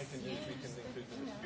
I can do We can include them.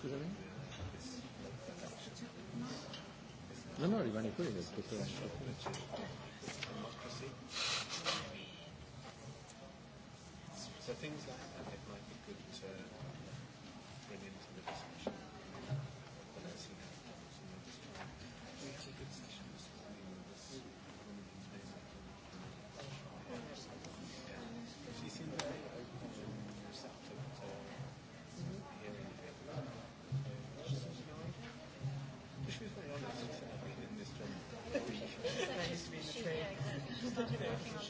Scusami? No, no, rimane quello. So things like that, it might be good to Thank you.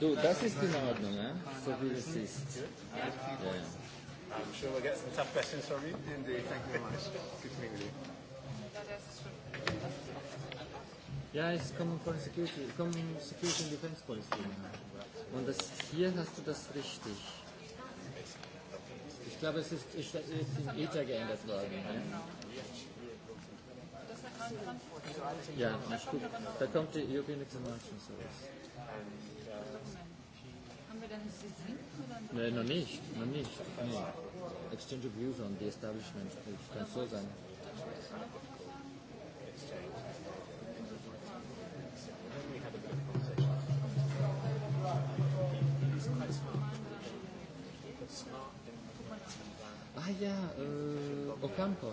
Du, das ist in Ordnung, ja? so wie es ist. I'm sure we'll get some tough questions from you. Indeed, thank you very much. Good to meet with you. Ja, ich komme von Security, ich Security and Defense Policy. Und das hier hast du das richtig. Ich glaube, es ist, ist in ETA geändert worden. Ja? Ja, gut. da kommt die European Examination Service. Haben wir dann das Nein, noch nicht, noch nicht. Nee. Exchange of views on the establishment, kann so sein. Ah ja, Ocampo.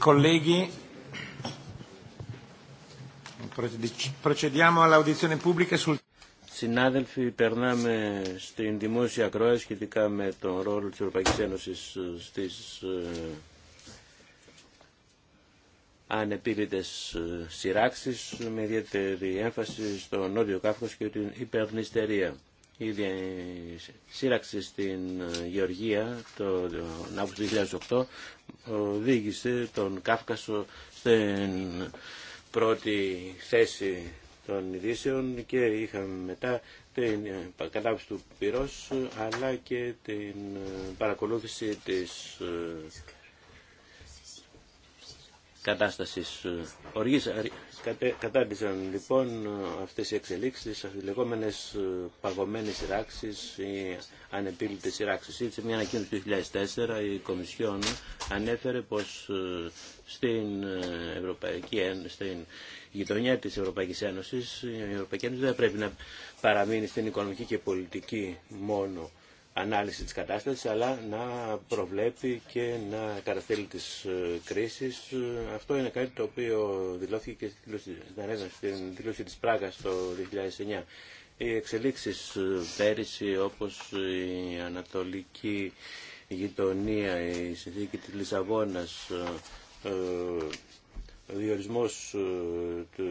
Colleghi, procediamo all'audizione pubblica sul... Συνάδελφοι, περνάμε στην δημόσια ακρόαση σχετικά με τον ρόλο της Ευρωπαϊκής Ένωσης ε, στις ε, ανεπίλητες ε, σειράξεις με ιδιαίτερη έμφαση στο Νότιο Κάφκος και την υπερνηστερία. Η σύραξη στην Γεωργία το, Αύγουστο 2008 οδήγησε τον Κάφκασο στην πρώτη θέση των ειδήσεων και είχαμε μετά την ε, κατάψη του πυρός αλλά και την ε, παρακολούθηση της ε, κατάστασης ε, οργής. Ε, κατάντησαν λοιπόν ε, αυτές οι εξελίξεις, αυτές οι λεγόμενες παγωμένες σειράξεις ή ανεπίλητες σειράξεις. σε μια ανακοίνωση του 2004 η Κομισιόν ανέφερε πως στην, Ευρωπαϊκή, στην γειτονιά της Ευρωπαϊκής Ένωσης η Ευρωπαϊκή Ένωση δεν πρέπει να παραμείνει στην οικονομική και πολιτική μόνο ανάλυση της κατάστασης, αλλά να προβλέπει και να καταστέλει τις ε, κρίσεις. Αυτό είναι κάτι το οποίο δηλώθηκε και στην δήλωση της Πράγας το 2009. Οι εξελίξεις ε, πέρυσι, όπως η ανατολική γειτονία, η συνθήκη της Λισαβόνας, ε, διορισμός ε, του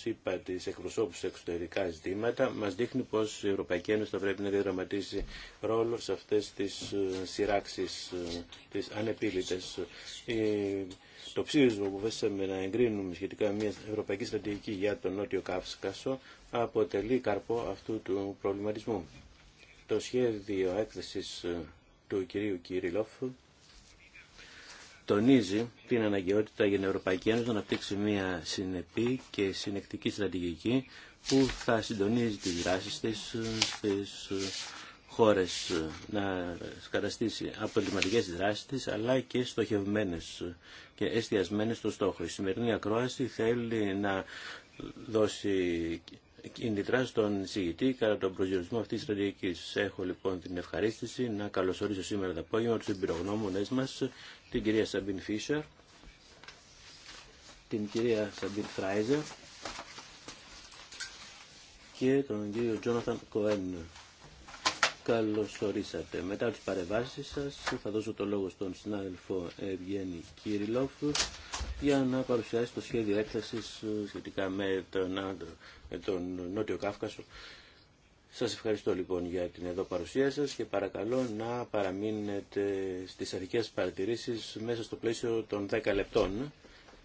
ΣΥΠΑ της εκπροσώπου σε εξωτερικά ζητήματα μας δείχνει πως η Ευρωπαϊκή Ένωση θα πρέπει να διαδραματίσει ρόλο σε αυτές τις ε, σειράξεις, ε, τις ανεπίλητες. Το ψήφισμα που βέσαμε να εγκρίνουμε σχετικά με μια ευρωπαϊκή στρατηγική για τον Νότιο καύσκασο αποτελεί καρπό αυτού του προβληματισμού. Το σχέδιο έκθεσης του κυρίου Κυριλόφου τονίζει την αναγκαιότητα για την Ευρωπαϊκή Ένωση να αναπτύξει μια συνεπή και συνεκτική στρατηγική που θα συντονίζει τις δράσεις της στις χώρες να καταστήσει αποτελεσματικές δράσεις της αλλά και στοχευμένες και εστιασμένες στο στόχο. Η σημερινή ακρόαση θέλει να δώσει κινητρά στον συγητή κατά τον προσδιορισμό αυτής της στρατηγικής. Έχω λοιπόν την ευχαρίστηση να καλωσορίσω σήμερα το απόγευμα τους εμπειρογνώμονες μας την κυρία Σαμπίν Φίσερ, την κυρία Σαμπίν Φράιζερ και τον κύριο Τζόναθαν Κοέν. Καλώς ορίσατε. Μετά τις παρεμβάσεις σας θα δώσω το λόγο στον συνάδελφο Ευγέννη Κύριλοφ για να παρουσιάσει το σχέδιο έκτασης ε, σχετικά με τον, τον Νότιο Κάφκασο σας ευχαριστώ λοιπόν για την εδώ παρουσία σας και παρακαλώ να παραμείνετε στις αρχικές παρατηρήσεις μέσα στο πλαίσιο των 10 λεπτών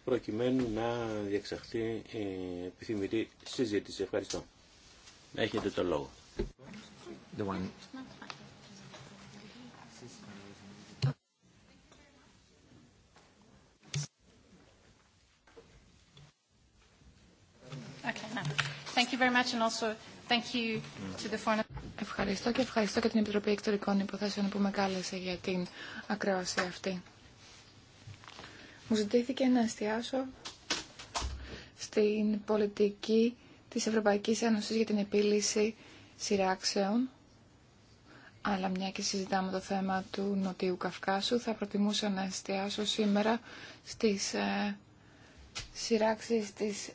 προκειμένου να διεξαχθεί η επιθυμητή συζήτηση. Ευχαριστώ. Έχετε το λόγο. Okay, Thank you very much and also ευχαριστώ και ευχαριστώ και την Επιτροπή Εξωτερικών Υποθέσεων που με κάλεσε για την ακρόαση αυτή. Μου ζητήθηκε να εστιάσω στην πολιτική της Ευρωπαϊκής Ένωσης για την επίλυση σειράξεων, αλλά μια και συζητάμε το θέμα του Νοτιού Καυκάσου, θα προτιμούσα να εστιάσω σήμερα στις ε, σειράξεις της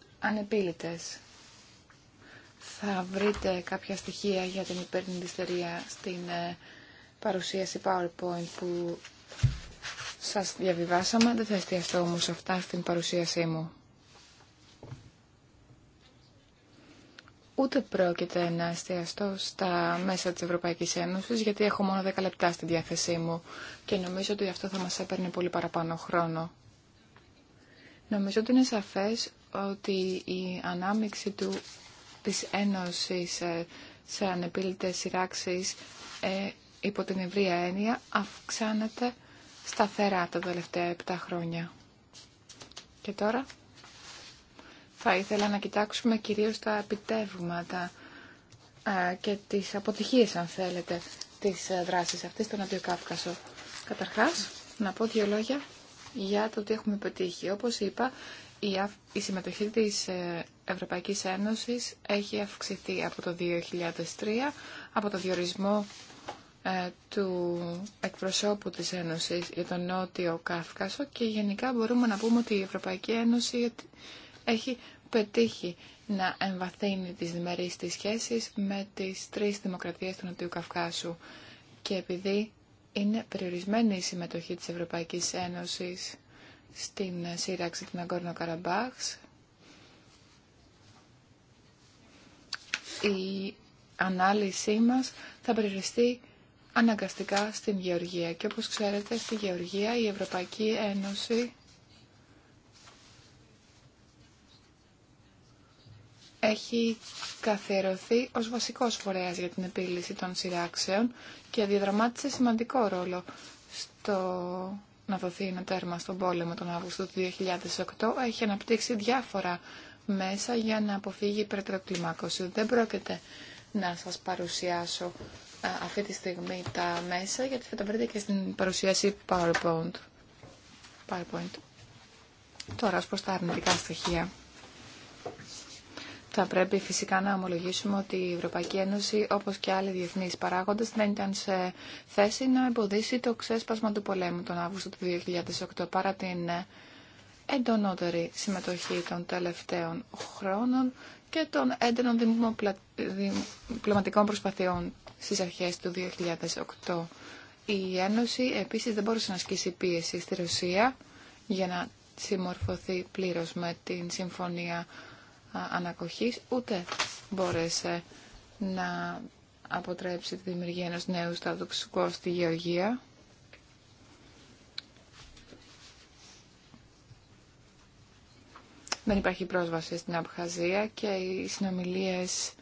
θα βρείτε κάποια στοιχεία για την υπέρνηστερία στην ε, παρουσίαση PowerPoint που σας διαβιβάσαμε. Δεν θα εστιαστώ όμως αυτά στην παρουσίασή μου. Ούτε πρόκειται να εστιαστώ στα μέσα της Ευρωπαϊκής Ένωσης, γιατί έχω μόνο 10 λεπτά στη διάθεσή μου και νομίζω ότι αυτό θα μας έπαιρνε πολύ παραπάνω χρόνο. Νομίζω ότι είναι σαφές ότι η ανάμειξη του της Ένωσης ε, σε ανεπίλητες σειράξεις ε, υπό την ευρία έννοια αυξάνεται σταθερά τα τελευταία 7 χρόνια. Και τώρα θα ήθελα να κοιτάξουμε κυρίως τα επιτεύγματα ε, και τις αποτυχίες, αν θέλετε, της δράσης αυτής στον Αντιοκάυκασο. Κάφκασο. Καταρχάς, να πω δύο λόγια για το τι έχουμε πετύχει. Όπως είπα, η συμμετοχή της ε, Ευρωπαϊκής Ένωσης έχει αυξηθεί από το 2003, από το διορισμό ε, του εκπροσώπου της Ένωσης για τον Νότιο Κάφκασο και γενικά μπορούμε να πούμε ότι η Ευρωπαϊκή Ένωση έχει πετύχει να εμβαθύνει τις διμερείς της σχέσεις με τις τρεις δημοκρατίες του Νοτιού Καυκάσου και επειδή είναι περιορισμένη η συμμετοχή της Ευρωπαϊκής Ένωσης στην σύραξη του Ναγκόρνο Καραμπάχ. Η ανάλυση μας θα περιοριστεί αναγκαστικά στην Γεωργία. Και όπως ξέρετε, στη Γεωργία η Ευρωπαϊκή Ένωση έχει καθιερωθεί ως βασικός φορέας για την επίλυση των σειράξεων και διαδραμάτισε σημαντικό ρόλο στο να δοθεί ένα τέρμα στον πόλεμο τον Αύγουστο του 2008, έχει αναπτύξει διάφορα μέσα για να αποφύγει υπερτροκλιμάκωση. Δεν πρόκειται να σας παρουσιάσω ε, αυτή τη στιγμή τα μέσα, γιατί θα τα βρείτε και στην παρουσίαση PowerPoint. PowerPoint. Τώρα, ως προς τα αρνητικά στοιχεία. Θα πρέπει φυσικά να ομολογήσουμε ότι η Ευρωπαϊκή Ένωση, όπως και άλλοι διεθνείς παράγοντε, δεν ήταν σε θέση να εμποδίσει το ξέσπασμα του πολέμου τον Αύγουστο του 2008, παρά την εντονότερη συμμετοχή των τελευταίων χρόνων και των έντονων διπλωματικών προσπαθειών στις αρχές του 2008. Η Ένωση επίσης δεν μπορούσε να ασκήσει πίεση στη Ρωσία για να συμμορφωθεί πλήρως με την Συμφωνία ανακοχής, ούτε μπόρεσε να αποτρέψει τη δημιουργία ενός νέου σταδοξικού στη γεωργία. Δεν υπάρχει πρόσβαση στην Απχαζία και οι συνομιλίες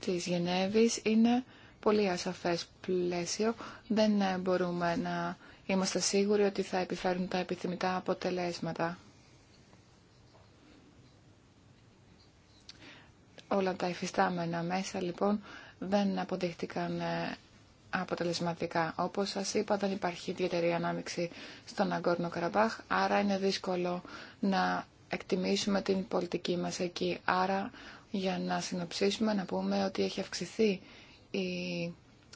της Γενέβης είναι πολύ ασαφές πλαίσιο. Δεν μπορούμε να είμαστε σίγουροι ότι θα επιφέρουν τα επιθυμητά αποτελέσματα. Όλα τα υφιστάμενα μέσα λοιπόν δεν αποδείχτηκαν ε, αποτελεσματικά. Όπως σας είπα δεν υπάρχει ιδιαίτερη ανάμειξη στον Αγκόρνο Καραμπάχ, άρα είναι δύσκολο να εκτιμήσουμε την πολιτική μας εκεί. Άρα για να συνοψίσουμε να πούμε ότι έχει αυξηθεί η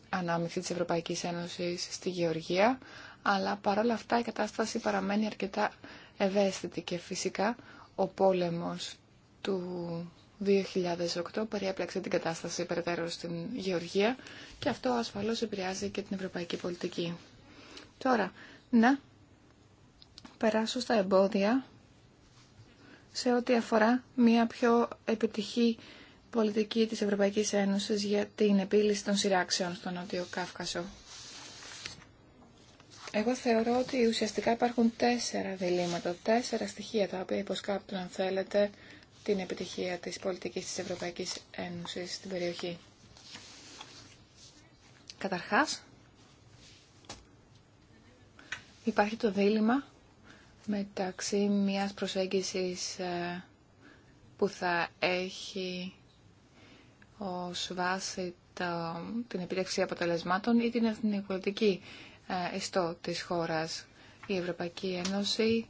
ανάμειξη της Ευρωπαϊκής Ένωσης στη Γεωργία, αλλά παρόλα αυτά η κατάσταση παραμένει αρκετά ευαίσθητη και φυσικά ο πόλεμος του 2008 περιέπλεξε την κατάσταση περαιτέρω στην Γεωργία και αυτό ασφαλώς επηρεάζει και την ευρωπαϊκή πολιτική. Τώρα, να περάσω στα εμπόδια σε ό,τι αφορά μια πιο επιτυχή πολιτική της Ευρωπαϊκής Ένωσης για την επίλυση των σειράξεων στον Νότιο Κάφκασο. Εγώ θεωρώ ότι ουσιαστικά υπάρχουν τέσσερα διλήμματα, τέσσερα στοιχεία τα οποία υποσκάπτουν αν θέλετε την επιτυχία της πολιτικής της Ευρωπαϊκής Ένωσης στην περιοχή. Καταρχάς, υπάρχει το δίλημα μεταξύ μιας προσέγγισης ε, που θα έχει ως βάση την επίτευξη αποτελεσμάτων ή την εθνικοτική ε, ιστό της χώρας. Η Ευρωπαϊκή Ένωση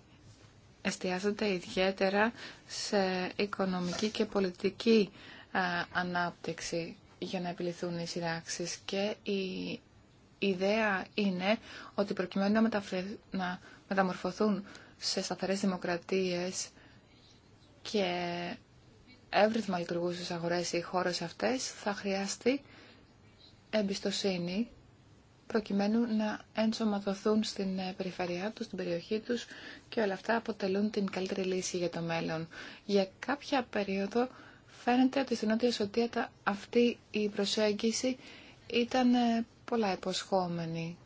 εστιάζονται ιδιαίτερα σε οικονομική και πολιτική ε, ανάπτυξη για να επιληθούν οι σειράξεις και η ιδέα είναι ότι προκειμένου να, μεταμορφωθούν σε σταθερές δημοκρατίες και εύρυθμα λειτουργούσες αγορές οι χώρες αυτές θα χρειαστεί εμπιστοσύνη προκειμένου να ενσωματωθούν στην ε, περιφερειά τους, στην περιοχή τους και όλα αυτά αποτελούν την καλύτερη λύση για το μέλλον. Για κάποια περίοδο φαίνεται ότι στην Νότια Σωτία αυτή η προσέγγιση ήταν ε, πολλά υποσχόμενη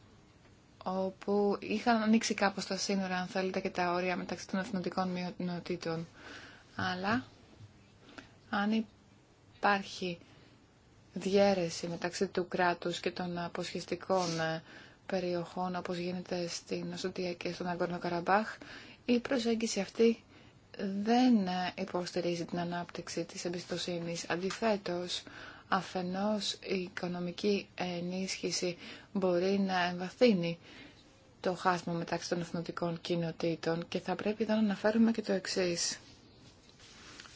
όπου είχαν ανοίξει κάπως τα σύνορα, αν θέλετε, και τα όρια μεταξύ των εθνωτικών μειονοτήτων. Αλλά αν υπάρχει διαίρεση μεταξύ του κράτους και των αποσχεστικών ε, περιοχών όπως γίνεται στην Οσοτία και στον Αγκόρνο Καραμπάχ, η προσέγγιση αυτή δεν ε, υποστηρίζει την ανάπτυξη της εμπιστοσύνης. Αντιθέτως, αφενός η οικονομική ενίσχυση μπορεί να εμβαθύνει το χάσμα μεταξύ των εθνοτικών κοινοτήτων και θα πρέπει εδώ να αναφέρουμε και το εξής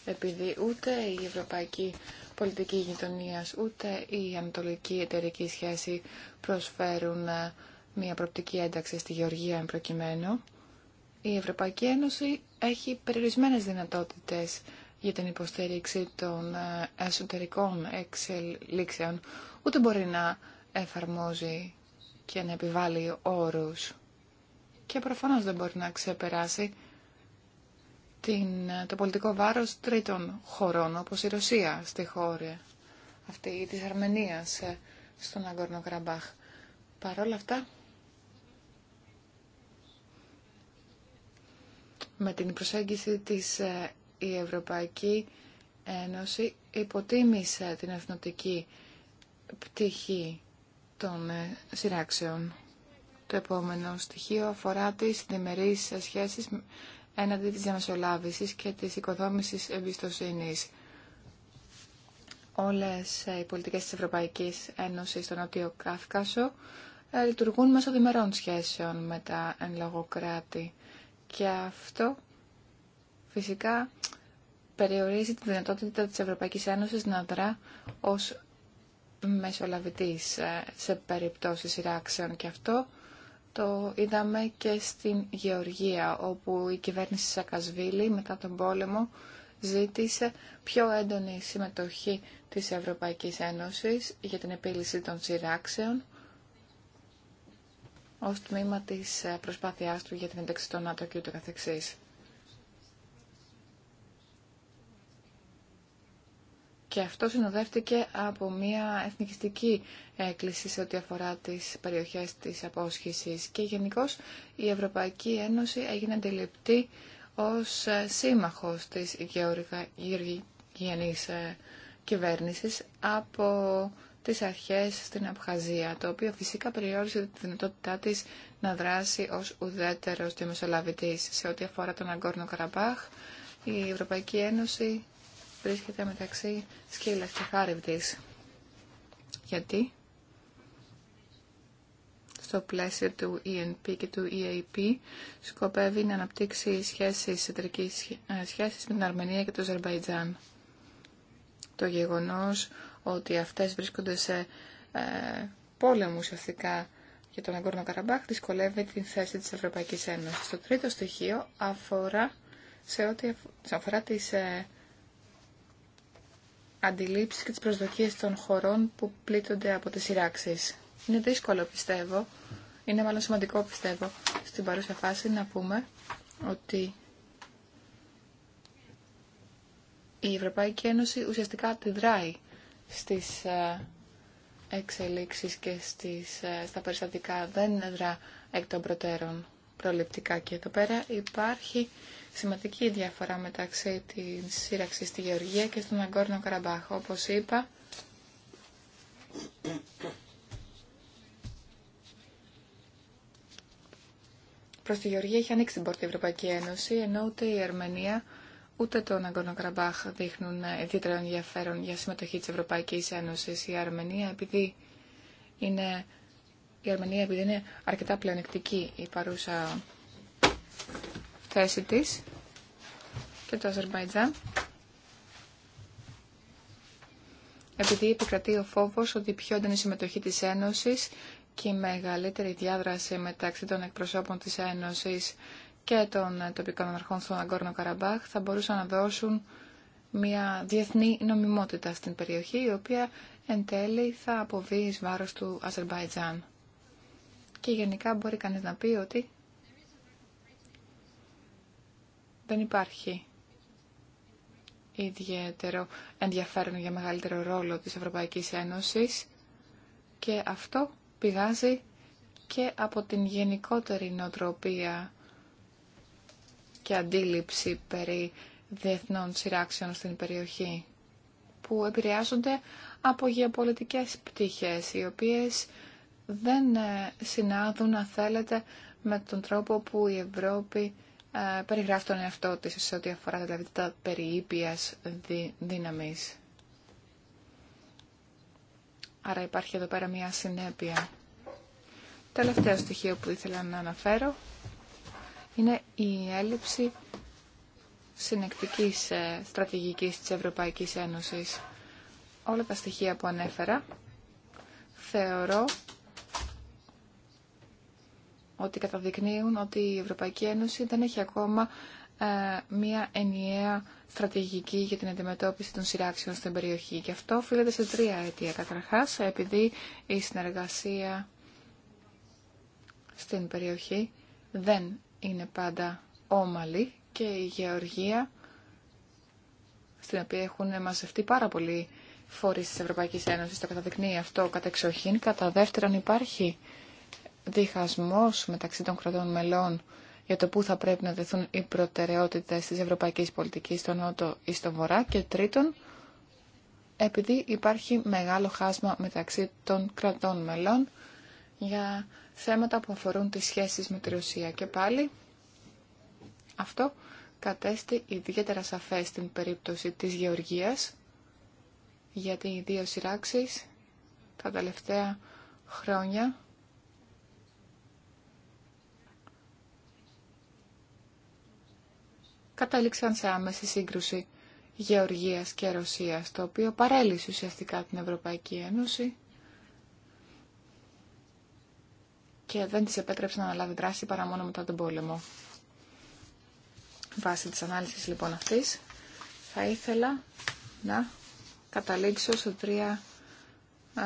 επειδή ούτε η Ευρωπαϊκή Πολιτική Γειτονία ούτε η Ανατολική Εταιρική Σχέση προσφέρουν ε, μια προπτική ένταξη στη Γεωργία προκειμένου. Η Ευρωπαϊκή Ένωση έχει περιορισμένες δυνατότητες για την υποστήριξη των ε, εσωτερικών εξελίξεων, ούτε μπορεί να εφαρμόζει και να επιβάλλει όρους. Και προφανώς δεν μπορεί να ξεπεράσει την, το πολιτικό βάρος τρίτων χωρών, όπως η Ρωσία στη χώρα αυτή ή της Αρμενίας ε, στον Αγκόρνο Καραμπάχ. Παρ' όλα αυτά, με την προσέγγιση της ε, η Ευρωπαϊκή Ένωση υποτίμησε την εθνοτική πτυχή των ε, σειράξεων. Το επόμενο στοιχείο αφορά τις διμερείς σχέσεις έναντι της διαμεσολάβησης και της οικοδόμησης εμπιστοσύνης. Όλες οι πολιτικές της Ευρωπαϊκής Ένωσης στο Νότιο Κάφκασο ε, λειτουργούν μέσω διμερών σχέσεων με τα εν λόγω κράτη. Και αυτό φυσικά περιορίζει τη δυνατότητα της Ευρωπαϊκής Ένωσης να δρά ως μεσολαβητής ε, σε περιπτώσεις σειράξεων και αυτό το είδαμε και στην Γεωργία, όπου η κυβέρνηση Σακασβίλη μετά τον πόλεμο ζήτησε πιο έντονη συμμετοχή της Ευρωπαϊκής Ένωσης για την επίλυση των σειράξεων ως τμήμα της προσπάθειάς του για την ένταξη των ΝΑΤΟ και ούτω καθεξής. Και αυτό συνοδεύτηκε από μια εθνικιστική έκκληση σε ό,τι αφορά τις περιοχές της απόσχησης. Και γενικώ η Ευρωπαϊκή Ένωση έγινε αντιληπτή ως σύμμαχος της γεωργιανής ε, κυβέρνησης από τις αρχές στην Απχαζία, το οποίο φυσικά περιόρισε τη δυνατότητά της να δράσει ως ουδέτερος διαμεσολαβητής. Σε ό,τι αφορά τον Αγκόρνο Καραμπάχ, η Ευρωπαϊκή Ένωση βρίσκεται μεταξύ σκύλα και χάριβδης. Γιατί στο πλαίσιο του ENP και του EAP σκοπεύει να αναπτύξει σχέσεις, εταιρική ε, σχέσεις με την Αρμενία και το Αζερβαϊτζάν. Το γεγονός ότι αυτές βρίσκονται σε ε, ουσιαστικά για τον Αγκόρνο Καραμπάχ δυσκολεύει την θέση της Ευρωπαϊκής Ένωσης. Το τρίτο στοιχείο αφορά, σε ό,τι αφορά τις ε, αντιλήψεις και τις προσδοκίες των χωρών που πλήττονται από τις σειράξεις. Είναι δύσκολο πιστεύω, είναι μάλλον σημαντικό πιστεύω στην παρούσα φάση να πούμε ότι η Ευρωπαϊκή Ένωση ουσιαστικά αντιδράει στις ε, εξελίξεις και στις, ε, στα περιστατικά δεν δρά εκ των προτέρων προληπτικά και εδώ πέρα υπάρχει σημαντική διαφορά μεταξύ της σύραξη στη Γεωργία και στον Αγκόρνο Καραμπάχ. Όπως είπα, προς τη Γεωργία έχει ανοίξει την πόρτα η Ευρωπαϊκή Ένωση, ενώ ούτε η Αρμενία ούτε το Αγκόρνο Καραμπάχ δείχνουν ιδιαίτερο ενδιαφέρον για συμμετοχή της Ευρωπαϊκής Ένωσης. Η Αρμενία, επειδή είναι, η Αρμενία επειδή είναι αρκετά πλεονεκτική η παρούσα θέση της και το Αζερμπαϊτζάν. Επειδή επικρατεί ο φόβος ότι η πιο έντονη συμμετοχή της Ένωσης και η μεγαλύτερη διάδραση μεταξύ των εκπροσώπων της Ένωσης και των τοπικών αρχών στον Αγκόρνο Καραμπάχ θα μπορούσαν να δώσουν μια διεθνή νομιμότητα στην περιοχή, η οποία εν τέλει θα αποβεί εις βάρος του Αζερμπαϊτζάν. Και γενικά μπορεί κανείς να πει ότι δεν υπάρχει ιδιαίτερο ενδιαφέρον για μεγαλύτερο ρόλο της Ευρωπαϊκής Ένωσης και αυτό πηγάζει και από την γενικότερη νοοτροπία και αντίληψη περί διεθνών σειράξεων στην περιοχή που επηρεάζονται από γεωπολιτικές πτυχές οι οποίες δεν ε, συνάδουν αν θέλετε με τον τρόπο που η Ευρώπη ε, περιγράφει τον εαυτό της σε ό,τι αφορά δηλαδή τα περί ήπιας δύναμης. Άρα υπάρχει εδώ πέρα μια συνέπεια. Τελευταίο στοιχείο που ήθελα να αναφέρω είναι η έλλειψη συνεκτικής ε, στρατηγικής της Ευρωπαϊκής Ένωσης. Όλα τα στοιχεία που ανέφερα θεωρώ ότι καταδεικνύουν ότι η Ευρωπαϊκή Ένωση δεν έχει ακόμα ε, μια ενιαία στρατηγική για την αντιμετώπιση των σειράξεων στην περιοχή. Και αυτό οφείλεται σε τρία αιτία. Καταρχά, επειδή η συνεργασία στην περιοχή δεν είναι πάντα όμαλη και η γεωργία, στην οποία έχουν μαζευτεί πάρα πολλοί φορεί της Ευρωπαϊκή Ένωση, το καταδεικνύει αυτό κατεξοχήν. Κατά δεύτερον, υπάρχει διχασμός μεταξύ των κρατών μελών για το πού θα πρέπει να τεθούν οι προτεραιότητες της ευρωπαϊκής πολιτικής στον Νότο ή στον Βορρά και τρίτον, επειδή υπάρχει μεγάλο χάσμα μεταξύ των κρατών μελών για θέματα που θα πρεπει να δεθουν οι προτεραιοτητες της ευρωπαικης πολιτικης στον νοτο η στον βορρα και τριτον επειδη υπαρχει μεγαλο χασμα μεταξυ των κρατων μελων για θεματα που αφορουν τις σχέσεις με τη Ρωσία. Και πάλι αυτό κατέστη ιδιαίτερα σαφές στην περίπτωση της Γεωργίας, γιατί οι δύο σειράξεις τα τελευταία χρόνια καταλήξαν σε άμεση σύγκρουση Γεωργίας και Ρωσίας, το οποίο παρέλυσε ουσιαστικά την Ευρωπαϊκή Ένωση και δεν της επέτρεψε να αναλάβει δράση παρά μόνο μετά τον πόλεμο. Βάσει της ανάλυσης λοιπόν αυτής, θα ήθελα να καταλήξω σε τρία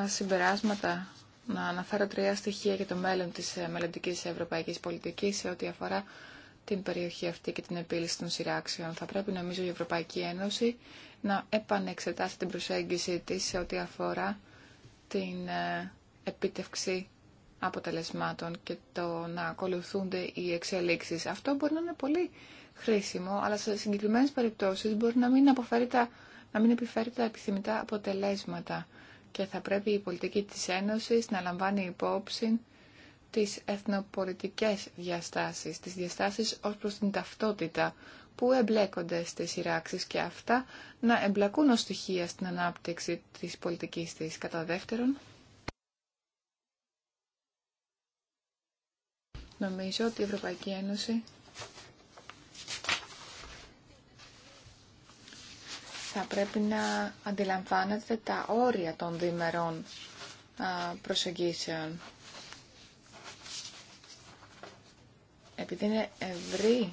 συμπεράσματα, να αναφέρω τρία στοιχεία για το μέλλον της ε, μελλοντικής ευρωπαϊκής πολιτικής σε ό,τι αφορά την περιοχή αυτή και την επίλυση των σειράξεων. Θα πρέπει νομίζω η Ευρωπαϊκή Ένωση να επανεξετάσει την προσέγγιση της σε ό,τι αφορά την ε, επίτευξη αποτελεσμάτων και το να ακολουθούνται οι εξελίξεις. Αυτό μπορεί να είναι πολύ χρήσιμο, αλλά σε συγκεκριμένες περιπτώσεις μπορεί να μην, να μην επιφέρει τα επιθυμητά αποτελέσματα και θα πρέπει η πολιτική της Ένωσης να λαμβάνει υπόψη τις εθνοπολιτικές διαστάσεις, τις διαστάσεις ως προς την ταυτότητα που εμπλέκονται στις σειράξεις και αυτά να εμπλακούν ως στοιχεία στην ανάπτυξη της πολιτικής της. Κατά δεύτερον, νομίζω ότι η Ευρωπαϊκή Ένωση θα πρέπει να αντιλαμβάνεται τα όρια των διμερών προσεγγίσεων επειδή είναι ευρύ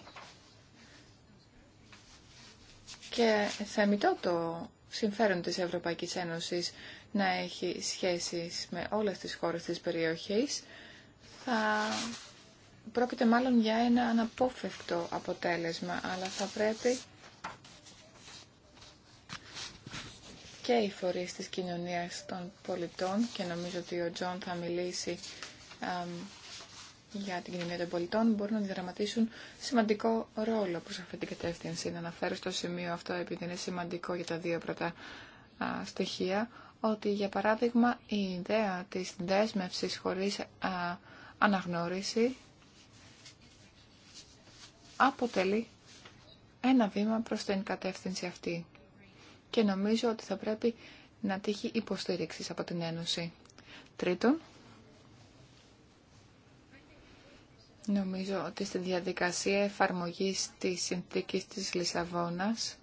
και θεμητό το συμφέρον της Ευρωπαϊκής Ένωσης να έχει σχέσεις με όλες τις χώρες της περιοχής, θα πρόκειται μάλλον για ένα αναπόφευκτο αποτέλεσμα, αλλά θα πρέπει και οι φορείς της κοινωνίας των πολιτών και νομίζω ότι ο Τζον θα μιλήσει για την κοινωνία των πολιτών μπορούν να διαδραματίσουν σημαντικό ρόλο προς αυτή την κατεύθυνση. Να αναφέρω στο σημείο αυτό, επειδή είναι σημαντικό για τα δύο πρώτα στοιχεία, ότι για παράδειγμα η ιδέα της δέσμευσης χωρίς αναγνώριση αποτελεί ένα βήμα προς την κατεύθυνση αυτή. Και νομίζω ότι θα πρέπει να τύχει υποστήριξης από την Ένωση. Τρίτον, Νομίζω ότι στη διαδικασία εφαρμογής της συνθήκης της Λισαβόνας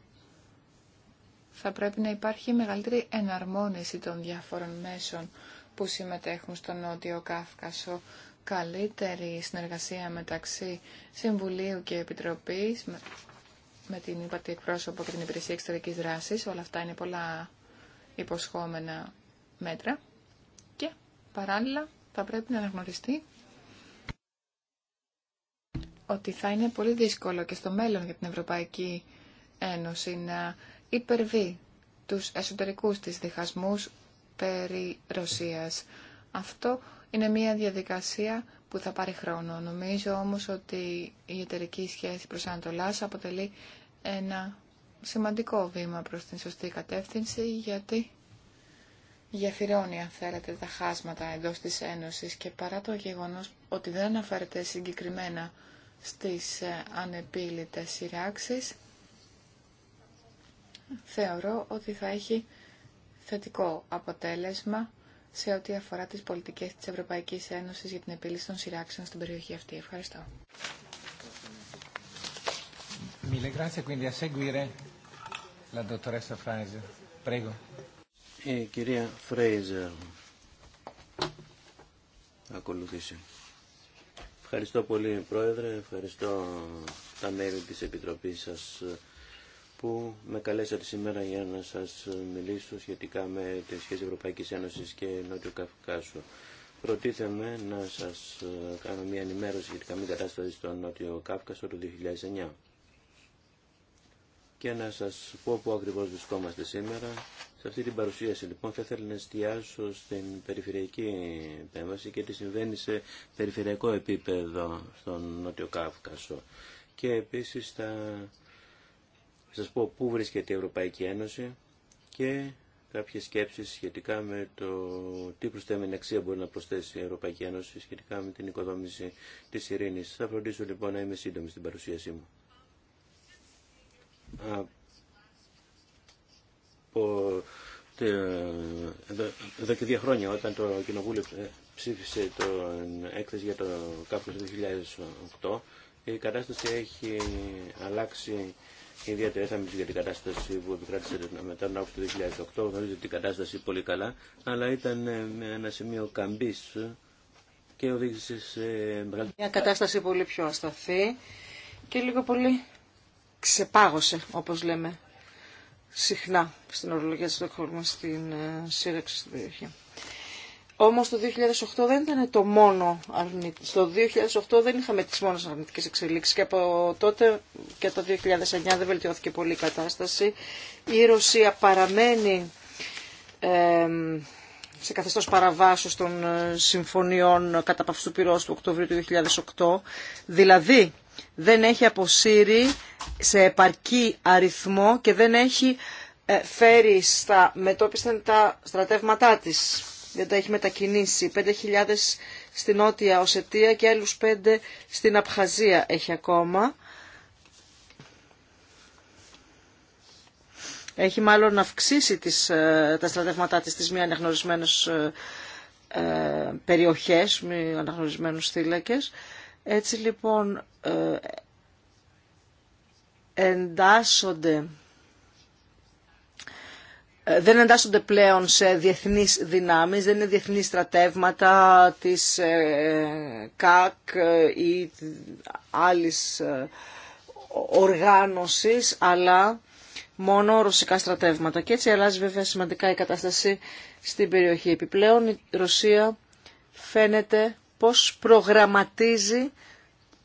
θα πρέπει να υπάρχει μεγαλύτερη εναρμόνιση των διάφορων μέσων που συμμετέχουν στον Νότιο Κάφκασο, καλύτερη συνεργασία μεταξύ Συμβουλίου και Επιτροπής, με την ύπαρτη εκπρόσωπο και την υπηρεσία εξωτερικής δράσης. Όλα αυτά είναι πολλά υποσχόμενα μέτρα και παράλληλα θα πρέπει να αναγνωριστεί ότι θα είναι πολύ δύσκολο και στο μέλλον για την Ευρωπαϊκή Ένωση να υπερβεί τους εσωτερικούς της διχασμούς περί Ρωσίας. Αυτό είναι μια διαδικασία που θα πάρει χρόνο. Νομίζω όμως ότι η εταιρική σχέση προς Ανατολάς αποτελεί ένα σημαντικό βήμα προς την σωστή κατεύθυνση γιατί γεφυρώνει αν θέλετε τα χάσματα εντός της Ένωσης και παρά το γεγονός ότι δεν αναφέρεται συγκεκριμένα στις ε, ανεπίλητες σειράξεις, θεωρώ ότι θα έχει θετικό αποτέλεσμα σε ό,τι αφορά τις πολιτικές της Ευρωπαϊκής Ένωσης για την επίλυση των σειράξεων στην περιοχή αυτή. Ευχαριστώ. Η ε, κυρία ακολουθήσει. Ευχαριστώ πολύ Πρόεδρε, ευχαριστώ τα μέλη της Επιτροπής σας που με καλέσατε σήμερα για να σας μιλήσω σχετικά με τη σχέση Ευρωπαϊκής Ένωσης και Νότιο Καυκάσου. Προτίθεμαι να σας κάνω μια ενημέρωση σχετικά με την κατάσταση στο Νότιο Καύκασο το 2009 και να σας πω πού ακριβώς βρισκόμαστε σήμερα σε αυτή την παρουσίαση λοιπόν θα ήθελα να εστιάσω στην περιφερειακή επέμβαση και τι συμβαίνει σε περιφερειακό επίπεδο στον Νότιο Κάφκασο. Και επίσης θα σας πω πού βρίσκεται η Ευρωπαϊκή Ένωση και κάποιες σκέψεις σχετικά με το τι προσθέμενη αξία μπορεί να προσθέσει η Ευρωπαϊκή Ένωση σχετικά με την οικοδόμηση της ειρήνης. Θα φροντίσω λοιπόν να είμαι σύντομη στην παρουσίασή μου από εδώ και δύο χρόνια όταν το Κοινοβούλιο ε, ψήφισε το έκθεση για το κάποιο το 2008 η κατάσταση έχει αλλάξει ιδιαίτερα μιλήσω για την κατάσταση που επικράτησε μετά τον Αύγουστο 2008 γνωρίζετε την κατάσταση πολύ καλά αλλά ήταν με ένα σημείο καμπής και οδήγησε σε μεγάλη... Μια κατάσταση πολύ πιο ασταθή και λίγο πολύ ξεπάγωσε όπως λέμε συχνά στην ορολογία της Στοκχόλμη στην ε, σύρεξη στην περιοχή. Όμως το 2008 δεν ήταν το μόνο αρνητικό. Στο 2008 δεν είχαμε τις μόνες αρνητικές εξελίξεις και από τότε και το 2009 δεν βελτιώθηκε πολύ η κατάσταση. Η Ρωσία παραμένει σε καθεστώς παραβάσεως των ε, συμφωνιών κατά παυστού πυρός του Οκτωβρίου του 2008. Δηλαδή δεν έχει αποσύρει σε επαρκή αριθμό και δεν έχει ε, φέρει στα μετόπιστα τα στρατεύματά της. Δεν τα έχει μετακινήσει. 5.000 στην Νότια Οσετία και άλλους 5 στην Απχαζία έχει ακόμα. Έχει μάλλον αυξήσει τις, ε, τα στρατεύματά της στις μη αναγνωρισμένες ε, περιοχές, μη αναγνωρισμένους θύλακες. Έτσι λοιπόν ε, εντάσσονται ε, δεν εντάσσονται πλέον σε διεθνείς δυνάμεις, δεν είναι διεθνείς στρατεύματα της ε, ΚΑΚ ή άλλης οργάνωσης, αλλά μόνο ρωσικά στρατεύματα. Και έτσι αλλάζει βέβαια σημαντικά η κατάσταση στην περιοχή. Επιπλέον η Ρωσία φαίνεται πώς προγραμματίζει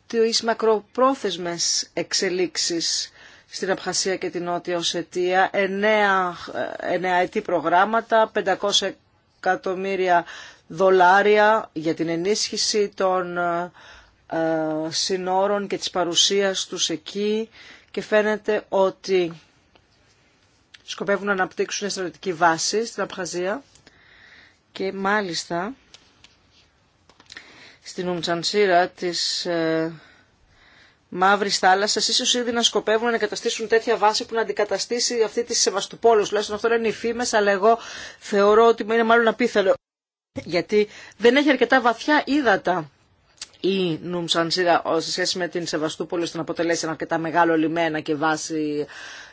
τις μακροπρόθεσμες εξελίξεις στην Απχασία και την Νότια Οσετία, εννέα, ε, εννέα ετή προγράμματα, 500 εκατομμύρια δολάρια για την ενίσχυση των ε, συνόρων και της παρουσίας τους εκεί και φαίνεται ότι σκοπεύουν να αναπτύξουν στρατιωτική βάση στην Απχασία και μάλιστα στην Ουμτσανσίρα της ε, Μαύρης Θάλασσας, ίσως ήδη να σκοπεύουν να εγκαταστήσουν τέτοια βάση που να αντικαταστήσει αυτή τη Σεβαστουπόλου. Τουλάχιστον αυτό είναι οι αλλά εγώ θεωρώ ότι είναι μάλλον απίθανο. Γιατί δεν έχει αρκετά βαθιά ύδατα η Νούμσανσίδα ε, σε σχέση με την Σεβαστούπολη ώστε να αποτελέσει ένα αρκετά μεγάλο λιμένα και βάση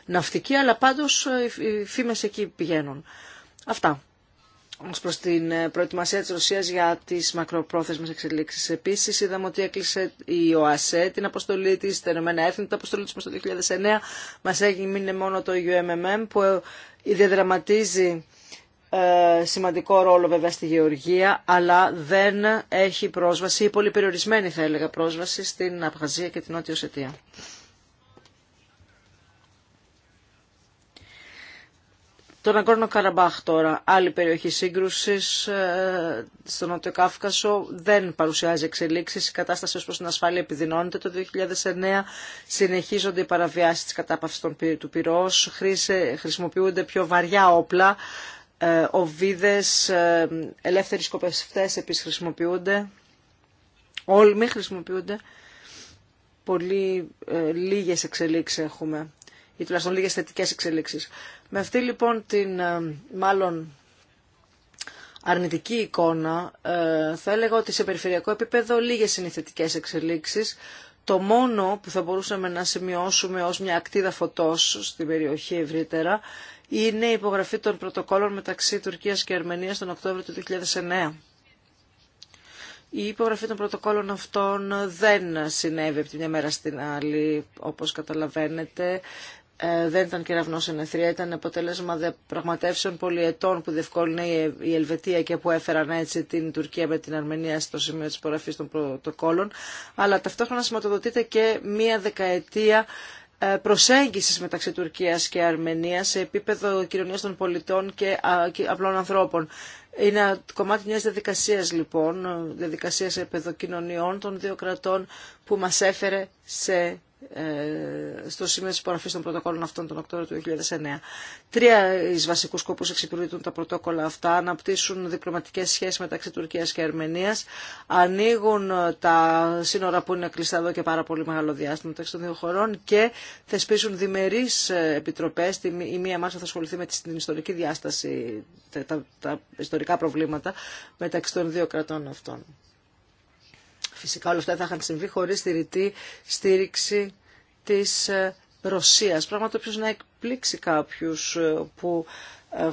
ναυτική, αλλά πάντως ε, οι φήμες εκεί πηγαίνουν. Αυτά. Ω προς την ε, προετοιμασία τη Ρωσία για τι μακροπρόθεσμες εξελίξει. Επίση, είδαμε ότι έκλεισε η ΟΑΣΕ την αποστολή τη, τα Ηνωμένα Έθνη, την αποστολή προ το 2009. Μας έγινε μόνο το UMMM που ε, διαδραματίζει ε, σημαντικό ρόλο βέβαια στη γεωργία, αλλά δεν έχει πρόσβαση ή πολύ περιορισμένη θα έλεγα πρόσβαση στην Απχαζία και την Νότια Οσετία. Το Ναγκόρνο Καραμπάχ τώρα, άλλη περιοχή σύγκρουσης ε, στο Νότιο Κάφκασο, δεν παρουσιάζει εξελίξεις. Η κατάσταση ω προς την ασφάλεια επιδεινώνεται. Το 2009 συνεχίζονται οι παραβιάσεις της κατάπαυσης του πυρός, χρησιμοποιούνται πιο βαριά όπλα, ε, οβίδες, ε, ελεύθεροι σκοπευτές επίσης χρησιμοποιούνται, όλοι μη χρησιμοποιούνται. Πολύ λίγες εξελίξεις έχουμε ή τουλάχιστον λίγες θετικές εξελίξεις. Με αυτή λοιπόν την ε, μάλλον αρνητική εικόνα ε, θα έλεγα ότι σε περιφερειακό επίπεδο λίγες είναι οι θετικές εξελίξεις. Το μόνο που θα μπορούσαμε να σημειώσουμε ως μια ακτίδα φωτός στην περιοχή ευρύτερα είναι η υπογραφή των πρωτοκόλων μεταξύ Τουρκίας και Αρμενίας τον Οκτώβριο του 2009. Η υπογραφή των πρωτοκόλων αυτών δεν συνέβη από τη μια μέρα στην άλλη, όπως καταλαβαίνετε. Ε, δεν ήταν κεραυνός ενεθρία, ήταν αποτέλεσμα πραγματεύσεων πολυετών που διευκόλυνε η Ελβετία και που έφεραν έτσι την Τουρκία με την Αρμενία στο σημείο τη υπογραφής των πρωτοκόλων, αλλά ταυτόχρονα σηματοδοτείται και μία δεκαετία ε, προσέγγισης μεταξύ Τουρκίας και Αρμενίας σε επίπεδο κοινωνίας των πολιτών και απλών ανθρώπων. Είναι κομμάτι μιας διαδικασίας λοιπόν, ε, διαδικασίας επεδοκοινωνιών των δύο κρατών που μας έφερε σε ε, στο σημείο της υπογραφής των πρωτοκόλων αυτών τον Οκτώβριο του 2009. Τρία εις βασικούς σκοπούς εξυπηρετούν τα πρωτόκολλα αυτά, αναπτύσσουν διπλωματικές σχέσεις μεταξύ Τουρκίας και Αρμενίας, ανοίγουν ε, τα σύνορα που είναι κλειστά εδώ και πάρα πολύ μεγάλο διάστημα μεταξύ των δύο χωρών και θεσπίσουν διμερείς ε, επιτροπές, η μία μάλιστα θα ασχοληθεί με την ιστορική διάσταση, τα, τα ιστορικά προβλήματα μεταξύ των δύο κρατών αυτών. Φυσικά όλα αυτά θα είχαν συμβεί χωρί τη ρητή στήριξη της ε, Ρωσίας. Πράγμα το οποίο να εκπλήξει κάποιους ε, που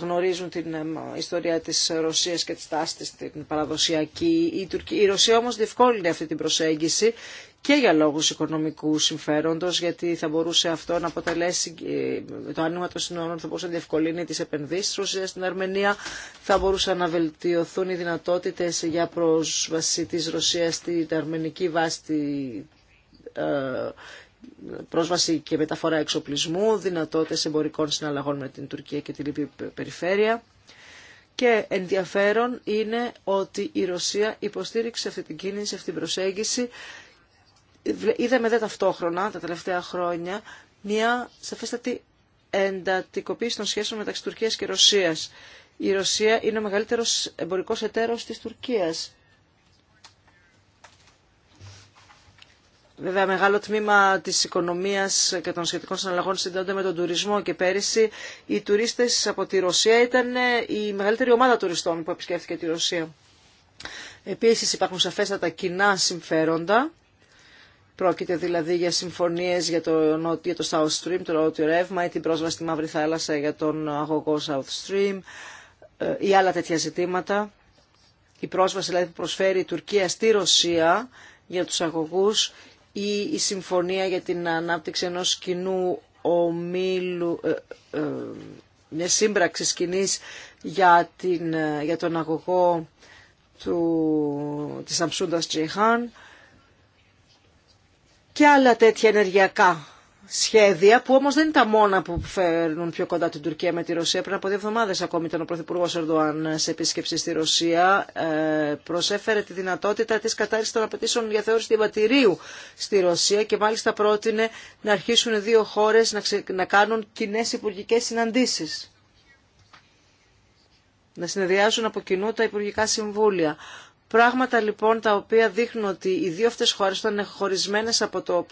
γνωρίζουν την ε, ιστορία της Ρωσίας και της τάστης την παραδοσιακή. Η, Ρωσία όμως διευκόλυνε αυτή την προσέγγιση και για λόγους οικονομικού συμφέροντος, γιατί θα μπορούσε αυτό να αποτελέσει ε, το άνοιγμα των συνόρων, θα μπορούσε να διευκολύνει τις επενδύσεις της Ρωσίας στην Αρμενία, θα μπορούσαν να βελτιωθούν οι δυνατότητες για πρόσβαση της Ρωσίας στην αρμενική βάση ε, πρόσβαση και μεταφορά εξοπλισμού, δυνατότητες εμπορικών συναλλαγών με την Τουρκία και την Λιβύη περιφέρεια. Και ενδιαφέρον είναι ότι η Ρωσία υποστήριξε αυτή την κίνηση, αυτή την προσέγγιση. Είδαμε δε ταυτόχρονα τα τελευταία χρόνια μια σαφέστατη εντατικοποίηση των σχέσεων μεταξύ Τουρκίας και Ρωσίας. Η Ρωσία είναι ο μεγαλύτερος εμπορικός εταίρος της Τουρκίας Βέβαια, μεγάλο τμήμα τη οικονομία και των σχετικών συναλλαγών συνδέονται με τον τουρισμό και πέρυσι οι τουρίστε από τη Ρωσία ήταν η μεγαλύτερη ομάδα τουριστών που επισκέφθηκε τη Ρωσία. Επίση, υπάρχουν σαφέστατα κοινά συμφέροντα. Πρόκειται δηλαδή για συμφωνίε για, το, για το South Stream, το νότιο ρεύμα ή την πρόσβαση στη Μαύρη Θάλασσα για τον αγωγό South Stream ε, ή άλλα τέτοια ζητήματα. Η πρόσβαση δηλαδή, που προσφέρει η Τουρκία στη Ρωσία για τους αγωγούς ή η συμφωνία για την ανάπτυξη ενός κοινού ομίλου, ε, ε, μια σύμπραξη κοινή για, ε, για τον αγωγό του, της Αμψούντας Τζιχάν και άλλα τέτοια ενεργειακά σχέδια που όμως δεν είναι τα μόνα που φέρνουν πιο κοντά την Τουρκία με τη Ρωσία. Πριν από δύο εβδομάδες ακόμη ήταν ο Πρωθυπουργός Ερντοάν σε επίσκεψη στη Ρωσία. Ε, προσέφερε τη δυνατότητα της κατάρρισης των απαιτήσεων για θεώρηση διαβατηρίου στη Ρωσία και μάλιστα πρότεινε να αρχίσουν οι δύο χώρες να, κάνουν κοινέ υπουργικέ συναντήσεις. Να συνεδριάζουν από κοινού τα υπουργικά συμβούλια. Πράγματα λοιπόν τα οποία δείχνουν ότι οι δύο αυτές χώρες ήταν χωρισμένες από το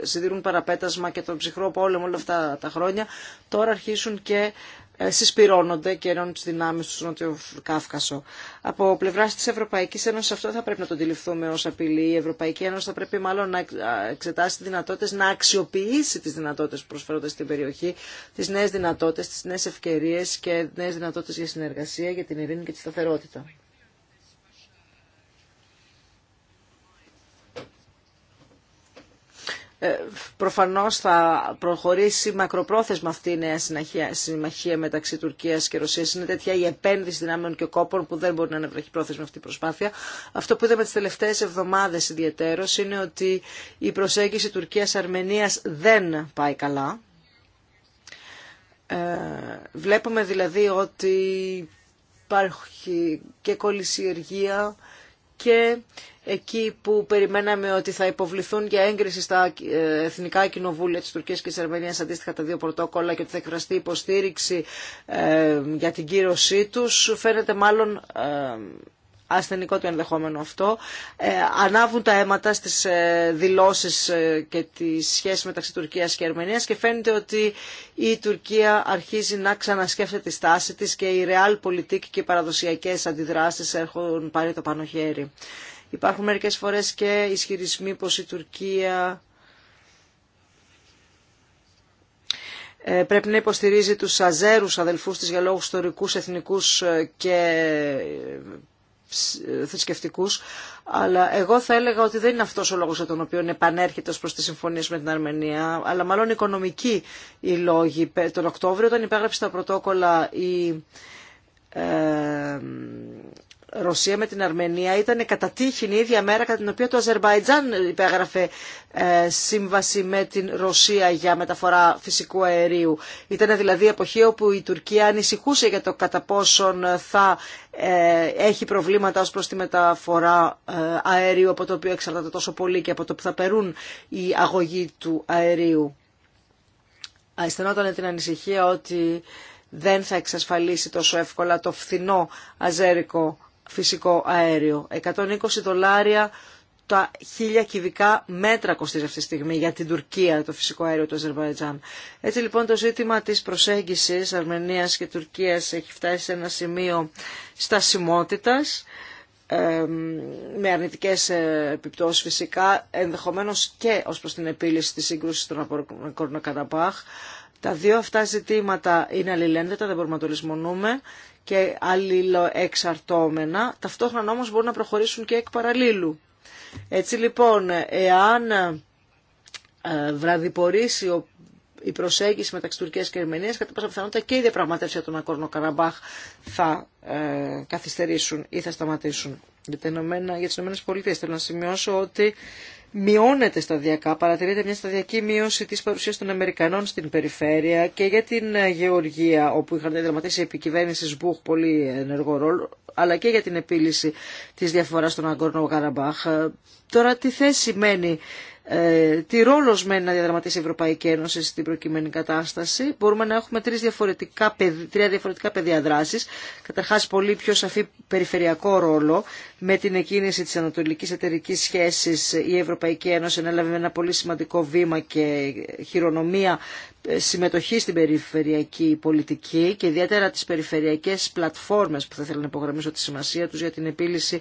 ε, σιδηρούν παραπέτασμα και τον ψυχρό πόλεμο όλα αυτά τα χρόνια, τώρα αρχίσουν και ε, συσπυρώνονται και ενώνουν τι δυνάμει του Νότιου Νότιο Κάφκασο. Από πλευρά τη Ευρωπαϊκή Ένωση, αυτό θα πρέπει να το αντιληφθούμε ω απειλή. Η Ευρωπαϊκή Ένωση θα πρέπει μάλλον να εξετάσει τι δυνατότητε, να αξιοποιήσει τι δυνατότητε που προσφέρονται στην περιοχή, τι νέε δυνατότητε, τι νέε ευκαιρίε και νέε δυνατότητε για συνεργασία, για την ειρήνη και τη σταθερότητα. Ε, προφανώς θα προχωρήσει μακροπρόθεσμα αυτή η νέα συμμαχία μεταξύ Τουρκίας και Ρωσίας. Είναι τέτοια η επένδυση δυνάμεων και κόπων που δεν μπορεί να είναι πρόθεσμα αυτή η προσπάθεια. Αυτό που είδαμε τις τελευταίες εβδομάδες ιδιαίτερως είναι ότι η προσέγγιση Τουρκίας-Αρμενίας δεν πάει καλά. Ε, βλέπουμε δηλαδή ότι υπάρχει και κολυσιεργία και εκεί που περιμέναμε ότι θα υποβληθούν για έγκριση στα ε, εθνικά κοινοβούλια της Τουρκίας και της Αρμενίας αντίστοιχα τα δύο πρωτόκολλα και ότι θα εκφραστεί υποστήριξη ε, για την κύρωσή τους, φαίνεται μάλλον ε, ασθενικό το ενδεχόμενο αυτό. Ε, ανάβουν τα αίματα στις ε, δηλώσεις και τις σχέσεις μεταξύ Τουρκίας και Αρμενίας και φαίνεται ότι η Τουρκία αρχίζει να ξανασκέφτεται τη στάση της και οι ρεάλ πολιτικοί και οι παραδοσιακές αντιδράσεις έχουν πάρει το πάνω χέρι. Υπάρχουν μερικές φορές και ισχυρισμοί πως η Τουρκία ε, πρέπει να υποστηρίζει τους αζέρους αδελφούς της για λόγους ιστορικούς, εθνικούς ε, και ε, θρησκευτικούς, αλλά εγώ θα έλεγα ότι δεν είναι αυτός ο λόγος για τον οποίο επανέρχεται ως προς τις συμφωνίες με την Αρμενία, αλλά μάλλον οικονομικοί οι λόγοι. Τον Οκτώβριο όταν υπέγραψε τα πρωτόκολλα η Ρωσία με την Αρμενία ήταν κατά τύχη η ίδια μέρα κατά την οποία το Αζερβαϊτζάν υπέγραφε ε, σύμβαση με την Ρωσία για μεταφορά φυσικού αερίου. Ήταν δηλαδή η εποχή όπου η Τουρκία ανησυχούσε για το κατά πόσον θα ε, έχει προβλήματα ως προς τη μεταφορά ε, αερίου από το οποίο εξαρτάται τόσο πολύ και από το που θα περούν οι αγωγοί του αερίου. Αισθανόταν την ανησυχία ότι δεν θα εξασφαλίσει τόσο εύκολα το φθηνό αζέρικο φυσικό αέριο. 120 δολάρια τα χίλια κυβικά μέτρα κοστίζει αυτή τη στιγμή για την Τουρκία το φυσικό αέριο του Αζερβαϊτζάν. Έτσι λοιπόν το ζήτημα της προσέγγισης Αρμενίας και Τουρκίας έχει φτάσει σε ένα σημείο στασιμότητας με αρνητικές ε, επιπτώσεις φυσικά, ενδεχομένως και ως προς την επίλυση της σύγκρουσης των Κορνοκαταπάχ Καταπάχ. Τα δύο αυτά ζητήματα είναι αλληλένδετα, δεν μπορούμε να το λησμονούμε και αλληλοεξαρτώμενα. Ταυτόχρονα όμως μπορούν να προχωρήσουν και εκ παραλίλου. Έτσι λοιπόν, εάν ε, βραδιπορήσει η προσέγγιση μεταξύ Τουρκία και Ερμενία, κατά πάσα πιθανότητα και η διαπραγματεύση για τον Ακόρνο Καραμπάχ θα ε, καθυστερήσουν ή θα σταματήσουν. Για, τις για ΗΠΑ θέλω να σημειώσω ότι μειώνεται σταδιακά, παρατηρείται μια σταδιακή μείωση της παρουσίας των Αμερικανών στην περιφέρεια και για την ε, Γεωργία, όπου είχαν διαδραματίσει η επικυβέρνηση Σμπούχ πολύ ενεργό ρόλο, αλλά και για την επίλυση της διαφοράς των Αγκόρνο Γαραμπάχ. Ε, τώρα τι θέση μένει ε, τι ρόλο μένει να διαδραματίσει η Ευρωπαϊκή Ένωση στην προκειμένη κατάσταση. Μπορούμε να έχουμε τρεις διαφορετικά, τρία διαφορετικά πεδία δράση. Καταρχά, πολύ πιο σαφή περιφερειακό ρόλο. Με την εκκίνηση τη Ανατολική Εταιρική Σχέση, η Ευρωπαϊκή Ένωση ανέλαβε ένα πολύ σημαντικό βήμα και χειρονομία ε, συμμετοχή στην περιφερειακή πολιτική και ιδιαίτερα τις περιφερειακές πλατφόρμες που θα ήθελα να υπογραμμίσω τη σημασία τους για την επίλυση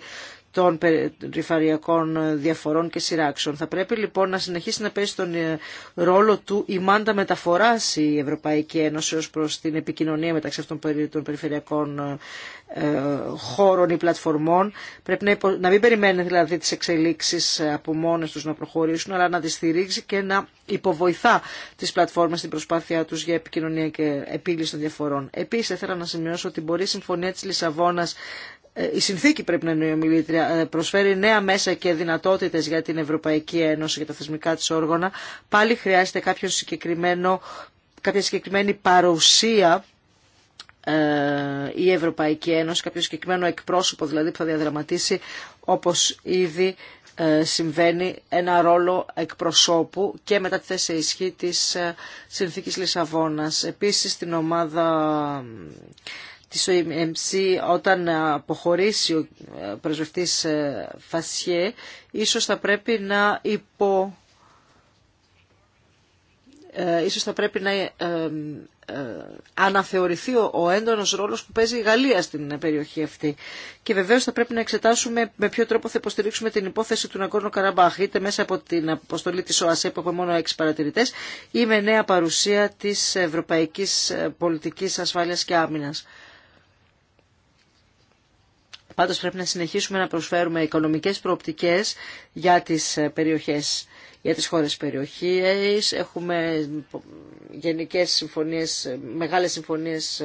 των περιφαριακών ε, διαφορών και σειράξεων. Θα πρέπει λοιπόν να συνεχίσει να παίζει τον ε, ρόλο του η μάντα μεταφορά η Ευρωπαϊκή Ένωση ως προς την επικοινωνία μεταξύ αυτών των περιφερειακών ε, χώρων ή πλατφορμών. Πρέπει να, υπο... να μην περιμένει δηλαδή τις εξελίξεις από μόνες τους να προχωρήσουν, αλλά να τις στηρίξει και να υποβοηθά τις πλατφόρμες στην προσπάθειά τους για επικοινωνία και επίλυση των διαφορών. Επίσης, ήθελα να σημειώσω ότι μπορεί η Συμφωνία τη Λισαβόνα. Ε, η συνθήκη πρέπει να είναι η ομιλήτρια, ε, προσφέρει νέα μέσα και δυνατότητες για την Ευρωπαϊκή Ένωση, για τα θεσμικά της όργανα, πάλι χρειάζεται κάποιο συγκεκριμένο, κάποια συγκεκριμένη παρουσία ε, η Ευρωπαϊκή Ένωση, κάποιο συγκεκριμένο εκπρόσωπο δηλαδή που θα διαδραματίσει όπως ήδη συμβαίνει ένα ρόλο εκπροσώπου και μετά τη θέση ισχύ της Συνθήκης Λισαβόνας. Επίσης στην ομάδα της OMC όταν αποχωρήσει ο ε, πρεσβευτής ε, Φασιέ ίσως θα πρέπει να υπο... Ε, ίσως θα πρέπει να αναθεωρηθεί ο έντονος ρόλος που παίζει η Γαλλία στην περιοχή αυτή. Και βεβαίως θα πρέπει να εξετάσουμε με ποιο τρόπο θα υποστηρίξουμε την υπόθεση του Νακόρνο Καραμπάχ, είτε μέσα από την αποστολή της ΟΑΣΕ που έχουμε μόνο έξι παρατηρητές, ή με νέα παρουσία της Ευρωπαϊκής Πολιτικής Ασφάλειας και Άμυνας. Πάντως πρέπει να συνεχίσουμε να προσφέρουμε οικονομικέ προοπτικές για τις ε, περιοχές για τις χώρες περιοχής, έχουμε ε, γενικές συμφωνίες, ε, μεγάλες συμφωνίες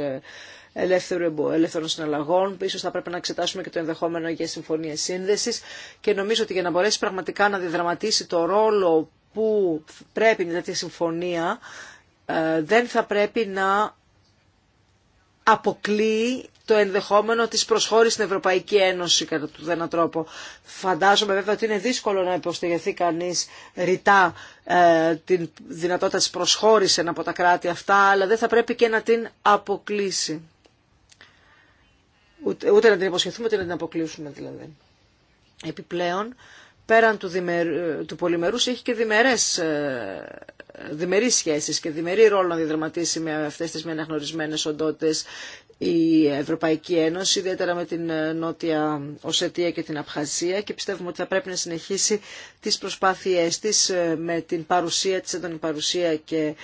ελεύθερων συναλλαγών. Ίσως θα πρέπει να εξετάσουμε και το ενδεχόμενο για συμφωνίες σύνδεσης και νομίζω ότι για να μπορέσει πραγματικά να διδραματίσει το ρόλο που πρέπει να τέτοια συμφωνία, δεν θα πρέπει να αποκλείει το ενδεχόμενο της προσχώρησης στην Ευρωπαϊκή Ένωση κατά του δένα τρόπο. Φαντάζομαι βέβαια ότι είναι δύσκολο να υποστηριχθεί κανείς ρητά ε, την δυνατότητα της προσχώρησης από τα κράτη αυτά, αλλά δεν θα πρέπει και να την αποκλείσει. Ούτε, να την υποσχεθούμε, ούτε να την αποκλείσουμε δηλαδή. Επιπλέον, πέραν του, διμερ, του πολυμερούς έχει και διμερές, ε, διμερείς σχέσεις και διμερεί ρόλο να διδραματίσει με αυτές τις μη αναγνωρισμένες οντότητες η Ευρωπαϊκή Ένωση, ιδιαίτερα με την ε, Νότια Οσετία και την Απχαζία και πιστεύουμε ότι θα πρέπει να συνεχίσει τις προσπάθειές της ε, με την παρουσία της, έντονη παρουσία και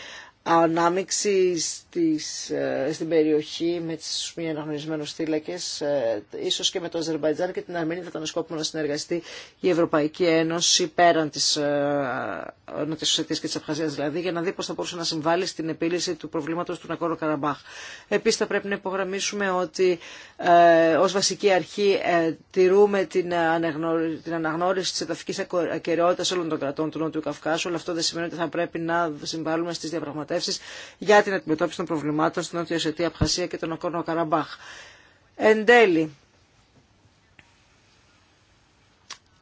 ανάμειξη στις, ε, στην περιοχή με τις μη αναγνωρισμένους θύλακες, ε, ίσως και με το Αζερβαϊτζάν και την Αρμενία θα ήταν σκόπιμο να συνεργαστεί η Ευρωπαϊκή Ένωση πέραν της ε, Νότιας και της Αφχαζίας δηλαδή, για να δει πώς θα μπορούσε να συμβάλλει στην επίλυση του προβλήματος του Νακόρο Καραμπάχ. Επίσης θα πρέπει να υπογραμμίσουμε ότι ε, ως βασική αρχή ε, τηρούμε την, την αναγνώριση της εδαφικής ακαιρεότητας όλων των κρατών του Νότιου Καυκάσου, αλλά αυτό δεν σημαίνει ότι θα πρέπει να συμβάλλουμε στις διαπραγματεύσεις για την αντιμετώπιση των προβλημάτων στην Νότια Σετία, Απχασία και τον Ακόνο Καραμπάχ. Εν τέλει,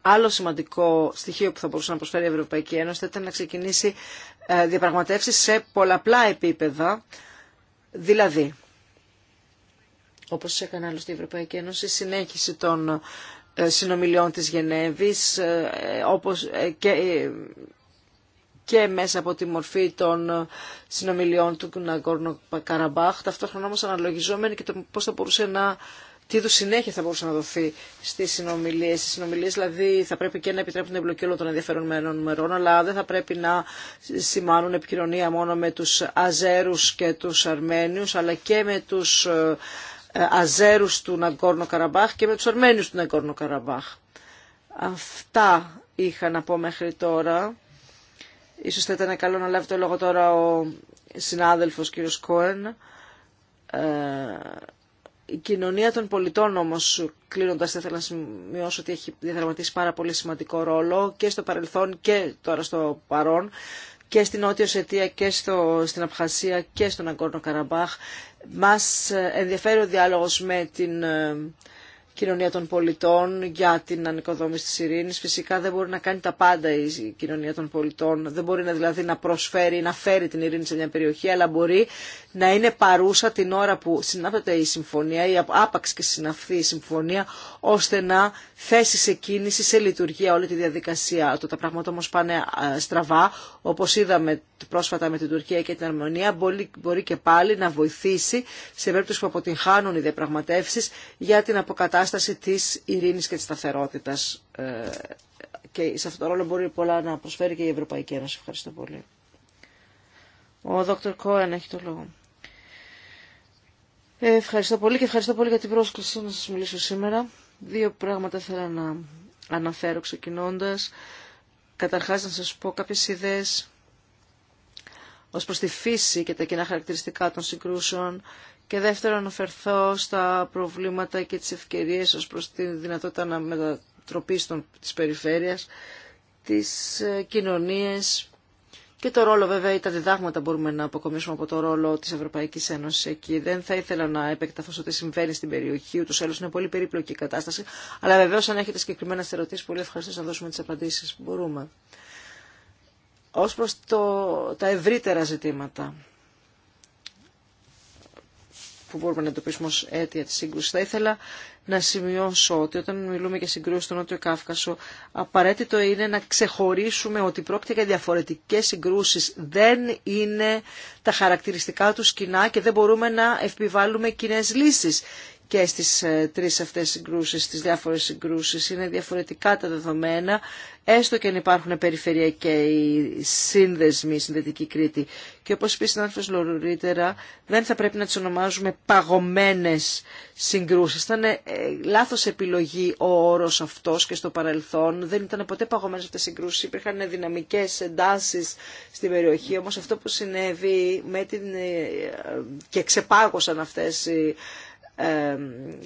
άλλο σημαντικό στοιχείο που θα μπορούσε να προσφέρει η Ευρωπαϊκή Ένωση θα ήταν να ξεκινήσει ε, διαπραγματεύσει σε πολλαπλά επίπεδα, δηλαδή όπως έκανε άλλωστε η Ευρωπαϊκή Ένωση, συνέχιση των ε, συνομιλιών της Γενέβης, ε, όπως και και μέσα από τη μορφή των συνομιλιών του Ναγκόρνο Καραμπάχ, ταυτόχρονα όμως αναλογιζόμενοι και το πώς θα μπορούσε να τι είδου συνέχεια θα μπορούσε να δοθεί στι συνομιλίε. Στι συνομιλίε δηλαδή θα πρέπει και να επιτρέπουν την εμπλοκή όλων των ενδιαφερομένων μερών, αλλά δεν θα πρέπει να σημάνουν επικοινωνία μόνο με του Αζέρου και του Αρμένιου, αλλά και με ε, του Αζέρου του Ναγκόρνο Καραμπάχ και με του Αρμένιου του Ναγκόρνο Καραμπάχ. Αυτά είχα να πω μέχρι τώρα. Ίσως θα ήταν καλό να λάβει το λόγο τώρα ο συνάδελφος κύριος Κόεν. Η κοινωνία των πολιτών όμως, κλείνοντας, θα ήθελα να σημειώσω ότι έχει διαδραματίσει πάρα πολύ σημαντικό ρόλο και στο παρελθόν και τώρα στο παρόν και στην Νότιο Σετία και στο, στην Απχασία και στον Αγκόρνο Καραμπάχ. Μας ενδιαφέρει ο διάλογος με την ε, κοινωνία των πολιτών για την ανοικοδόμηση της ειρήνης. Φυσικά δεν μπορεί να κάνει τα πάντα η κοινωνία των πολιτών. Δεν μπορεί να, δηλαδή να προσφέρει ή να φέρει την ειρήνη σε μια περιοχή, αλλά μπορεί να είναι παρούσα την ώρα που συνάπτεται η συμφωνία ή άπαξ και συναυθεί η συμφωνία, ώστε να θέσει σε κίνηση, σε λειτουργία όλη τη διαδικασία. Το τα πράγματα όμως πάνε στραβά, όπως είδαμε πρόσφατα με την Τουρκία και την Αρμονία, μπορεί, μπορεί και πάλι να βοηθήσει σε περίπτωση που αποτυγχάνουν οι διαπραγματεύσεις για την αποκατάσταση κατάσταση της ειρήνης και της σταθερότητας. Ε, και σε αυτό το ρόλο μπορεί πολλά να προσφέρει και η Ευρωπαϊκή Ένωση. Ευχαριστώ πολύ. Ο Δόκτωρ Κόεν έχει το λόγο. Ε, ευχαριστώ πολύ και ευχαριστώ πολύ για την πρόσκληση να σας μιλήσω σήμερα. Δύο πράγματα θέλω να αναφέρω ξεκινώντα. Καταρχάς να σας πω κάποιες ιδέες ως προς τη φύση και τα κοινά χαρακτηριστικά των συγκρούσεων και δεύτερον, αναφερθώ στα προβλήματα και τις ευκαιρίες ως προς τη δυνατότητα να τη των, της περιφέρειας, τις ε, κοινωνίες και το ρόλο βέβαια ή τα διδάγματα μπορούμε να αποκομίσουμε από το ρόλο της Ευρωπαϊκής Ένωσης εκεί. Δεν θα ήθελα να επεκταθώ σε ό,τι συμβαίνει στην περιοχή, ούτως άλλως είναι πολύ περίπλοκη η κατάσταση, αλλά βεβαίω αν έχετε συγκεκριμένε ερωτήσεις, πολύ ευχαριστώ να δώσουμε τις απαντήσεις που μπορούμε. Ως προς το, τα ευρύτερα ζητήματα που μπορούμε να εντοπίσουμε ως αίτια της σύγκρουσης. Θα ήθελα να σημειώσω ότι όταν μιλούμε για συγκρούσεις στο Νότιο Κάφκασο, απαραίτητο είναι να ξεχωρίσουμε ότι πρόκειται για διαφορετικές συγκρούσεις. Δεν είναι τα χαρακτηριστικά του κοινά και δεν μπορούμε να επιβάλλουμε κοινέ λύσεις και στις ε, τρεις αυτές συγκρούσεις, στις διάφορες συγκρούσεις είναι διαφορετικά τα δεδομένα, έστω και αν υπάρχουν περιφερειακοί σύνδεσμοι, συνδετική Κρήτη. Και όπως είπε στην άνθρωση Λορουρίτερα, δεν θα πρέπει να τις ονομάζουμε παγωμένες συγκρούσεις. Ήταν ε, λάθος επιλογή ο όρος αυτός και στο παρελθόν. Δεν ήταν ποτέ παγωμένες αυτές οι συγκρούσεις. Υπήρχαν δυναμικές εντάσεις στην περιοχή. Όμως αυτό που συνέβη με την... Ε, ε, και ξεπάγωσαν αυτές οι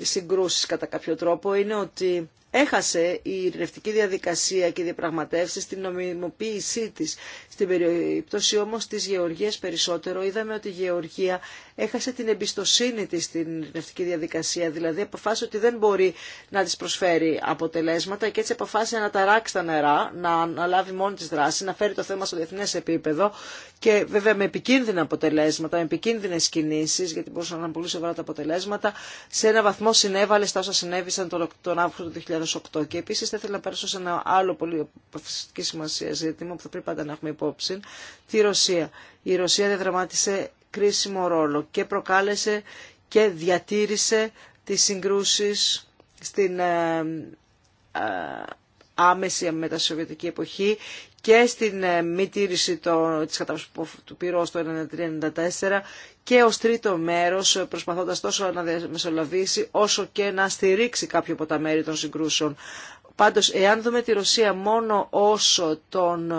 συγκρούσεις κατά κάποιο τρόπο είναι ότι έχασε η ειρηνευτική διαδικασία και οι διαπραγματεύσεις την νομιμοποίησή της στην περίπτωση όμως της Γεωργίας περισσότερο είδαμε ότι η Γεωργία έχασε την εμπιστοσύνη της στην ειρηνευτική διαδικασία, δηλαδή αποφάσισε ότι δεν μπορεί να της προσφέρει αποτελέσματα και έτσι αποφάσισε να ταράξει τα νερά, να αναλάβει μόνη της δράση, να φέρει το θέμα στο διεθνές επίπεδο και βέβαια με επικίνδυνα αποτελέσματα, με επικίνδυνες κινήσεις, γιατί μπορούσαν να είναι πολύ σοβαρά τα αποτελέσματα, σε ένα βαθμό συνέβαλε στα όσα συνέβησαν τον, Αύγουστο του 2008. Και επίσης θα ήθελα να περάσω σε ένα άλλο πολύ σημασία ζήτημα που θα πρέπει να έχουμε τη Ρωσία. Η Ρωσία διαδραμάτισε κρίσιμο ρόλο και προκάλεσε και διατήρησε τις συγκρούσεις στην ε, ε, άμεση μετασοβιετική εποχή και στην ε, μη τήρηση το, της του πυρός το 1993 και ως τρίτο μέρος προσπαθώντας τόσο να μεσολαβήσει όσο και να στηρίξει κάποιο από τα μέρη των συγκρούσεων. Πάντως, εάν δούμε τη Ρωσία μόνο όσο τον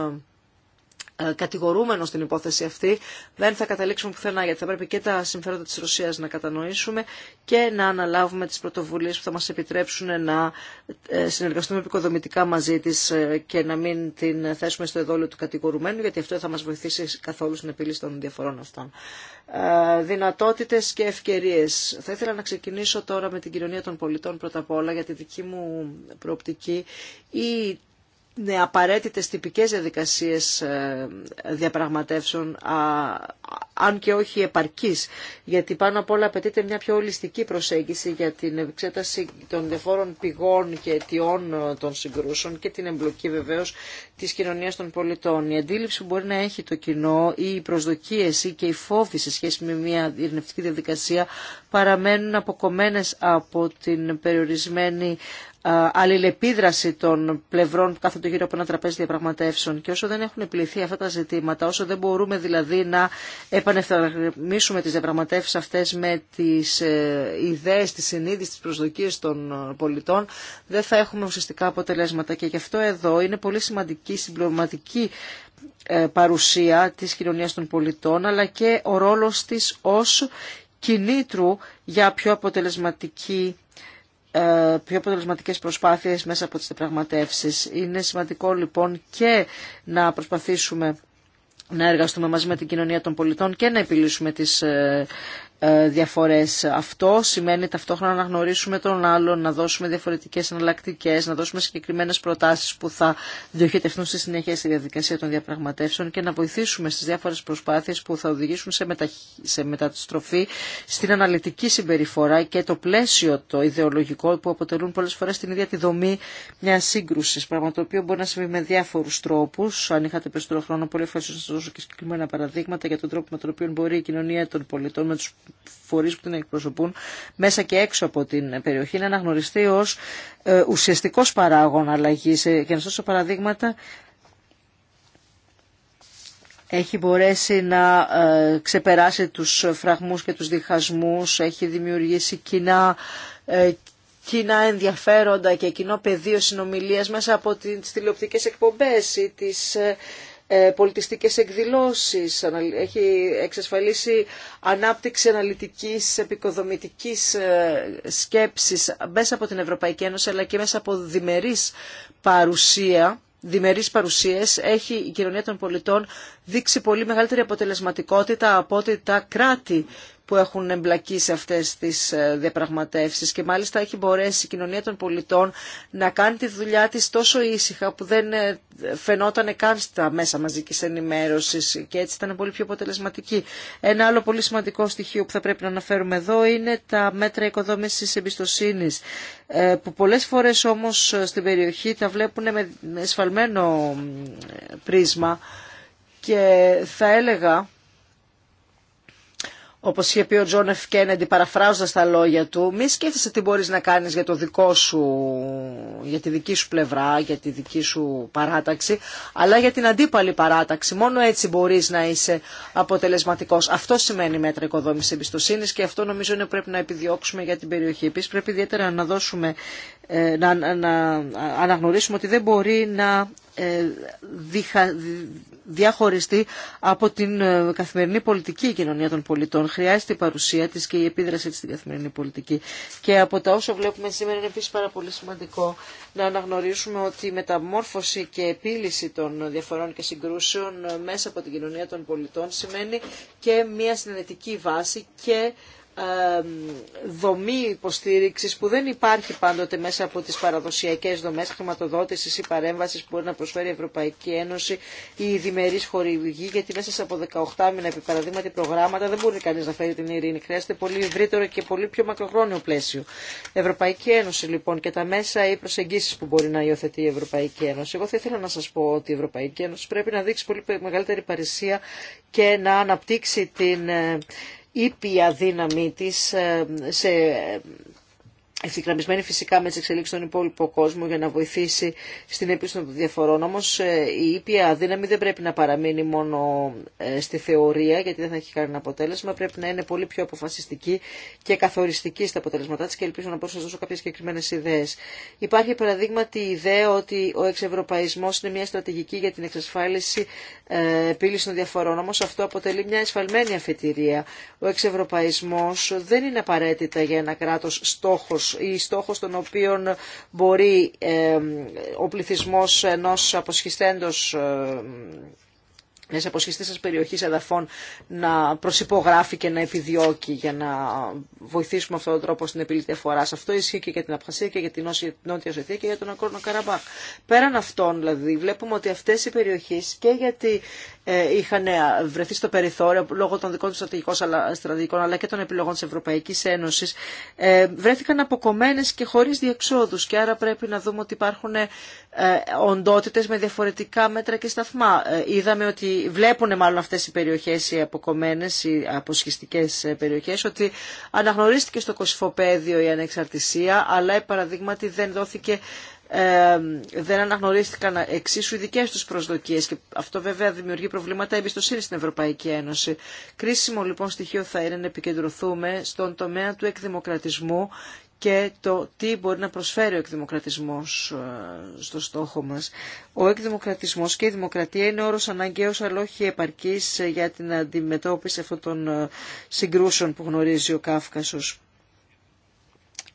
ε, κατηγορούμενο στην υπόθεση αυτή, δεν θα καταλήξουμε πουθενά, γιατί θα πρέπει και τα συμφέροντα τη Ρωσία να κατανοήσουμε και να αναλάβουμε τι πρωτοβουλίε που θα μα επιτρέψουν να ε, συνεργαστούμε επικοδομητικά μαζί τη ε, και να μην την θέσουμε στο εδόλιο του κατηγορουμένου, γιατί αυτό θα μα βοηθήσει καθόλου στην επίλυση των διαφορών αυτών. Δυνατότητε και ευκαιρίε. Θα ήθελα να ξεκινήσω τώρα με την κοινωνία των πολιτών πρώτα απ' όλα, για τη δική μου προοπτική. Η είναι απαραίτητες τυπικές διαδικασίες ε, διαπραγματεύσεων, αν και όχι επαρκής, γιατί πάνω απ' όλα απαιτείται μια πιο ολιστική προσέγγιση για την εξέταση των διαφόρων πηγών και αιτιών ε, των συγκρούσεων και την εμπλοκή βεβαίως της κοινωνίας των πολιτών. Η αντίληψη που μπορεί να έχει το κοινό ή οι προσδοκίες ή και οι φόβοι σε σχέση με μια ειρνευτική διαδικασία παραμένουν αποκομμένες από την περιορισμένη αλληλεπίδραση των πλευρών που κάθονται γύρω από ένα τραπέζι διαπραγματεύσεων. Και όσο δεν έχουν επιληθεί αυτά τα ζητήματα, όσο δεν μπορούμε δηλαδή να επανευθαρμίσουμε τις διαπραγματεύσεις αυτές με τις ε, ιδέες, τις συνείδηση, τις προσδοκίες των ε, πολιτών, δεν θα έχουμε ουσιαστικά αποτελέσματα. Και γι' αυτό εδώ είναι πολύ σημαντική συμπληρωματική ε, παρουσία της κοινωνίας των πολιτών, αλλά και ο ρόλος της ως κινήτρου για πιο αποτελεσματική ε, πιο αποτελεσματικές προσπάθειες μέσα από τις διαπραγματεύσεις. Είναι σημαντικό λοιπόν και να προσπαθήσουμε να εργαστούμε μαζί με την κοινωνία των πολιτών και να επιλύσουμε τις ε, ε, διαφορές. Αυτό σημαίνει ταυτόχρονα να γνωρίσουμε τον άλλον, να δώσουμε διαφορετικές εναλλακτικέ, να δώσουμε συγκεκριμένες προτάσεις που θα διοχετευτούν στη συνέχεια στη διαδικασία των διαπραγματεύσεων και να βοηθήσουμε στις διάφορες προσπάθειες που θα οδηγήσουν σε, μετα... μεταστροφή στην αναλυτική συμπεριφορά και το πλαίσιο το ιδεολογικό που αποτελούν πολλές φορές την ίδια τη δομή μια σύγκρουση. Πράγμα το οποίο μπορεί να συμβεί με διάφορους τρόπους. Αν είχατε περισσότερο χρόνο, πολύ ευχαριστώ να σα δώσω και συγκεκριμένα παραδείγματα για τον τρόπο με τον οποίο μπορεί η κοινωνία των πολιτών με τους φορείς που την εκπροσωπούν μέσα και έξω από την περιοχή να αναγνωριστεί ως ε, ουσιαστικός παράγων αλλαγής ε, και να σας παραδείγματα έχει μπορέσει να ε, ξεπεράσει τους φραγμούς και τους διχασμούς, έχει δημιουργήσει κοινά, ενδιαφέροντα και κοινό πεδίο συνομιλίας μέσα από τις τηλεοπτικές εκπομπές ή τις ε, πολιτιστικές εκδηλώσεις, έχει εξασφαλίσει ανάπτυξη αναλυτικής, επικοδομητικής ε, σκέψης μέσα από την Ευρωπαϊκή Ένωση αλλά και μέσα από διμερείς παρουσία παρουσίες έχει η κοινωνία των πολιτών δείξει πολύ μεγαλύτερη αποτελεσματικότητα από ότι τα κράτη που έχουν εμπλακεί σε αυτές τις ε, διαπραγματεύσει, και μάλιστα έχει μπορέσει η κοινωνία των πολιτών να κάνει τη δουλειά τη τόσο ήσυχα που δεν ε, φαινόταν καν στα μέσα μαζική ενημέρωση, και έτσι ήταν πολύ πιο αποτελεσματική. Ένα άλλο πολύ σημαντικό στοιχείο που θα πρέπει να αναφέρουμε εδώ είναι τα μέτρα οικοδόμηση εμπιστοσύνη, ε, που πολλές φορές όμως στην περιοχή τα βλέπουν με σφαλμένο πρίσμα και θα έλεγα όπως είχε πει ο Τζον Εφ Κένεντι παραφράζοντας τα λόγια του, μη σκέφτεσαι τι μπορείς να κάνεις για, το δικό σου, για τη δική σου πλευρά, για τη δική σου παράταξη, αλλά για την αντίπαλη παράταξη. Μόνο έτσι μπορείς να είσαι αποτελεσματικός. Αυτό σημαίνει μέτρα οικοδόμησης εμπιστοσύνη και αυτό νομίζω είναι πρέπει να επιδιώξουμε για την περιοχή. Επίσης πρέπει ιδιαίτερα να, δώσουμε, ε, να, να, να αναγνωρίσουμε ότι δεν μπορεί να ε, διχα, διαχωριστεί από την ε, καθημερινή πολιτική κοινωνία των πολιτών. Χρειάζεται η παρουσία της και η επίδραση της στην καθημερινή πολιτική. Και από τα όσα βλέπουμε σήμερα είναι επίσης πάρα πολύ σημαντικό να αναγνωρίσουμε ότι η μεταμόρφωση και επίλυση των διαφορών και συγκρούσεων ε, μέσα από την κοινωνία των πολιτών σημαίνει και μια συνενετική βάση και δομή υποστήριξης που δεν υπάρχει πάντοτε μέσα από τις παραδοσιακές δομές χρηματοδότησης ή παρέμβασης που μπορεί να προσφέρει η Ευρωπαϊκή Ένωση ή η διμερής χορηγή, γιατί μέσα από 18 μήνα επί παραδείγματι προγράμματα δεν μπορεί κανείς να φέρει την ειρήνη. Χρειάζεται πολύ ευρύτερο και πολύ πιο μακροχρόνιο πλαίσιο. Ευρωπαϊκή Ένωση λοιπόν και τα μέσα ή προσεγγίσεις που μπορεί να υιοθετεί η Ευρωπαϊκή Ένωση. Εγώ θα ήθελα να σας πω ότι η Ευρωπαϊκή Ένωση πρέπει να δείξει πολύ μεγαλύτερη παρησία και να αναπτύξει την ε, ήπια δύναμη της ε, σε ευθυγραμμισμένη φυσικά με τι εξελίξει στον υπόλοιπο κόσμο για να βοηθήσει στην επίσημη των διαφορών. Όμω ε, η ήπια δύναμη δεν πρέπει να παραμείνει μόνο ε, στη θεωρία, γιατί δεν θα έχει κανένα αποτέλεσμα. Πρέπει να είναι πολύ πιο αποφασιστική και καθοριστική στα αποτελέσματά τη και ελπίζω να μπορώ να σα δώσω κάποιε συγκεκριμένε ιδέε. Υπάρχει παραδείγματι η ιδέα ότι ο εξευρωπαϊσμό είναι μια στρατηγική για την εξασφάλιση ε, επίλυση των διαφορών. Όμω αυτό αποτελεί μια εσφαλμένη αφετηρία. Ο εξευρωπαϊσμό δεν είναι απαραίτητα για ένα κράτο στόχο ή στόχος των οποίων μπορεί ε, ο πληθυσμός ενός αποσχιστέντος ε, μιας σα περιοχής εδαφών να προσυπογράφει και να επιδιώκει για να βοηθήσουμε αυτόν τον τρόπο στην επιλήτη αφορά. Αυτό ισχύει και για την Απχασία και για την Νότια Ζωτία και για τον Ακόρνο Καραμπάχ. Πέραν αυτών δηλαδή βλέπουμε ότι αυτές οι περιοχές και γιατί ε, είχαν ε, βρεθεί στο περιθώριο λόγω των δικών του στρατηγικών αλλά και των επιλογών της Ευρωπαϊκής Ένωσης ε, βρέθηκαν αποκομμένες και χωρίς διεξόδους και άρα πρέπει να δούμε ότι υπάρχουν οντότητε με διαφορετικά μέτρα και σταθμά. Είδαμε ότι βλέπουν μάλλον αυτές οι περιοχές οι αποκομμένες, οι αποσχιστικές περιοχές, ότι αναγνωρίστηκε στο κοσφοπέδιο η ανεξαρτησία, αλλά παραδείγματι δεν δόθηκε δεν αναγνωρίστηκαν εξίσου οι δικές του προσδοκίε και αυτό βέβαια δημιουργεί προβλήματα εμπιστοσύνη στην Ευρωπαϊκή Ένωση. Κρίσιμο λοιπόν στοιχείο θα είναι να επικεντρωθούμε στον τομέα του εκδημοκρατισμού και το τι μπορεί να προσφέρει ο εκδημοκρατισμός ε, στο στόχο μας. Ο εκδημοκρατισμός και η δημοκρατία είναι όρος αναγκαίος αλλά όχι επαρκής ε, για την αντιμετώπιση αυτών των ε, συγκρούσεων που γνωρίζει ο Κάφκασος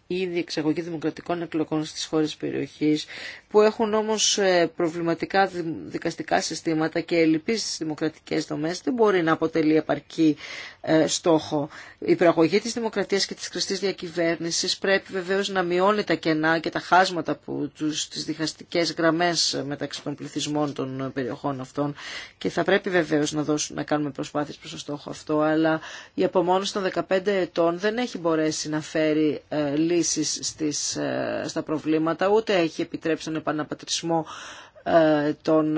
η εξαγωγή δημοκρατικών εκλογών στις χώρες περιοχής, που έχουν όμως ε, προβληματικά δικαστικά συστήματα και ελλειπείς δημοκρατικές δομές, δεν μπορεί να αποτελεί επαρκή ε, στόχο. Η προαγωγή της δημοκρατίας και της χρηστής διακυβέρνησης πρέπει βεβαίως να μειώνει τα κενά και τα χάσματα που τους, τις διχαστικές γραμμές μεταξύ των πληθυσμών των περιοχών αυτών και θα πρέπει βεβαίως να, δώσουν, να κάνουμε προσπάθειες προς το στόχο αυτό, αλλά η απομόνωση των 15 ετών δεν έχει μπορέσει να φέρει ε, λύσεις στις, ε, στα προβλήματα, ούτε έχει επιτρέψει τον επαναπατρισμό ε, των,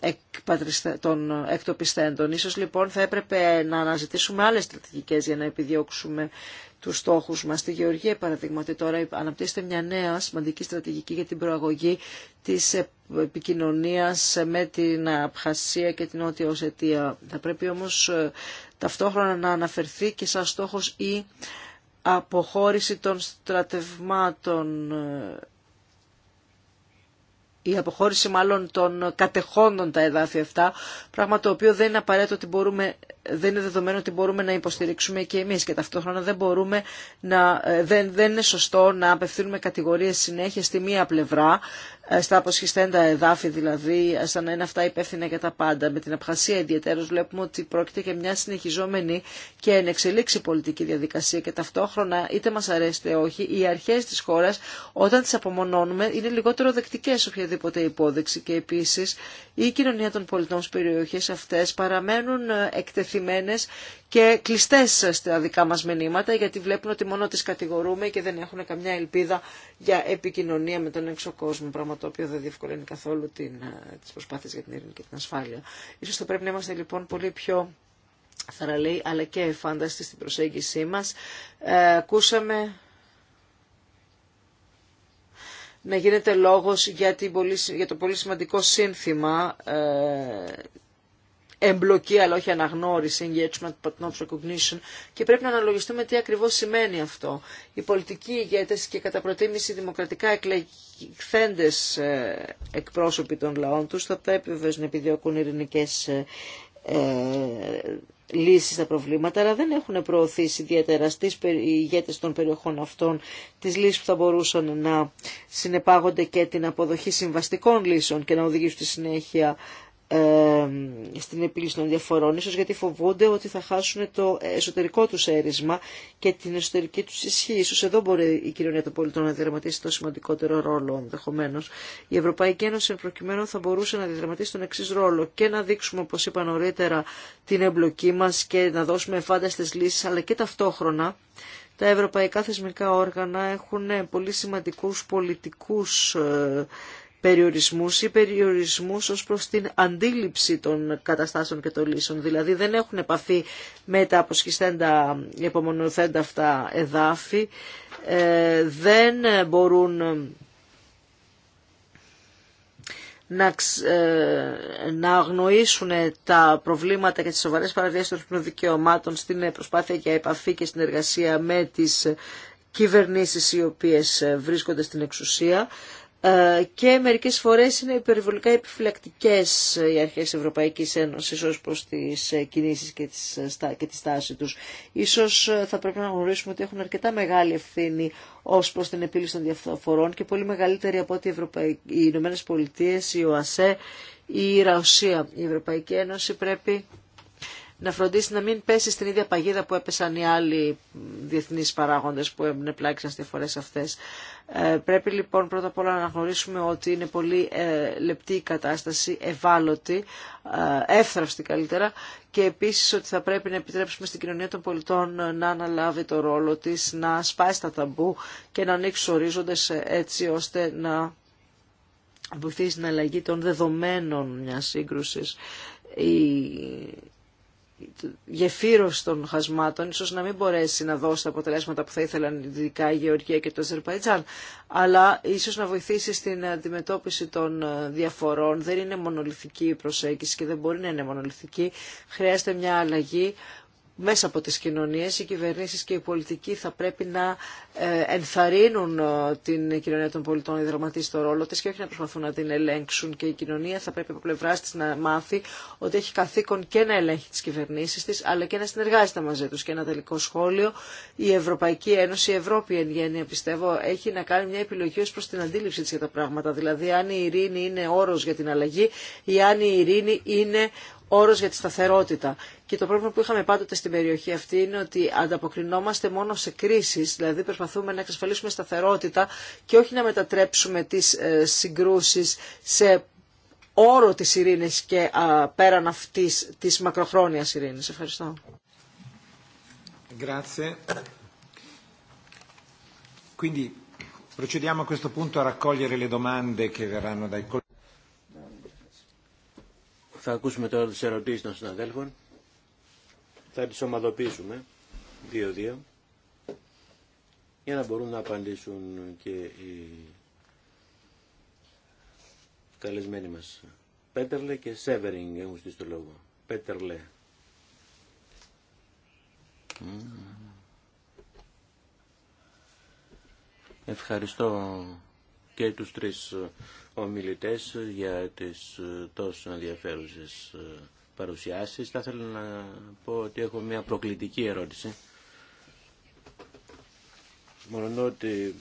ε, των εκτοπιστέντων. Ίσως λοιπόν θα έπρεπε να αναζητήσουμε άλλες στρατηγικές για να επιδιώξουμε τους στόχους μας. Στη Γεωργία, παραδείγματι, τώρα αναπτύσσεται μια νέα σημαντική στρατηγική για την προαγωγή της επικοινωνίας με την Απχασία και την Νότια Οσετία. Θα πρέπει όμως ταυτόχρονα να αναφερθεί και σαν στόχος η αποχώρηση των στρατευμάτων ε, η αποχώρηση μάλλον των κατεχόντων τα εδάφια αυτά, πράγμα το οποίο δεν είναι απαραίτητο μπορούμε, δεν είναι δεδομένο ότι μπορούμε να υποστηρίξουμε και εμείς και ταυτόχρονα δεν μπορούμε να, ε, δεν, δεν είναι σωστό να απευθύνουμε κατηγορίες συνέχεια στη μία πλευρά ε, στα αποσχιστέντα εδάφη δηλαδή, ε, σαν να είναι αυτά υπεύθυνα για τα πάντα. Με την Απχασία ιδιαίτερως βλέπουμε ότι πρόκειται για μια συνεχιζόμενη και ενεξελίξη πολιτική διαδικασία και ταυτόχρονα είτε μας αρέσει είτε όχι, οι αρχές της χώρας όταν τις απομονώνουμε είναι λιγότερο δεκτικές οποιαδήποτε υπόδειξη και επίσης η κοινωνία των πολιτών στις περιοχές αυτές παραμένουν ε, εκτεθειμένες και κλειστέ στα δικά μα μηνύματα γιατί βλέπουν ότι μόνο τι κατηγορούμε και δεν έχουν καμιά ελπίδα για επικοινωνία με τον έξω κόσμο το οποίο δεν διευκολύνει καθόλου την, ε, τις προσπάθειες για την ειρήνη και την ασφάλεια. Ίσως θα πρέπει να είμαστε λοιπόν πολύ πιο θαραλέοι αλλά και φάνταστοι στην προσέγγισή μας. Ε, ακούσαμε να γίνεται λόγος για, πολύ, για το πολύ σημαντικό σύνθημα ε, εμπλοκή αλλά όχι αναγνώριση, engagement but not recognition και πρέπει να αναλογιστούμε τι ακριβώς σημαίνει αυτό. Οι πολιτικοί ηγέτες και κατά προτίμηση δημοκρατικά εκλεγθέντες ε, εκπρόσωποι των λαών τους θα πρέπει βέβαια να επιδιώκουν ειρηνικές ε, ε, λύσεις στα προβλήματα, αλλά δεν έχουν προωθήσει ιδιαίτερα στις ηγέτες των περιοχών αυτών τις λύσεις που θα μπορούσαν να συνεπάγονται και την αποδοχή συμβαστικών λύσεων και να οδηγήσουν στη συνέχεια στην επίλυση των διαφορών, ίσως γιατί φοβούνται ότι θα χάσουν το εσωτερικό τους έρισμα και την εσωτερική τους ισχύ. Ίσως εδώ μπορεί η κοινωνία των πολιτών να διαδραματίσει το σημαντικότερο ρόλο ενδεχομένω. Η Ευρωπαϊκή Ένωση εν προκειμένου θα μπορούσε να διαδραματίσει τον εξή ρόλο και να δείξουμε, όπως είπα νωρίτερα, την εμπλοκή μας και να δώσουμε εφάνταστες λύσεις, αλλά και ταυτόχρονα τα ευρωπαϊκά θεσμικά όργανα έχουν πολύ σημαντικούς πολιτικούς ε, περιορισμούς ή περιορισμούς ως προς την αντίληψη των καταστάσεων και των λύσεων. Δηλαδή δεν έχουν επαφή με τα αποσχιστέντα απομονωθέντα αυτά εδάφη, ε, δεν μπορούν ε, να, ε, να αγνοήσουν τα προβλήματα και τις σοβαρές παραβιάσεις των δικαιωμάτων στην προσπάθεια για επαφή και συνεργασία με τις κυβερνήσεις οι οποίες βρίσκονται στην εξουσία. Ε, και μερικές φορές είναι υπερβολικά επιφυλακτικές οι αρχές Ευρωπαϊκής Ένωσης ως προς τις ε, κινήσεις και, τις, ε, και τη στάση τους. Ίσως θα πρέπει να γνωρίσουμε ότι έχουν αρκετά μεγάλη ευθύνη ως προς την επίλυση των διαφορών και πολύ μεγαλύτερη από ότι οι, Ηνωμένε Πολιτείε, η ΟΑΣΕ ή η Ρωσία. Η Ευρωπαϊκή Ένωση πρέπει να φροντίσει να μην πέσει στην ίδια παγίδα που έπεσαν οι άλλοι διεθνείς παράγοντες που έμπνεπλάξαν στις φορές αυτές. Ε, πρέπει λοιπόν πρώτα απ' όλα να γνωρίσουμε ότι είναι πολύ ε, λεπτή η κατάσταση, ευάλωτη, ε, εύθραυστη καλύτερα και επίσης ότι θα πρέπει να επιτρέψουμε στην κοινωνία των πολιτών να αναλάβει το ρόλο της, να σπάσει τα ταμπού και να ανοίξει ορίζοντες ε, έτσι ώστε να βοηθήσει την αλλαγή των δεδομένων μιας σύγκρουσης. Η γεφύρωση των χασμάτων, ίσως να μην μπορέσει να δώσει τα αποτελέσματα που θα ήθελαν ειδικά η Γεωργία και το Αζερπαϊτζάν αλλά ίσως να βοηθήσει στην αντιμετώπιση των ε, διαφορών. Δεν είναι μονολυθική η προσέγγιση και δεν μπορεί να είναι μονολυθική. Χρειάζεται μια αλλαγή μέσα από τις κοινωνίες οι κυβερνήσεις και οι πολιτικοί θα πρέπει να ε, ενθαρρύνουν ε, την κοινωνία των πολιτών να δραματίσει το ρόλο της και όχι να προσπαθούν να την ελέγξουν και η κοινωνία θα πρέπει από πλευρά της να μάθει ότι έχει καθήκον και να ελέγχει τις κυβερνήσεις της αλλά και να συνεργάζεται μαζί τους και ένα τελικό σχόλιο η Ευρωπαϊκή Ένωση, η Ευρώπη εν γένεια πιστεύω έχει να κάνει μια επιλογή ως προς την αντίληψη της για τα πράγματα δηλαδή αν η ειρήνη είναι όρος για την αλλαγή ή αν η ειρήνη είναι όρος για τη σταθερότητα. Και το πρόβλημα που είχαμε πάντοτε στην περιοχή αυτή είναι ότι ανταποκρινόμαστε μόνο σε κρίσεις, δηλαδή προσπαθούμε να εξασφαλίσουμε σταθερότητα και όχι να μετατρέψουμε τις ε, συγκρούσεις σε όρο της ειρήνης και πέραν αυτής της μακροχρόνιας ειρήνης. Ευχαριστώ. Grazie. Quindi procediamo a questo punto a raccogliere le domande che verranno dai colleghi. Θα ακούσουμε τώρα τις ερωτήσεις των συναδέλφων. Θα τις ομαδοποιήσουμε δύο-δύο για να μπορούν να απαντήσουν και οι καλεσμένοι μας. Πέτερλε και Σέβερινγκ έχουν στήσει το λόγο. Πέτερλε. Ευχαριστώ και τους τρεις ε, ομιλητές ε, για τις ε, τόσο ενδιαφέρουσες παρουσιάσεις. Θα ήθελα να πω ότι έχω μια προκλητική ερώτηση. Μόνο ότι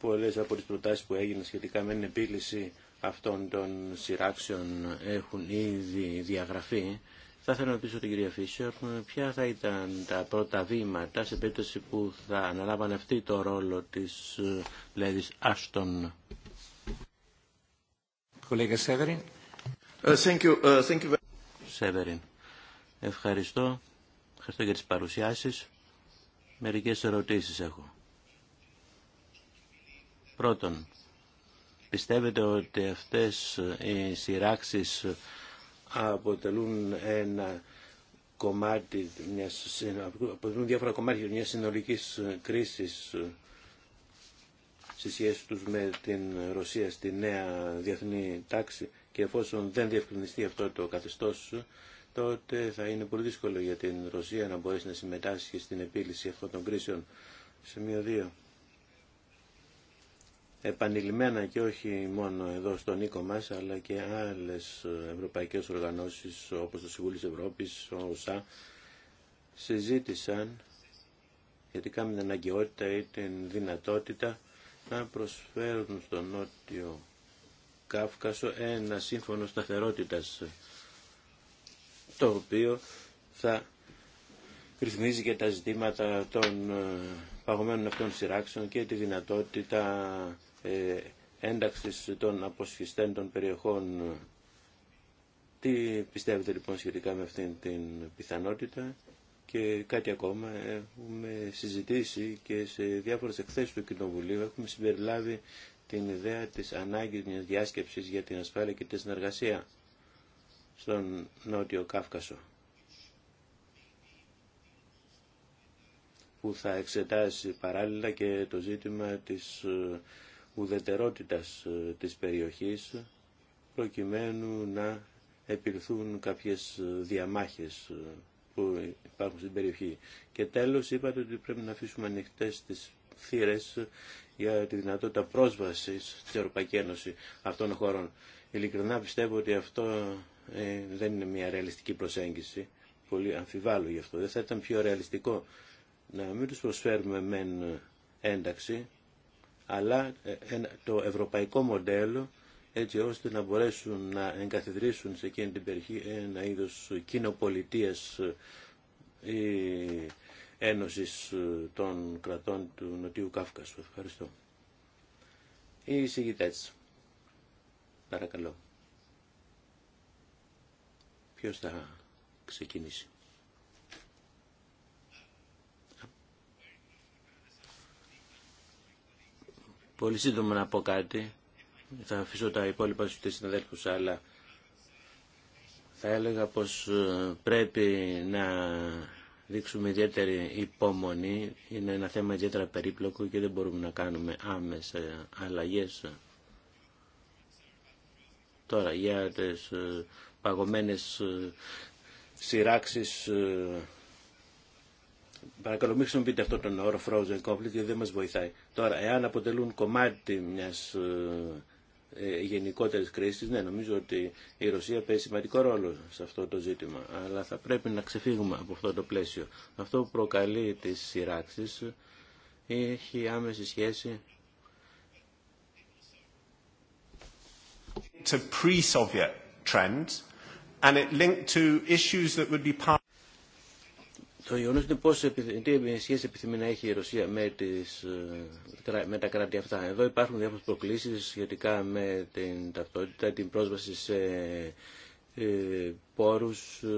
πολλές από τις προτάσεις που έγιναν σχετικά με την επίλυση αυτών των σειράξεων έχουν ήδη διαγραφεί. Θα ήθελα να πείσω την κυρία ποια θα ήταν τα πρώτα βήματα σε περίπτωση που θα αναλάβανε αυτή το ρόλο της Λέδης Άστον. Ε, ε, Σέβεριν. Ευχαριστώ. Ευχαριστώ για τις παρουσιάσεις. Μερικές ερωτήσεις έχω. Πρώτον, πιστεύετε ότι αυτές οι σειράξεις αποτελούν ένα κομμάτι, αποτελούν διάφορα κομμάτια μιας συνολικής κρίσης στη σχέση τους με την Ρωσία στη νέα διεθνή τάξη και εφόσον δεν διευκρινιστεί αυτό το καθεστώς τότε θα είναι πολύ δύσκολο για την Ρωσία να μπορέσει να συμμετάσχει στην επίλυση αυτών των κρίσεων. Σημείο 2. Επανειλημμένα και όχι μόνο εδώ στον οίκο μας, αλλά και άλλες ευρωπαϊκές οργανώσεις όπως το Συμβούλιο της Ευρώπης, ο ΟΣΑ, συζήτησαν γιατί με την αναγκαιότητα ή την δυνατότητα να προσφέρουν στο Νότιο Κάφκασο ένα σύμφωνο σταθερότητας το οποίο θα ρυθμίζει και τα ζητήματα των ε, παγωμένων αυτών σειράξεων και τη δυνατότητα ε, ένταξης των αποσχιστέντων περιοχών. Τι πιστεύετε λοιπόν σχετικά με αυτήν την πιθανότητα και κάτι ακόμα, έχουμε συζητήσει και σε διάφορες εκθέσεις του Κοινοβουλίου έχουμε συμπεριλάβει την ιδέα της ανάγκης μιας διάσκεψης για την ασφάλεια και τη συνεργασία στον Νότιο Κάυκασο. που θα εξετάσει παράλληλα και το ζήτημα της ε, ουδετερότητας ε, της περιοχής προκειμένου να επιλθούν κάποιες ε, διαμάχες που υπάρχουν στην περιοχή. Και τέλος είπατε ότι πρέπει να αφήσουμε ανοιχτέ τις θύρες για τη δυνατότητα πρόσβασης στην Ευρωπαϊκή Ένωση αυτών των χωρών. Ειλικρινά πιστεύω ότι αυτό ε, δεν είναι μια ρεαλιστική προσέγγιση. Πολύ αμφιβάλλω γι' αυτό. Δεν θα ήταν πιο ρεαλιστικό να μην τους προσφέρουμε μεν ένταξη, αλλά ε, το ευρωπαϊκό μοντέλο έτσι ώστε να μπορέσουν να εγκαθιδρύσουν σε εκείνη την περιοχή ένα είδος κοινοπολιτείας ε, ένωσης ε, των κρατών του Νοτιού Κάφκασου. Ευχαριστώ. Οι εισηγητές. Παρακαλώ. Ποιος θα ξεκινήσει. Πολύ σύντομα να πω κάτι θα αφήσω τα υπόλοιπα στους συναδέλφους, αλλά θα έλεγα πως ε, πρέπει να δείξουμε ιδιαίτερη υπόμονη. Είναι ένα θέμα ιδιαίτερα περίπλοκο και δεν μπορούμε να κάνουμε άμεσα αλλαγές. Τώρα για τις ε, παγωμένες ε, σειράξεις Παρακαλώ μην χρησιμοποιείτε αυτόν τον όρο frozen conflict γιατί δεν μας βοηθάει. Τώρα, εάν αποτελούν κομμάτι μιας ε, γενικότερης κρίσης, ναι, νομίζω ότι η Ρωσία παίζει σημαντικό ρόλο σε αυτό το ζήτημα, αλλά θα πρέπει να ξεφύγουμε από αυτό το πλαίσιο. Αυτό που προκαλεί τις σειράξεις έχει άμεση σχέση pre-Soviet trend, and it linked to issues that would be part το γεγονό είναι πώς, τι σχέση επιθυμεί να έχει η Ρωσία με, τις, ε, με τα κράτη αυτά. Εδώ υπάρχουν διάφορες προκλήσεις σχετικά με την ταυτότητα, την πρόσβαση σε ε, πόρους. Ε,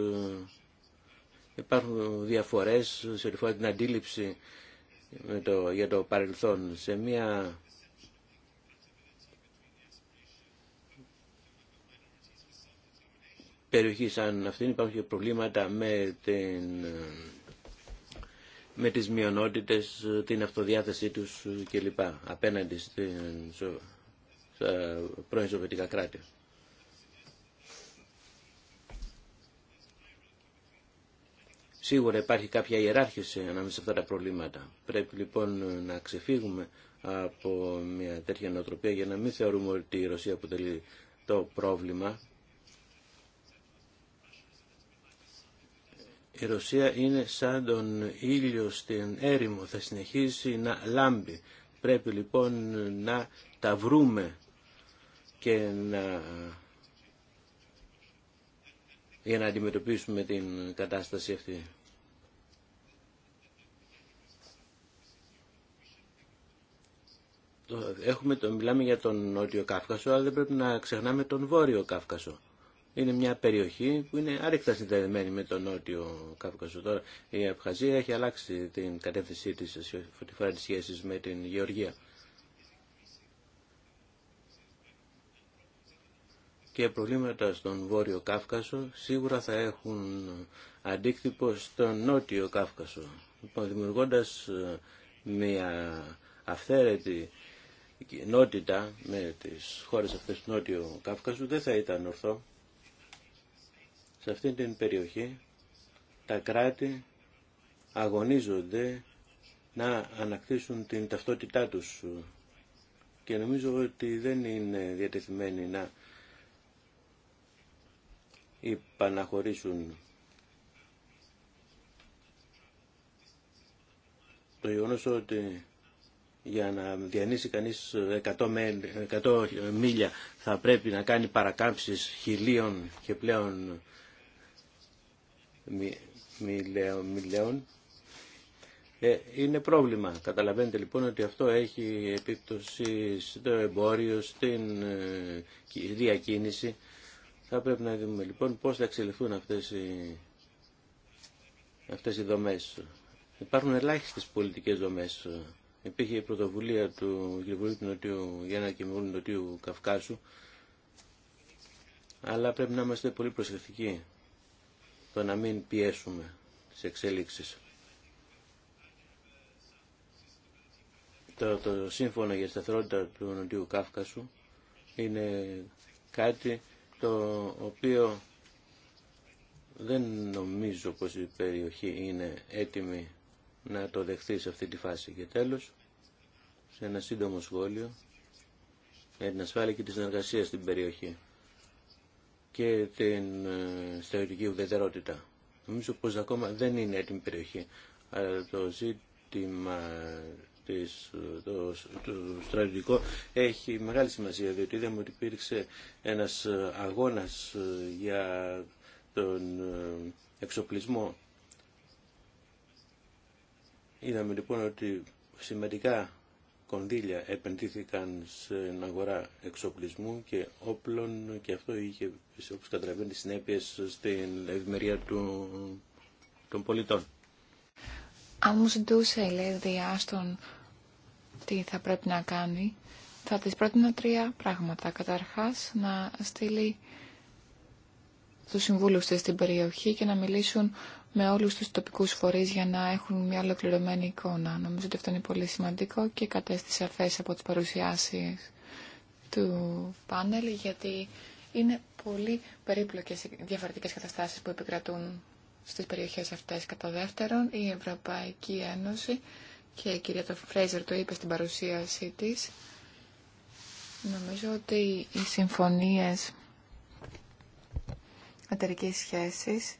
υπάρχουν διαφορέ σε ό,τι την αντίληψη με το, για το παρελθόν. Σε μια περιοχή σαν αυτήν υπάρχουν και προβλήματα με την ε, με τις μειονότητες, την αυτοδιάθεσή τους κλπ. απέναντι στα πρώην Σοβιετικά κράτη. Σίγουρα υπάρχει κάποια ιεράρχηση ανάμεσα σε αυτά τα προβλήματα. Πρέπει λοιπόν να ξεφύγουμε από μια τέτοια νοοτροπία για να μην θεωρούμε ότι η Ρωσία αποτελεί το πρόβλημα Η Ρωσία είναι σαν τον ήλιο στην έρημο, θα συνεχίσει να λάμπει. Πρέπει λοιπόν να τα βρούμε και να... για να αντιμετωπίσουμε την κατάσταση αυτή. Έχουμε το, μιλάμε για τον Νότιο Κάφκασο, αλλά δεν πρέπει να ξεχνάμε τον Βόρειο Κάφκασο είναι μια περιοχή που είναι άρρηκτα συνδεδεμένη με τον Νότιο Κάφκασο. Τώρα η Απχαζία έχει αλλάξει την κατεύθυνσή της σε ό,τι φορά με την Γεωργία. Και προβλήματα στον Βόρειο Κάφκασο σίγουρα θα έχουν αντίκτυπο στον Νότιο Κάφκασο. Λοιπόν, δημιουργώντας ε, μια αυθαίρετη κοινότητα με τις χώρες αυτές του Νότιου Κάφκασου δεν θα ήταν ορθό σε αυτή την περιοχή τα κράτη αγωνίζονται να ανακτήσουν την ταυτότητά τους και νομίζω ότι δεν είναι διατεθειμένοι να υπαναχωρήσουν το γεγονό ότι για να διανύσει κανείς 100, μίλια θα πρέπει να κάνει παρακάμψεις χιλίων και πλέον μιλέων ε, είναι πρόβλημα. Καταλαβαίνετε λοιπόν ότι αυτό έχει επίπτωση στο εμπόριο, στην ε, διακίνηση. Θα πρέπει να δούμε λοιπόν πώς θα εξελιχθούν αυτές οι, αυτές οι δομές. Υπάρχουν ελάχιστες πολιτικές δομές. Υπήρχε η πρωτοβουλία του Γρηγορίου του για να Νοτιού Καυκάσου, αλλά πρέπει να είμαστε πολύ προσεκτικοί το να μην πιέσουμε τις εξέλιξεις. Το, το σύμφωνο για σταθερότητα του Νοτιού Κάφκασου είναι κάτι το οποίο δεν νομίζω πως η περιοχή είναι έτοιμη να το δεχθεί σε αυτή τη φάση. Και τέλος, σε ένα σύντομο σχόλιο για την ασφάλεια και τη συνεργασία στην περιοχή και την ε, στρατιωτική ουδετερότητα. Νομίζω πως ακόμα δεν είναι έτοιμη περιοχή. Αλλά το ζήτημα της, το, έχει μεγάλη σημασία διότι είδαμε ότι υπήρξε ένας ε, αγώνας ε, για τον εξοπλισμό. Είδαμε λοιπόν ότι σημαντικά κονδύλια επενδύθηκαν στην αγορά εξοπλισμού και όπλων και αυτό είχε, όπως καταλαβαίνετε, συνέπειες στην ευημερία του, των πολιτών. Αν μου ζητούσε η Λέδη Άστον τι θα πρέπει να κάνει, θα της πρότεινα τρία πράγματα. Καταρχάς, να στείλει τους συμβούλους της στην περιοχή και να μιλήσουν με όλους τους τοπικούς φορείς για να έχουν μια ολοκληρωμένη εικόνα. Νομίζω ότι αυτό είναι πολύ σημαντικό και κατέστησε αφές από τις παρουσιάσεις του πάνελ γιατί είναι πολύ περίπλοκες διαφορετικές καταστάσεις που επικρατούν στις περιοχές αυτές. Κατά δεύτερον, η Ευρωπαϊκή Ένωση και η κυρία Φρέιζερ το είπε στην παρουσίασή της, νομίζω ότι οι συμφωνίες εταιρικής σχέσης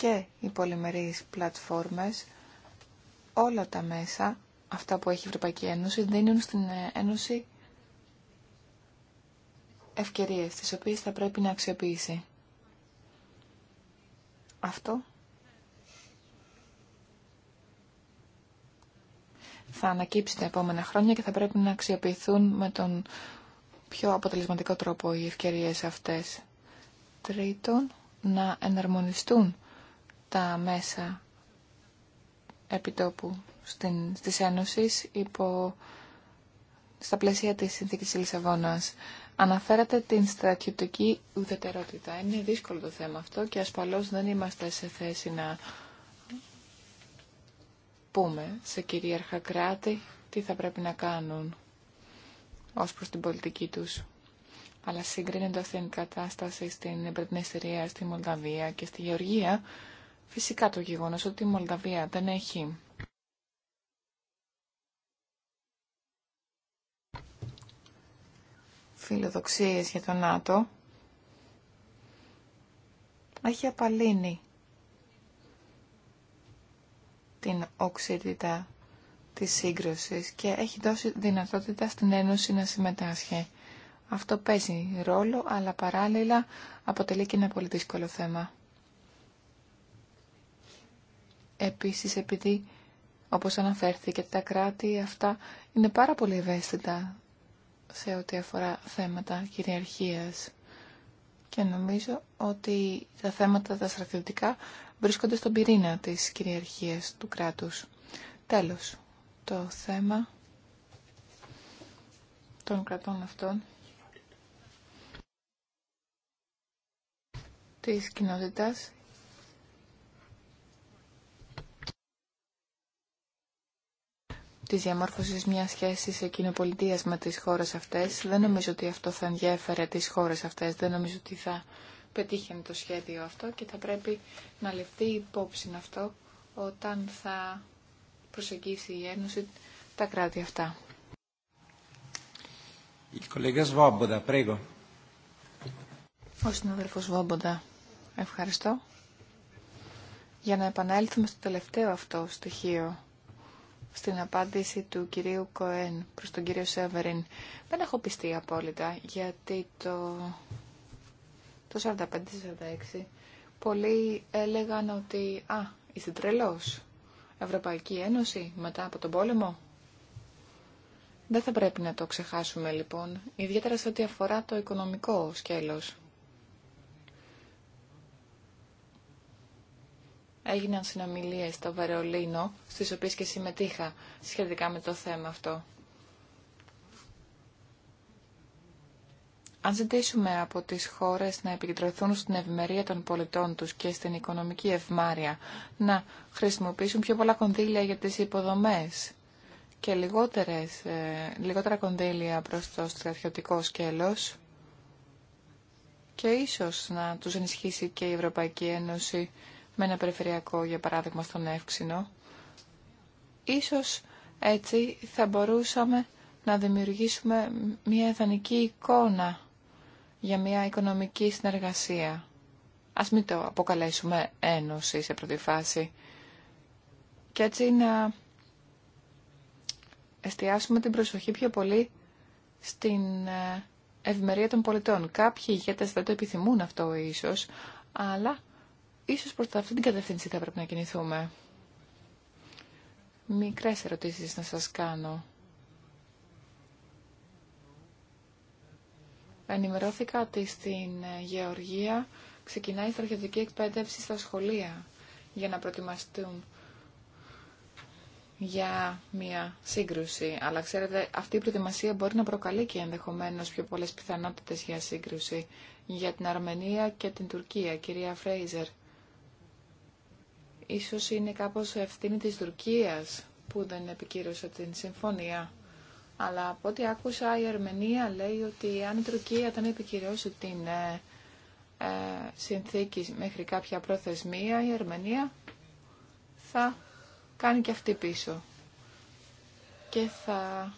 και οι πολυμερείς πλατφόρμες, όλα τα μέσα, αυτά που έχει η Ευρωπαϊκή Ένωση, δίνουν στην Ένωση ευκαιρίες, τις οποίες θα πρέπει να αξιοποιήσει. Αυτό θα ανακύψει τα επόμενα χρόνια και θα πρέπει να αξιοποιηθούν με τον πιο αποτελεσματικό τρόπο οι ευκαιρίες αυτές. Τρίτον, να εναρμονιστούν τα μέσα επιτόπου στην, στις Ένωσης υπό, στα πλαίσια της Συνθήκης Λισαβόνας. Αναφέρατε την στρατιωτική ουδετερότητα. Είναι δύσκολο το θέμα αυτό και ασφαλώς δεν είμαστε σε θέση να πούμε σε κυρίαρχα κράτη τι θα πρέπει να κάνουν ως προς την πολιτική τους. Αλλά συγκρίνοντας την κατάσταση στην Πρετνέστηρία, στη Μολδαβία και στη Γεωργία, Φυσικά το γεγονός ότι η Μολδαβία δεν έχει φιλοδοξίες για το ΝΑΤΟ έχει απαλύνει την οξύτητα της σύγκρουσης και έχει δώσει δυνατότητα στην Ένωση να συμμετάσχει. Αυτό παίζει ρόλο, αλλά παράλληλα αποτελεί και ένα πολύ δύσκολο θέμα. Επίσης επειδή, όπως αναφέρθηκε, τα κράτη αυτά είναι πάρα πολύ ευαίσθητα σε ό,τι αφορά θέματα κυριαρχίας. Και νομίζω ότι τα θέματα τα στρατιωτικά βρίσκονται στον πυρήνα της κυριαρχίας του κράτους. Τέλος, το θέμα των κρατών αυτών της κοινότητας διαμόρφωση μια μιας σχέσης κοινοπολιτείας με τις χώρες αυτές. Δεν νομίζω ότι αυτό θα ενδιέφερε τι χώρες αυτές. Δεν νομίζω ότι θα πετύχαινε το σχέδιο αυτό και θα πρέπει να ληφθεί υπόψη αυτό όταν θα προσεγγίσει η Ένωση τα κράτη αυτά. Ο συνάδελφος Βόμποντα, ευχαριστώ. Για να επανέλθουμε στο τελευταίο αυτό στοιχείο στην απάντηση του κυρίου Κοέν προς τον κύριο Σέβεριν. Δεν έχω πιστεί απόλυτα, γιατί το, το 45-46 πολλοί έλεγαν ότι «Α, είσαι τρελός, Ευρωπαϊκή Ένωση μετά από τον πόλεμο». Δεν θα πρέπει να το ξεχάσουμε λοιπόν, ιδιαίτερα σε ό,τι αφορά το οικονομικό σκέλος. έγιναν συνομιλίες στο Βερολίνο, στις οποίες και συμμετείχα σχετικά με το θέμα αυτό. Αν ζητήσουμε από τις χώρες να επικεντρωθούν στην ευημερία των πολιτών τους και στην οικονομική ευμάρεια, να χρησιμοποιήσουν πιο πολλά κονδύλια για τις υποδομές και λιγότερες, ε, λιγότερα κονδύλια προς το στρατιωτικό σκέλος, και ίσως να τους ενισχύσει και η Ευρωπαϊκή Ένωση με ένα περιφερειακό, για παράδειγμα, στον Εύξηνο. Ίσως έτσι θα μπορούσαμε να δημιουργήσουμε μια ιδανική εικόνα για μια οικονομική συνεργασία. Ας μην το αποκαλέσουμε ένωση σε πρώτη φάση. Και έτσι να εστιάσουμε την προσοχή πιο πολύ στην ε, ευημερία των πολιτών. Κάποιοι ηγέτες δεν το επιθυμούν αυτό ίσως, αλλά Ίσως προς αυτή την κατεύθυνση θα πρέπει να κινηθούμε. Μικρές ερωτήσεις να σας κάνω. Ενημερώθηκα ότι στην ε, Γεωργία ξεκινάει η στρατιωτική εκπαίδευση στα σχολεία για να προετοιμαστούν για μια σύγκρουση. Αλλά ξέρετε, αυτή η προετοιμασία μπορεί να προκαλεί και ενδεχομένως πιο πολλές πιθανότητες για σύγκρουση για την Αρμενία και την Τουρκία, κυρία Φρέιζερ. Ίσως είναι κάπως ευθύνη της Τουρκίας που δεν επικύρωσε την συμφωνία. Αλλά από ό,τι άκουσα η Αρμενία λέει ότι αν η Τουρκία δεν επικυρώσει την ε, ε συνθήκη μέχρι κάποια προθεσμία, η Αρμενία θα κάνει και αυτή πίσω και θα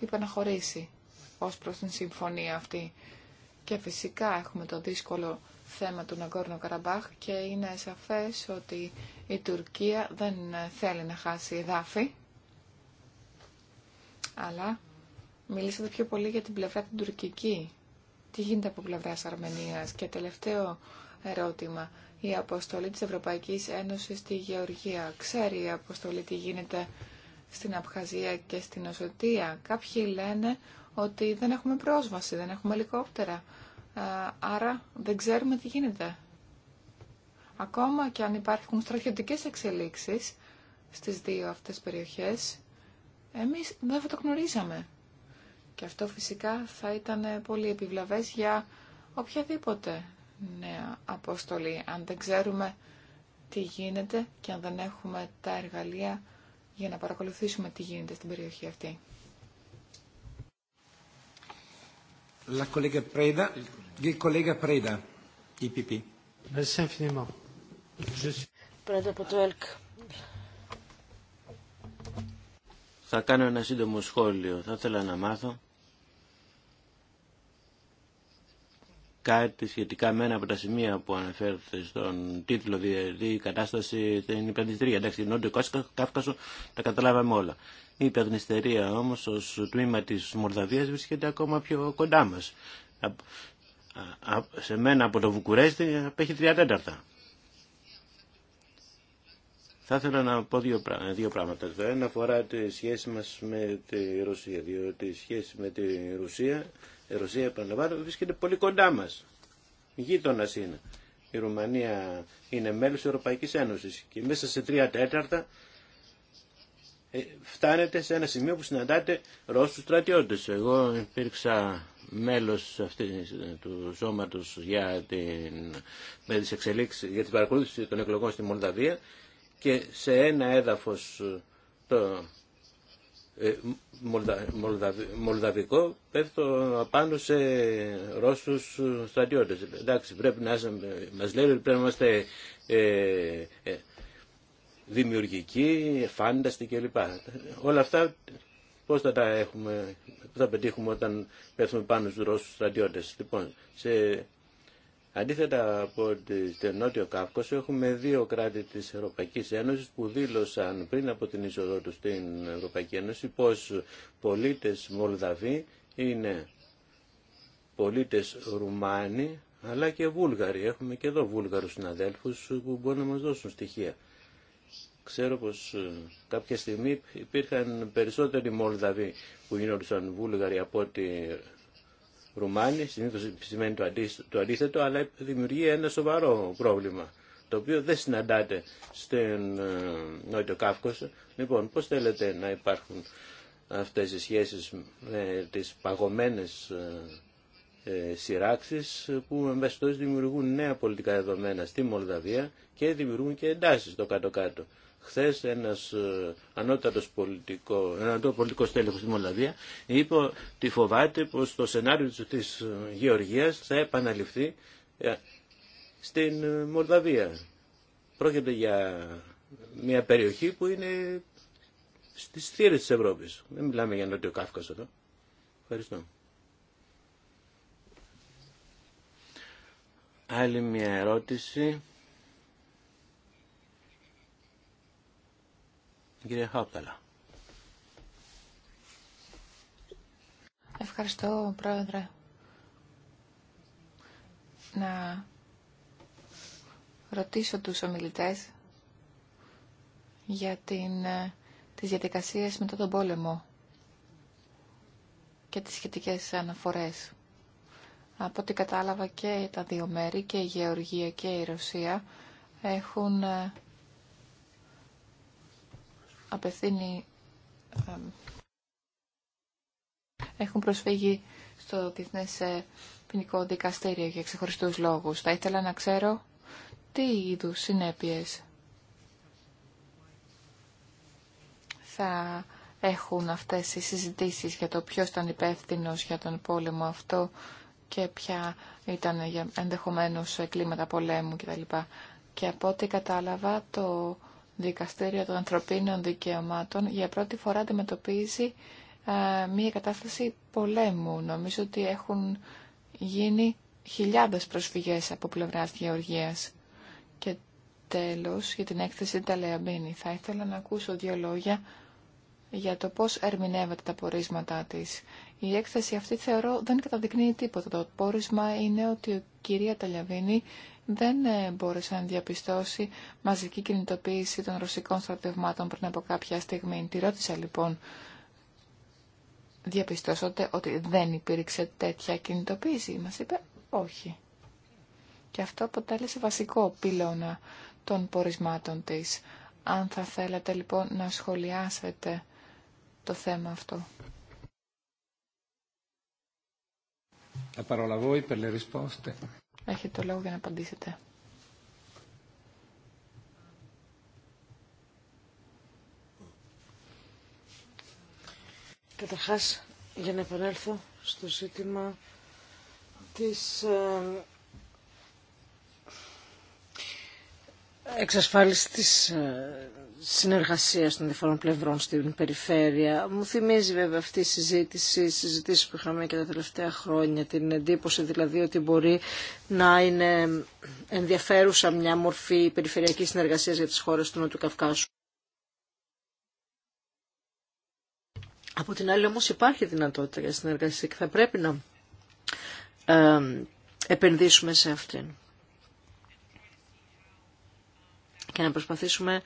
υπαναχωρήσει ως προς την συμφωνία αυτή. Και φυσικά έχουμε το δύσκολο θέμα του Ναγκόρνο Καραμπάχ και είναι σαφές ότι η Τουρκία δεν θέλει να χάσει εδάφη. Αλλά μιλήσατε πιο πολύ για την πλευρά την τουρκική. Τι γίνεται από πλευρά Αρμενίας. Και τελευταίο ερώτημα. Η αποστολή της Ευρωπαϊκής Ένωσης στη Γεωργία. Ξέρει η αποστολή τι γίνεται στην Απχαζία και στην Οσοτία. Κάποιοι λένε ότι δεν έχουμε πρόσβαση, δεν έχουμε ελικόπτερα. Ε, άρα δεν ξέρουμε τι γίνεται. Ακόμα και αν υπάρχουν στρατιωτικές εξελίξεις στις δύο αυτές περιοχές, εμείς δεν θα το γνωρίζαμε. Και αυτό φυσικά θα ήταν πολύ επιβλαβές για οποιαδήποτε νέα αποστολή. Αν δεν ξέρουμε τι γίνεται και αν δεν έχουμε τα εργαλεία για να παρακολουθήσουμε τι γίνεται στην περιοχή αυτή. La Preda, il Preda, IPP. Merci infiniment. Je suis... Preda Θα κάνω ένα σύντομο σχόλιο. Θα ήθελα να μάθω κάτι σχετικά με ένα από τα σημεία που αναφέρθηκε στον τίτλο δηλαδή η κατάσταση στην υπηρετητρία. Εντάξει, Νότιο Κάφκασο τα καταλάβαμε όλα. Η Περνιστερία όμως ως τμήμα της Μορδαβίας βρίσκεται ακόμα πιο κοντά μας. Σε μένα από το Βουκουρέστι απέχει τρία τέταρτα. Θα ήθελα να πω δύο, δύο πράγματα. Το ένα αφορά τη σχέση μας με τη Ρωσία, διότι η σχέση με τη Ρωσία, η Ρωσία επαναλαμβάνω, βρίσκεται πολύ κοντά μας. Γείτονα είναι. Η Ρουμανία είναι μέλος της Ευρωπαϊκής Ένωσης και μέσα σε τρία τέταρτα ε, φτάνετε σε ένα σημείο που συναντάτε Ρώσους στρατιώτες. Εγώ υπήρξα μέλος αυτής του σώματος για την, με τις για την παρακολούθηση των εκλογών στη Μολδαβία και σε ένα έδαφος το ε, μολδαβικό πέφτω απάνω σε Ρώσους στρατιώτες. Εντάξει, πρέπει να μας λένε ότι πρέπει να είμαστε ε, δημιουργική, φάνταστη κλπ. Όλα αυτά πώς θα τα έχουμε, θα πετύχουμε όταν πέφτουμε πάνω στους Ρώσους στρατιώτες. Λοιπόν, σε... αντίθετα από το Νότιο Κάυκοσο έχουμε δύο κράτη της Ευρωπαϊκής Ένωσης που δήλωσαν πριν από την είσοδό του στην Ευρωπαϊκή Ένωση πως πολίτες Μολδαβοί είναι πολίτες Ρουμάνοι αλλά και Βούλγαροι. Έχουμε και εδώ Βούλγαρους συναδέλφους που μπορούν να μας δώσουν στοιχεία. Ξέρω πως ε, κάποια στιγμή υπήρχαν περισσότεροι Μολδαβοί που γίνονταν Βούλγαροι από ότι Ρουμάνοι, συνήθω σημαίνει το αντίθετο, αλλά δημιουργεί ένα σοβαρό πρόβλημα, το οποίο δεν συναντάται στην ε, Νότιο Κάφκοσο. Λοιπόν, πώς θέλετε να υπάρχουν αυτές οι σχέσεις με τις παγωμένες ε, σειράξεις που εμπεστώς δημιουργούν νέα πολιτικά δεδομένα στη Μολδαβία και δημιουργούν και εντάσεις το κάτω-κάτω. Χθες ένας ε, ανώτατος πολιτικό, ένα ανώτατο πολιτικό στέλεχος στη Μολδαβία είπε ότι φοβάται πως το σενάριο της ε, Γεωργίας θα επαναληφθεί ε, στην Μολδαβία. Πρόκειται για μια περιοχή που είναι στις θύρες της Ευρώπης. Δεν μιλάμε για Νότιο Κάφκασο εδώ. Ευχαριστώ. Άλλη μια ερώτηση. Ευχαριστώ, Πρόεδρε. Να ρωτήσω τους ομιλητές για την, ε, τις διαδικασίες μετά τον πόλεμο και τις σχετικές αναφορές. Από ό,τι κατάλαβα και τα δύο μέρη, και η Γεωργία και η Ρωσία, έχουν ε, απευθύνει, ε, έχουν προσφύγει στο Διεθνές ε, Ποινικό Δικαστήριο για ξεχωριστούς λόγους. Θα ήθελα να ξέρω τι είδους συνέπειες θα έχουν αυτές οι συζητήσεις για το ποιος ήταν υπεύθυνο για τον πόλεμο αυτό και ποια ήταν ενδεχομένως κλίματα πολέμου κτλ. Και από ό,τι κατάλαβα το Δικαστήρια των Ανθρωπίνων Δικαιωμάτων για πρώτη φορά αντιμετωπίζει ε, μία κατάσταση πολέμου. Νομίζω ότι έχουν γίνει χιλιάδες προσφυγές από πλευράς Γεωργίας. Και τέλος, για την έκθεση Ταλεαμπίνη, θα ήθελα να ακούσω δύο λόγια για το πώς ερμηνεύεται τα πορίσματά της. Η έκθεση αυτή θεωρώ δεν καταδεικνύει τίποτα. Το πόρισμα είναι ότι η κυρία Ταλιαβίνη δεν ε, μπόρεσε να διαπιστώσει μαζική κινητοποίηση των ρωσικών στρατευμάτων πριν από κάποια στιγμή. Τη ρώτησα λοιπόν, διαπιστώσατε ότι δεν υπήρξε τέτοια κινητοποίηση. Μας είπε όχι. Και αυτό αποτέλεσε βασικό πυλώνα των πορισμάτων της. Αν θα θέλατε λοιπόν να σχολιάσετε το θέμα αυτό. La parola a Έχετε το λόγο για να απαντήσετε. Καταρχάς, για να επανέλθω στο ζήτημα της ε, εξασφάλιση της ε, συνεργασίας των διαφορών πλευρών στην περιφέρεια. Μου θυμίζει βέβαια αυτή η συζήτηση, οι συζητήσεις που είχαμε και τα τελευταία χρόνια, την εντύπωση δηλαδή ότι μπορεί να είναι ενδιαφέρουσα μια μορφή περιφερειακής συνεργασίας για τις χώρες του Νότου Καυκάσου. Από την άλλη όμως υπάρχει δυνατότητα για συνεργασία και θα πρέπει να ε, επενδύσουμε σε αυτήν. και να προσπαθήσουμε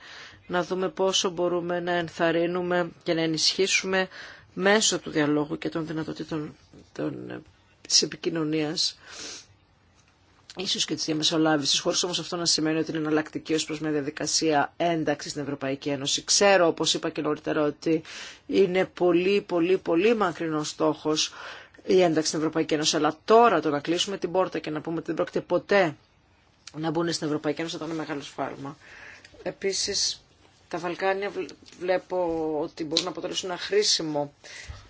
να δούμε πόσο μπορούμε να ενθαρρύνουμε και να ενισχύσουμε μέσω του διαλόγου και των δυνατοτήτων των, της επικοινωνίας ίσως και της διαμεσολάβησης, χωρίς όμως αυτό να σημαίνει ότι είναι εναλλακτική ως προς μια διαδικασία ένταξη στην Ευρωπαϊκή Ένωση. Ξέρω, όπως είπα και νωρίτερα, ότι είναι πολύ, πολύ, πολύ μακρινό στόχος η ένταξη στην Ευρωπαϊκή Ένωση, αλλά τώρα το να κλείσουμε την πόρτα και να πούμε ότι δεν πρόκειται ποτέ να μπουν στην Ευρωπαϊκή Ένωση θα ήταν μεγάλο σφάλμα. Επίσης, τα Βαλκάνια βλέπω ότι μπορούν να αποτελέσουν ένα χρήσιμο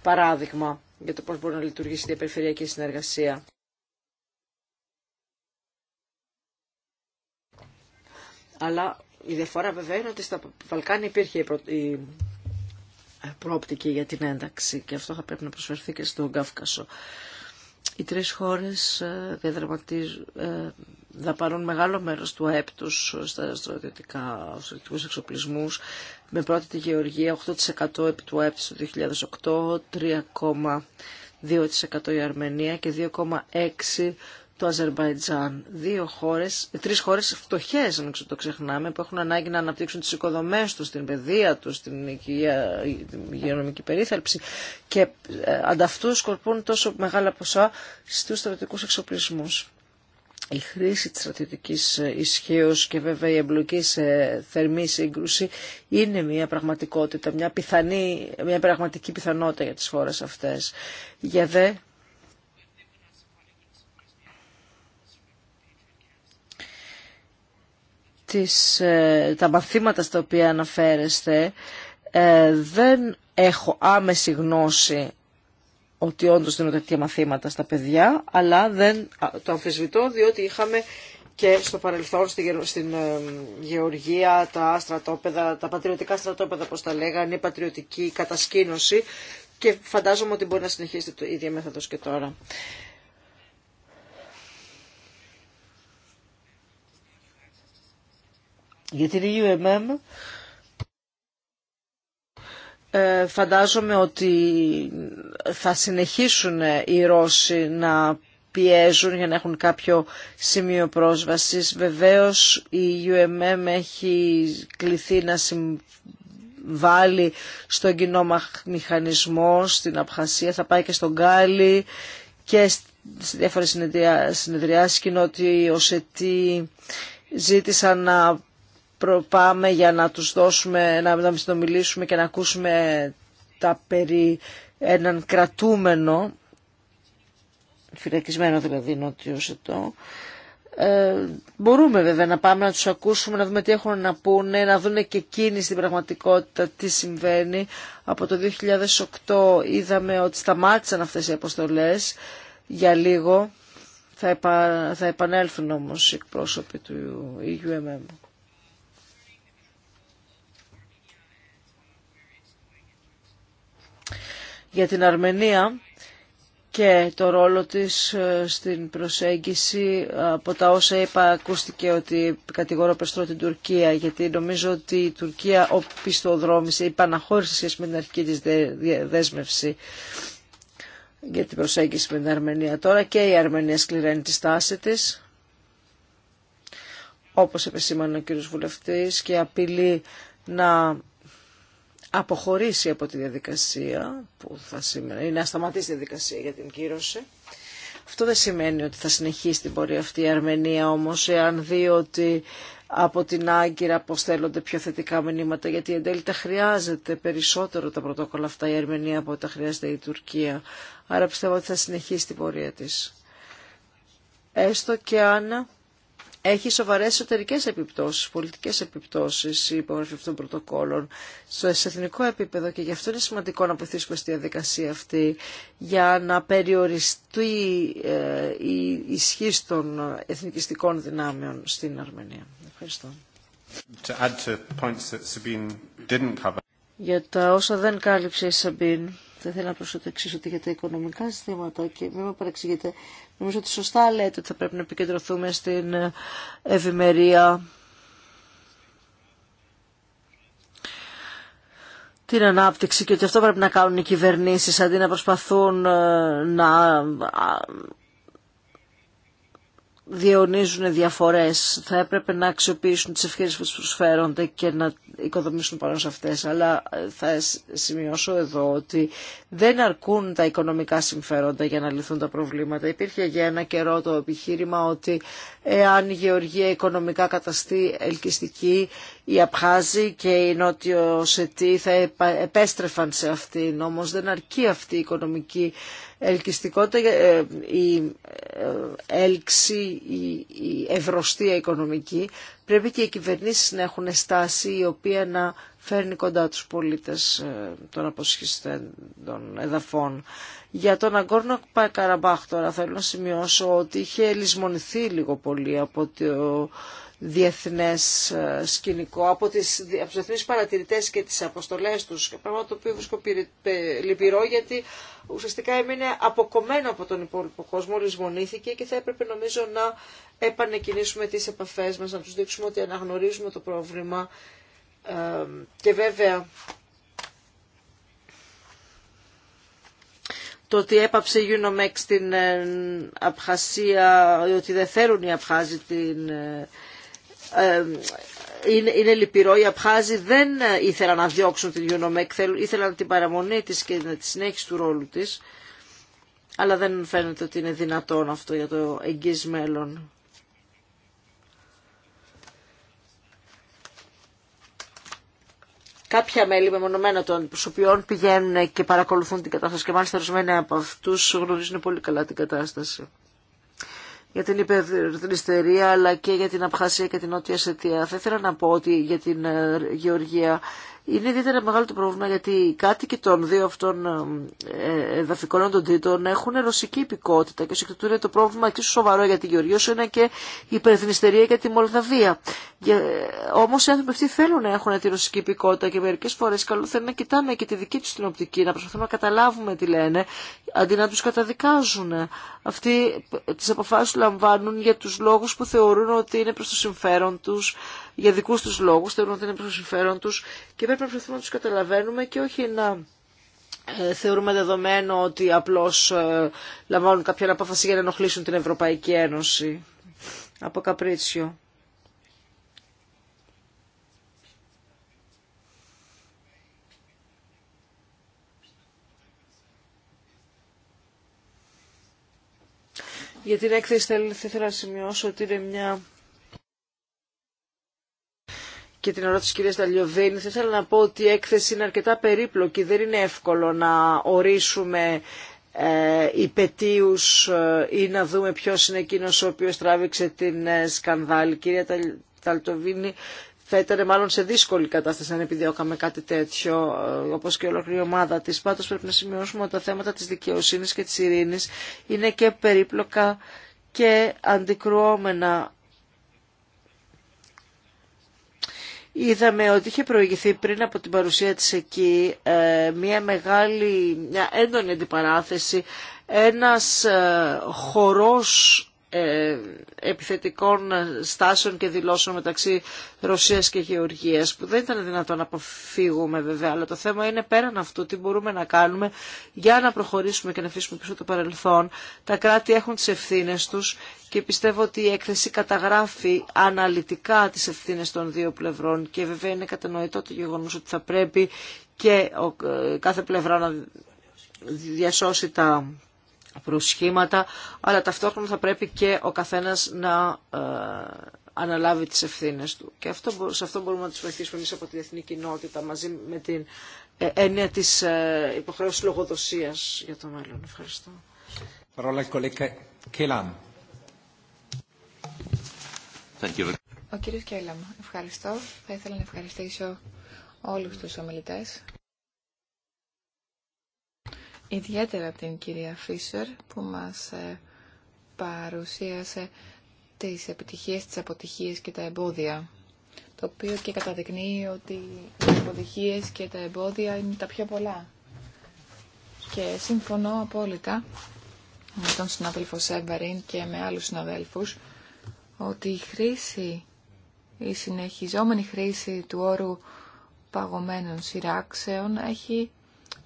παράδειγμα για το πώς μπορεί να λειτουργήσει η διαπεριφερειακή συνεργασία. Αλλά η διαφορά βέβαια είναι ότι στα Βαλκάνια υπήρχε η πρόπτικη ε, για την ένταξη και αυτό θα πρέπει να προσφερθεί και στον Κάφκασο. Οι τρεις χώρες ε, διαδραματίζουν ε, δαπανούν μεγάλο μέρος του ΑΕΠ τους στα στρατιωτικά, εξοπλισμού. εξοπλισμούς, με πρώτη τη Γεωργία 8% επί του ΑΕΠ το 2008, 3,2% η Αρμενία και 2,6% το Αζερβαϊτζάν. Δύο χώρες, τρεις χώρες φτωχές, αν το ξεχνάμε, που έχουν ανάγκη να αναπτύξουν τις οικοδομές τους, την παιδεία τους, την υγειονομική περίθαλψη και ε, ανταυτού σκορπούν τόσο μεγάλα ποσά στους στρατιωτικούς εξοπλισμούς η χρήση της στρατιωτικής ε, ισχύω και βέβαια η εμπλοκή σε θερμή σύγκρουση είναι μια πραγματικότητα, μια, πιθανή, μια πραγματική πιθανότητα για τις χώρες αυτές. Για δε τις, ε, τα μαθήματα στα οποία αναφέρεστε ε, δεν έχω άμεση γνώση ότι όντως δίνουν τέτοια μαθήματα στα παιδιά, αλλά δεν το αμφισβητώ διότι είχαμε και στο παρελθόν στην, ε, Γεωργία τα στρατόπεδα, τα πατριωτικά στρατόπεδα όπως τα λέγανε, η πατριωτική κατασκήνωση και φαντάζομαι ότι μπορεί να συνεχίσει το ίδιο μέθοδος και τώρα. Για την UMM ε, φαντάζομαι ότι θα συνεχίσουν οι Ρώσοι να πιέζουν για να έχουν κάποιο σημείο πρόσβασης. Βεβαίως η UMM έχει κληθεί να συμβάλλει στον κοινό μηχανισμό στην Απχασία, θα πάει και στον Γκάλι και σε διάφορες συνεδριά, συνεδριάσεις ζήτησαν να προπάμε για να τους δώσουμε, να, μιλήσουμε και να ακούσουμε τα περί έναν κρατούμενο, φυλακισμένο δηλαδή νότιο το, ε, μπορούμε βέβαια να πάμε να τους ακούσουμε, να δούμε τι έχουν να πούνε, να δούνε και εκείνοι στην πραγματικότητα τι συμβαίνει. Από το 2008 είδαμε ότι σταμάτησαν αυτές οι αποστολές για λίγο. Θα, θα επανέλθουν όμως οι εκπρόσωποι του EUMM. για την Αρμενία και το ρόλο της ε, στην προσέγγιση. Ε, από τα όσα είπα ακούστηκε ότι κατηγορώ περισσότερο την Τουρκία γιατί νομίζω ότι η Τουρκία οπισθοδρόμησε, υπαναχώρησε σχέση με την αρχική της δέσμευση για την προσέγγιση με την Αρμενία τώρα και η Αρμενία σκληραίνει τη στάση της όπως επεσήμανε ο κύριος Βουλευτής και απειλεί να αποχωρήσει από τη διαδικασία που θα σήμερα ή να σταματήσει τη διαδικασία για την κύρωση. Αυτό δεν σημαίνει ότι θα συνεχίσει την πορεία αυτή η Αρμενία όμως εάν δει ότι από την Άγκυρα αποστέλλονται πιο θετικά μηνύματα γιατί εν τέλει τα χρειάζεται περισσότερο τα πρωτόκολλα αυτά η Αρμενία από τα χρειάζεται η Τουρκία. Άρα πιστεύω ότι θα συνεχίσει την πορεία της. Έστω και αν έχει σοβαρές εσωτερικές επιπτώσεις, πολιτικές επιπτώσεις η υπογραφή αυτών των πρωτοκόλων στο εθνικό επίπεδο και γι' αυτό είναι σημαντικό να βοηθήσουμε στη διαδικασία αυτή για να περιοριστεί ε, η ισχύ των εθνικιστικών δυνάμεων στην Αρμενία. Ευχαριστώ. Για τα όσα δεν κάλυψε η Σαμπίν, θα ήθελα να προσθέσω το εξή, ότι για τα οικονομικά ζητήματα, και μην με παρεξηγείτε, νομίζω ότι σωστά λέτε ότι θα πρέπει να επικεντρωθούμε στην ε, ευημερία, την ανάπτυξη και ότι αυτό πρέπει να κάνουν οι κυβερνήσεις αντί να προσπαθούν ε, να διαιωνίζουν διαφορές. Θα έπρεπε να αξιοποιήσουν τις ευκαιρίες που τους προσφέρονται και να οικοδομήσουν πάνω σε αυτές. Αλλά ε, θα σημειώσω εδώ ότι δεν αρκούν τα οικονομικά συμφέροντα για να λυθούν τα προβλήματα. Υπήρχε για ένα καιρό το επιχείρημα ότι εάν η γεωργία οικονομικά καταστεί ελκυστική, οι Απχάζοι και οι Νότιο Σετοί θα επέστρεφαν σε αυτήν. Όμως δεν αρκεί αυτή η οικονομική ελκυστικότητα, ε, η ε, έλξη, η ευρωστία οικονομική. Πρέπει και οι κυβερνήσεις να έχουν στάση η οποία να φέρνει κοντά τους πολίτες ε, των αποσχιστέντων εδαφών. Για τον Αγκόρνο Καραμπάχ τώρα θέλω να σημειώσω ότι είχε λησμονηθεί λίγο πολύ από το διεθνές ε, σκηνικό, από, τις, από τους διεθνείς παρατηρητές και τις αποστολές τους, πράγμα το οποίο βρίσκω λυπηρό γιατί ουσιαστικά έμεινε αποκομμένο από τον υπόλοιπο κόσμο, λησμονήθηκε και θα έπρεπε νομίζω να επανεκκινήσουμε τις επαφές μας, να τους δείξουμε ότι αναγνωρίζουμε το πρόβλημα και βέβαια το ότι έπαψε η Unomex στην ε, Απχασία, ότι δεν θέλουν οι Απχάζοι την ε, είναι, είναι λυπηρό, οι Απχάζοι δεν ε, ήθελαν να διώξουν την Ιουνομέκ, ήθελαν την παραμονή της και τη συνέχιση του ρόλου της. Αλλά δεν φαίνεται ότι είναι δυνατόν αυτό για το εγγύς μέλλον. Κάποια μέλη μεμονωμένα των προσωπιών πηγαίνουν και παρακολουθούν την κατάσταση και μάλιστα ορισμένοι από αυτούς γνωρίζουν πολύ καλά την κατάσταση για την υπερδνηστερία αλλά και για την Απχασία και την Νότια Σετία. Θα ήθελα να πω ότι για την ε, Γεωργία είναι ιδιαίτερα μεγάλο το πρόβλημα γιατί οι κάτοικοι των δύο αυτών εδαφικών ε, των τρίτων έχουν ρωσική υπηκότητα και ω το πρόβλημα εξίσου σοβαρό για την Γεωργία όσο είναι και η υπερθνιστερία για τη Μολδαβία. Ε, Όμω οι άνθρωποι αυτοί θέλουν να έχουν τη ρωσική υπηκότητα και μερικέ φορέ καλό θέλουν να κοιτάμε και τη δική του την οπτική, να προσπαθούμε να καταλάβουμε τι λένε αντί να του καταδικάζουν αυτοί τις αποφάσεις λαμβάνουν για τους λόγους που θεωρούν ότι είναι προς το συμφέρον τους, για δικούς τους λόγους θεωρούν ότι είναι προς το συμφέρον τους και πρέπει να προσπαθούμε να τους καταλαβαίνουμε και όχι να ε, θεωρούμε δεδομένο ότι απλώς ε, λαμβάνουν κάποια απόφαση για να ενοχλήσουν την Ευρωπαϊκή Ένωση από καπρίτσιο. Για την έκθεση θα ήθελα να σημειώσω ότι είναι μια και την ερώτηση της κυρίας Ταλιοδίνη. θα ήθελα να πω ότι η έκθεση είναι αρκετά περίπλοκη, δεν είναι εύκολο να ορίσουμε ε, υπετίους ε, ή να δούμε ποιος είναι εκείνος ο οποίος τράβηξε την ε, σκανδάλη. Κυρία Ταλτοβίνη, θα ήταν μάλλον σε δύσκολη κατάσταση αν επιδιώκαμε κάτι τέτοιο, ε, όπως και η ολόκληρη ομάδα της. Πάντως πρέπει να σημειώσουμε ότι τα θέματα της δικαιοσύνης και της ειρήνης είναι και περίπλοκα και αντικρουόμενα. Είδαμε ότι είχε προηγηθεί πριν από την παρουσία της εκεί ε, μια μεγάλη, μια έντονη αντιπαράθεση, ένας ε, χορός ε, επιθετικών στάσεων και δηλώσεων μεταξύ Ρωσίας και Γεωργίας που δεν ήταν δυνατόν να αποφύγουμε βέβαια αλλά το θέμα είναι πέραν αυτού τι μπορούμε να κάνουμε για να προχωρήσουμε και να αφήσουμε πίσω το παρελθόν τα κράτη έχουν τις ευθύνες τους και πιστεύω ότι η έκθεση καταγράφει αναλυτικά τις ευθύνες των δύο πλευρών και βέβαια είναι κατανοητό το γεγονός ότι θα πρέπει και ε, κάθε πλευρά να διασώσει τα προσχήματα, αλλά ταυτόχρονα θα πρέπει και ο καθένας να ε, αναλάβει τις ευθύνες του. Και αυτό, σε αυτό μπορούμε να τους βοηθήσουμε εμείς από τη διεθνή κοινότητα, μαζί με την ε, έννοια της ε, υποχρέωσης λογοδοσίας για το μέλλον. Ευχαριστώ. Ο κύριος Κέλαμ, ευχαριστώ. Θα ήθελα να ευχαριστήσω όλους τους ομιλητές ιδιαίτερα την κυρία Φίσερ που μας ε, παρουσίασε τις επιτυχίες, τις αποτυχίες και τα εμπόδια το οποίο και καταδεικνύει ότι οι αποτυχίες και τα εμπόδια είναι τα πιο πολλά. Και συμφωνώ απόλυτα με τον συνάδελφο Σέμπαριν και με άλλους συναδέλφους ότι η χρήση, η συνεχιζόμενη χρήση του όρου παγωμένων σειράξεων έχει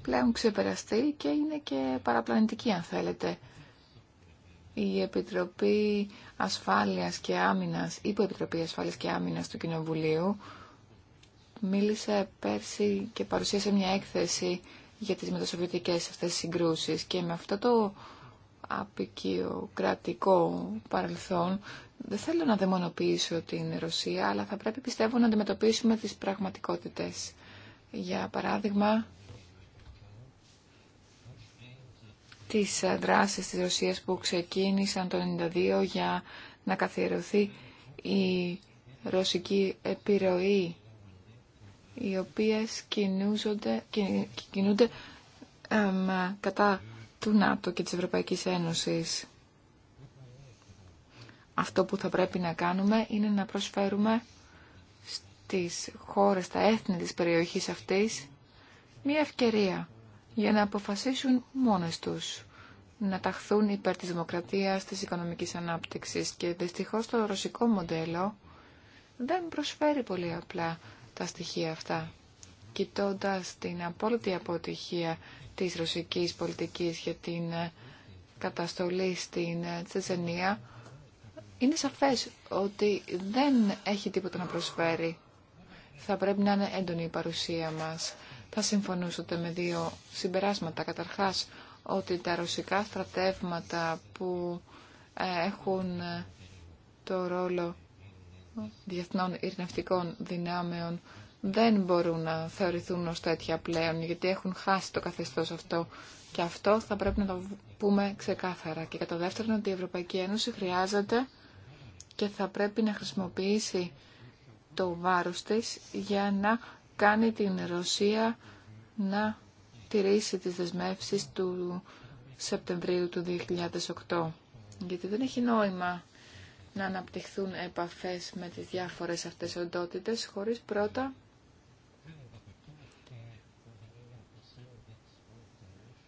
πλέον ξεπεραστεί και είναι και παραπλανητική αν θέλετε. Η Επιτροπή Ασφάλειας και Άμυνας, η Επιτροπή Ασφάλειας και Άμυνας του Κοινοβουλίου μίλησε πέρσι και παρουσίασε μια έκθεση για τις μετασοβιωτικές αυτές συγκρούσεις και με αυτό το απικιο κρατικό παρελθόν δεν θέλω να δαιμονοποιήσω την Ρωσία αλλά θα πρέπει πιστεύω να αντιμετωπίσουμε τις πραγματικότητες. Για παράδειγμα, τις ε, δράσεις της Ρωσίας που ξεκίνησαν το 1992 για να καθιερωθεί η ρωσική επιρροή, οι οποίες κινούνται, κινούνται κατά του ΝΑΤΟ και της Ευρωπαϊκής Ένωσης. Αυτό που θα πρέπει να κάνουμε είναι να προσφέρουμε στις χώρες, τα έθνη της περιοχής αυτής, μία ευκαιρία για να αποφασίσουν μόνες τους να ταχθούν υπέρ της δημοκρατίας, της οικονομικής ανάπτυξης και δυστυχώς το ρωσικό μοντέλο δεν προσφέρει πολύ απλά τα στοιχεία αυτά. κοιτώντα την απόλυτη αποτυχία της ρωσικής πολιτικής για την ε, καταστολή στην ε, Τσετσενία, είναι σαφές ότι δεν έχει τίποτα να προσφέρει. Θα πρέπει να είναι έντονη η παρουσία μας θα συμφωνούσατε με δύο συμπεράσματα. Καταρχάς, ότι τα ρωσικά στρατεύματα που ε, έχουν ε, το ρόλο διεθνών ειρηνευτικών δυνάμεων δεν μπορούν να θεωρηθούν ως τέτοια πλέον, γιατί έχουν χάσει το καθεστώς αυτό. Και αυτό θα πρέπει να το πούμε ξεκάθαρα. Και κατά δεύτερον, ότι η Ευρωπαϊκή Ένωση χρειάζεται και θα πρέπει να χρησιμοποιήσει το βάρος της για να κάνει την Ρωσία να τηρήσει τις δεσμεύσεις του Σεπτεμβρίου του 2008. Γιατί δεν έχει νόημα να αναπτυχθούν επαφές με τις διάφορες αυτές οντότητες χωρίς πρώτα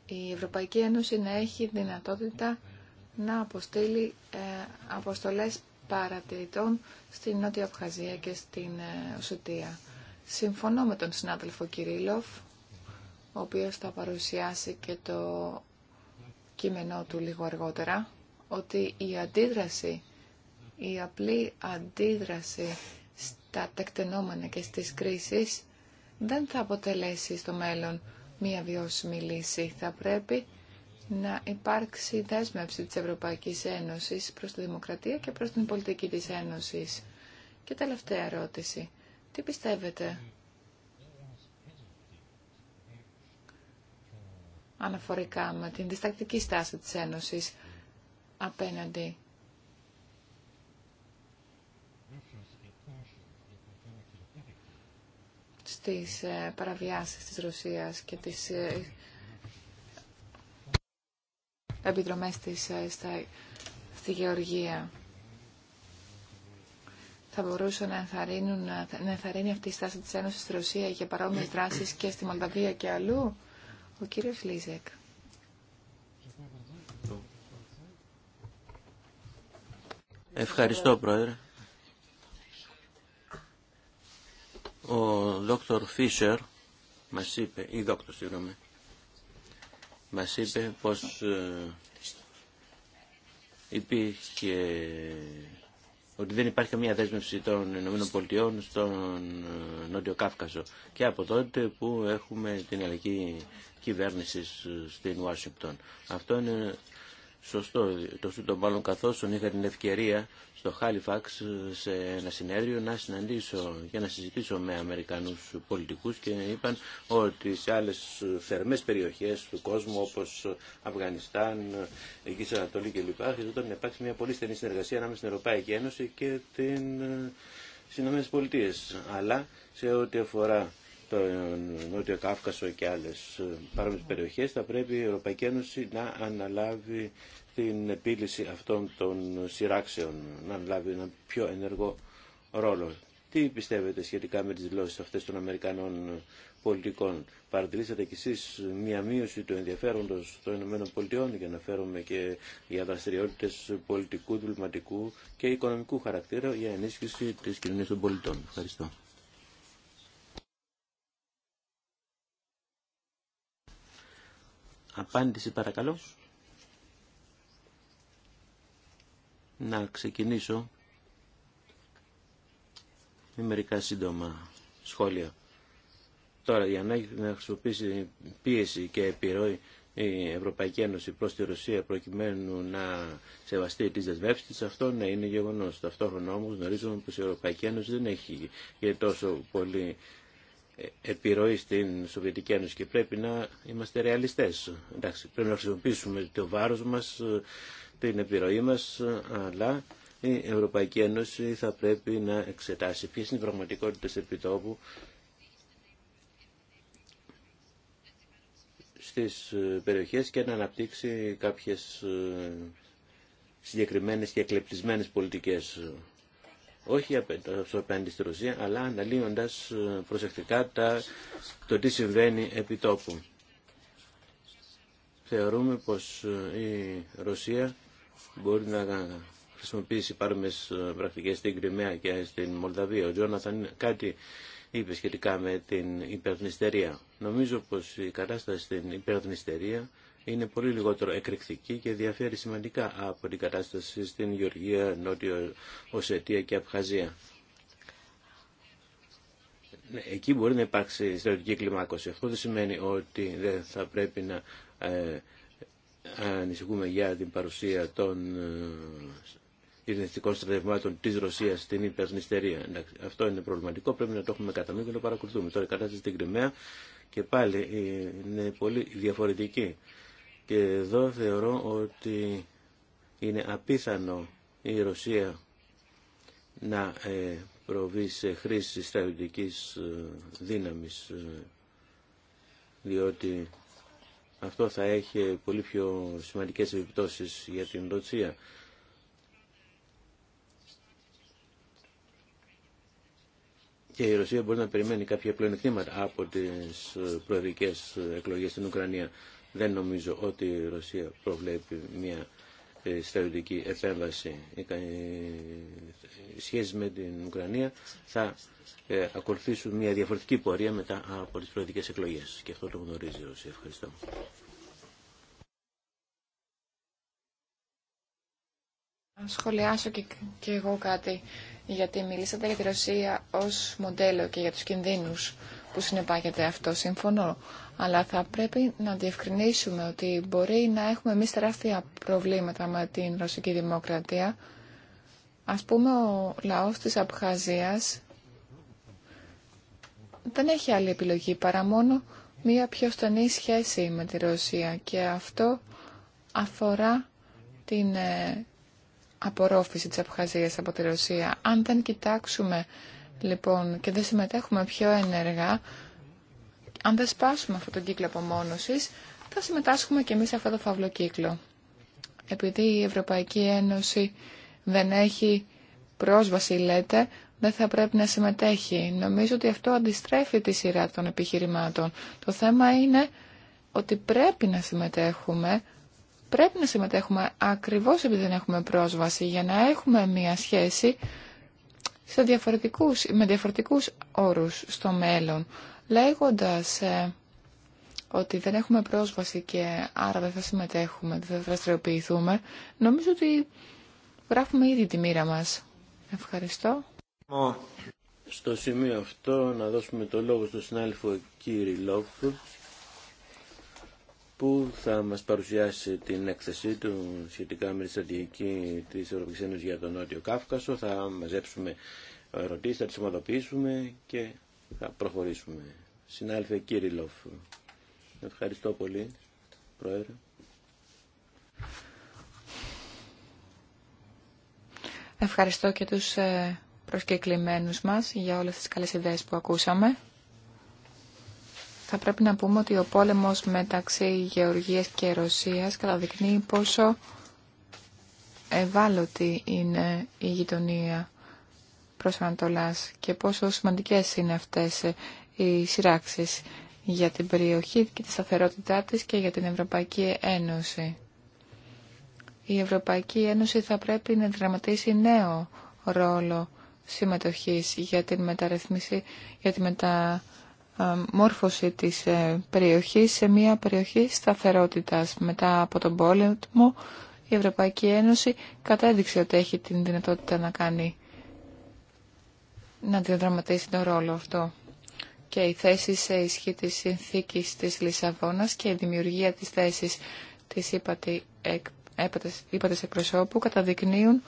η Ευρωπαϊκή Ένωση να έχει δυνατότητα να αποστείλει ε, αποστολές παρατηρητών στην Νότια Απχαζία και στην ε, Οσουτία. Συμφωνώ με τον συνάδελφο Κυρίλοφ, ο οποίος θα παρουσιάσει και το κείμενό του λίγο αργότερα, ότι η αντίδραση, η απλή αντίδραση στα τεκτενόμενα και στις κρίσεις δεν θα αποτελέσει στο μέλλον μία βιώσιμη λύση. Θα πρέπει να υπάρξει δέσμευση της Ευρωπαϊκής Ένωσης προς τη Δημοκρατία και προς την πολιτική της Ένωσης. Και τελευταία ερώτηση. Τι πιστεύετε. αναφορικά με την διστακτική στάση της Ένωσης απέναντι στις ε, παραβιάσεις της Ρωσίας και τις ε, επιδρομές της ε, στη Γεωργία θα μπορούσαν να, ενθαρρύνουν, να ενθαρρύνει αυτή η στάση της Ένωσης στη Ρωσία για παρόμοιες δράσεις και στη Μολδαβία και αλλού. Ο κύριος Λίζεκ. Ευχαριστώ, Πρόεδρε. Ο Δόκτωρ Φίσερ μας είπε, ή Δόκτωρ, συγγνώμη, μας είπε πως ε, υπήρχε ότι δεν υπάρχει καμία δέσμευση των ΗΠΑ στον ε, Νότιο Κάφκασο και από τότε που έχουμε την αλλαγή κυβέρνηση στην Ουάσιγκτον. Αυτό είναι σωστό, το τον μάλλον καθώς είχα την ευκαιρία στο Χάλιφαξ σε ένα συνέδριο να συναντήσω και να συζητήσω με Αμερικανούς πολιτικούς και είπαν ότι σε άλλες θερμές περιοχές του κόσμου όπως Αφγανιστάν, εκεί Ανατολή κλπ. χρειαζόταν να υπάρξει μια πολύ στενή συνεργασία ανάμεσα στην Ευρωπαϊκή Ένωση και την... Ε, Στι Αλλά σε ό,τι αφορά τον Νότιο Κάφκασο και άλλες ε, παρόμοιες περιοχές, θα πρέπει η Ευρωπαϊκή Ένωση να αναλάβει την επίλυση αυτών των σειράξεων, να αναλάβει ένα πιο ενεργό ρόλο. Τι πιστεύετε σχετικά με τις δηλώσεις αυτές των Αμερικανών πολιτικών. Παρατηρήσατε κι εσείς μια μείωση του ενδιαφέροντος των ΗΠΑ για να φέρουμε και για δραστηριότητε πολιτικού, διπλωματικού και οικονομικού χαρακτήρα για ενίσχυση της κοινωνίας των πολιτών. Ευχαριστώ. Απάντηση παρακαλώ. Να ξεκινήσω με μερικά σύντομα σχόλια. Τώρα για να χρησιμοποιήσει πίεση και επιρροή η Ευρωπαϊκή Ένωση προ τη Ρωσία προκειμένου να σεβαστεί τις δεσμεύσει τη, αυτό ναι είναι γεγονό. Ταυτόχρονα όμω, γνωρίζουμε πω η Ευρωπαϊκή Ένωση δεν έχει και τόσο πολύ επιρροή στην Σοβιετική Ένωση και πρέπει να είμαστε ρεαλιστές. Εντάξει, πρέπει να χρησιμοποιήσουμε το βάρος μας, την επιρροή μας, αλλά η Ευρωπαϊκή Ένωση θα πρέπει να εξετάσει ποιες είναι οι πραγματικότητες επιτόπου στις περιοχές και να αναπτύξει κάποιες συγκεκριμένες και εκλεπτισμένες πολιτικές όχι απέναντι στη Ρωσία, αλλά αναλύοντας ε, προσεκτικά τα, το τι συμβαίνει επί τόπου. Θεωρούμε πως ε, η Ρωσία μπορεί να χρησιμοποιήσει πάρμες ε, πρακτικές στην Κρυμαία και στην Μολδαβία. Ο Τζόναθαν κάτι είπε σχετικά με την υπερδνηστερία. Νομίζω πως η κατάσταση στην υπερδνηστερία είναι πολύ λιγότερο εκρηκτική και διαφέρει σημαντικά από την κατάσταση στην Γεωργία, Νότιο Οσετία και Απχαζία. Ναι, εκεί μπορεί να υπάρξει στρατιωτική κλιμάκωση. Αυτό δεν σημαίνει ότι δεν θα πρέπει να ε, ανησυχούμε για την παρουσία των ε, ειρηνευτικών στρατευμάτων της Ρωσίας στην υπερνηστερία. Αυτό είναι προβληματικό, πρέπει να το έχουμε κατά και να το παρακολουθούμε. Τώρα η κατάσταση στην Κρυμαία και πάλι ε, είναι πολύ διαφορετική. Και εδώ θεωρώ ότι είναι απίθανο η Ρωσία να ε, προβεί σε χρήση στρατιωτικής ε, δύναμης ε, διότι αυτό θα έχει πολύ πιο σημαντικές επιπτώσεις για την Ρωσία. Και η Ρωσία μπορεί να περιμένει κάποια πλεονεκτήματα από τις προεδρικές εκλογές στην Ουκρανία. Δεν νομίζω ότι η Ρωσία προβλέπει μια ε, στρατιωτική επέμβαση σχέση με την Ουκρανία θα ε, ακολουθήσουν μια διαφορετική πορεία μετά από τις προεδρικές εκλογές και αυτό το γνωρίζει η Ρωσία. Ευχαριστώ. σχολιάσω και, και εγώ κάτι γιατί μιλήσατε για τη Ρωσία ως μοντέλο και για τους κινδύνους που συνεπάγεται αυτό, συμφωνώ. Αλλά θα πρέπει να διευκρινίσουμε ότι μπορεί να έχουμε εμεί τεράστια προβλήματα με την ρωσική δημοκρατία. Ας πούμε, ο λαός της Απχαζίας δεν έχει άλλη επιλογή παρά μόνο μία πιο στενή σχέση με τη Ρωσία και αυτό αφορά την ε, απορρόφηση της Απχαζίας από τη Ρωσία. Αν δεν κοιτάξουμε λοιπόν και δεν συμμετέχουμε πιο ενεργά, αν δεν σπάσουμε αυτόν τον κύκλο απομόνωσης, θα συμμετάσχουμε και εμείς σε αυτόν τον φαύλο κύκλο. Επειδή η Ευρωπαϊκή Ένωση δεν έχει πρόσβαση, λέτε, δεν θα πρέπει να συμμετέχει. Νομίζω ότι αυτό αντιστρέφει τη σειρά των επιχειρημάτων. Το θέμα είναι ότι πρέπει να συμμετέχουμε, πρέπει να συμμετέχουμε ακριβώς επειδή δεν έχουμε πρόσβαση για να έχουμε μία σχέση σε διαφορετικούς, με διαφορετικούς όρους στο μέλλον, λέγοντας ε, ότι δεν έχουμε πρόσβαση και άρα δεν θα συμμετέχουμε, δεν θα δραστηριοποιηθούμε, νομίζω ότι γράφουμε ήδη τη μοίρα μας. Ευχαριστώ. Στο σημείο αυτό να δώσουμε το λόγο στον συνάδελφο Κύριε Λόφου που θα μας παρουσιάσει την έκθεσή του σχετικά με τη στρατηγική της Ευρωπαϊκής Ένωσης για τον Νότιο Κάφκασο. Θα μαζέψουμε ερωτήσεις, θα τις ομαδοποιήσουμε και θα προχωρήσουμε. Συνάλφε Κύριλοφ, ευχαριστώ πολύ, Πρόεδρε. Ευχαριστώ και τους ε, προσκεκλημένους μας για όλες τις καλές ιδέες που ακούσαμε θα πρέπει να πούμε ότι ο πόλεμος μεταξύ Γεωργίας και Ρωσίας καταδεικνύει πόσο ευάλωτη είναι η γειτονία προς Ανατολάς και πόσο σημαντικές είναι αυτές οι σειράξεις για την περιοχή και τη σταθερότητά της και για την Ευρωπαϊκή Ένωση. Η Ευρωπαϊκή Ένωση θα πρέπει να δραματίσει νέο ρόλο συμμετοχής για την μεταρρυθμίση, για τη ε, μόρφωση της ε, περιοχής σε μια περιοχή σταθερότητας. Μετά από τον πόλεμο η Ευρωπαϊκή Ένωση κατέδειξε ότι έχει την δυνατότητα να κάνει να διαδραματίσει τον ρόλο αυτό. Και η θέση σε ισχύ της συνθήκης της Λισαβόνας και η δημιουργία της θέσης της ύπατης εκπροσώπου καταδεικνύουν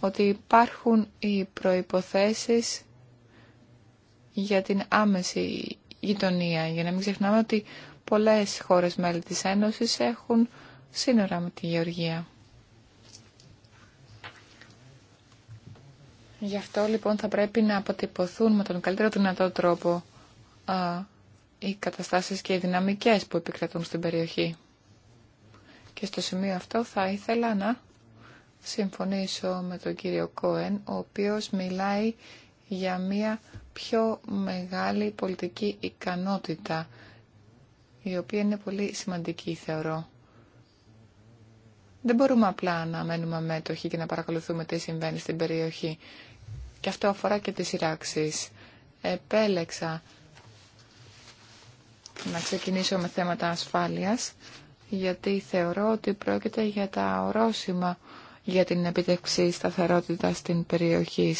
ότι υπάρχουν οι προϋποθέσεις για την άμεση γειτονία. Για να μην ξεχνάμε ότι πολλές χώρες μέλη της Ένωσης έχουν σύνορα με τη Γεωργία. Γι' αυτό λοιπόν θα πρέπει να αποτυπωθούν με τον καλύτερο δυνατό τρόπο α, οι καταστάσεις και οι δυναμικές που επικρατούν στην περιοχή. Και στο σημείο αυτό θα ήθελα να συμφωνήσω με τον κύριο Κόεν, ο οποίος μιλάει για μία πιο μεγάλη πολιτική ικανότητα, η οποία είναι πολύ σημαντική, θεωρώ. Δεν μπορούμε απλά να μένουμε μέτοχοι και να παρακολουθούμε τι συμβαίνει στην περιοχή. Και αυτό αφορά και τις σειράξεις. Επέλεξα να ξεκινήσω με θέματα ασφάλειας, γιατί θεωρώ ότι πρόκειται για τα ορόσημα για την επιτευξή σταθερότητα στην περιοχή.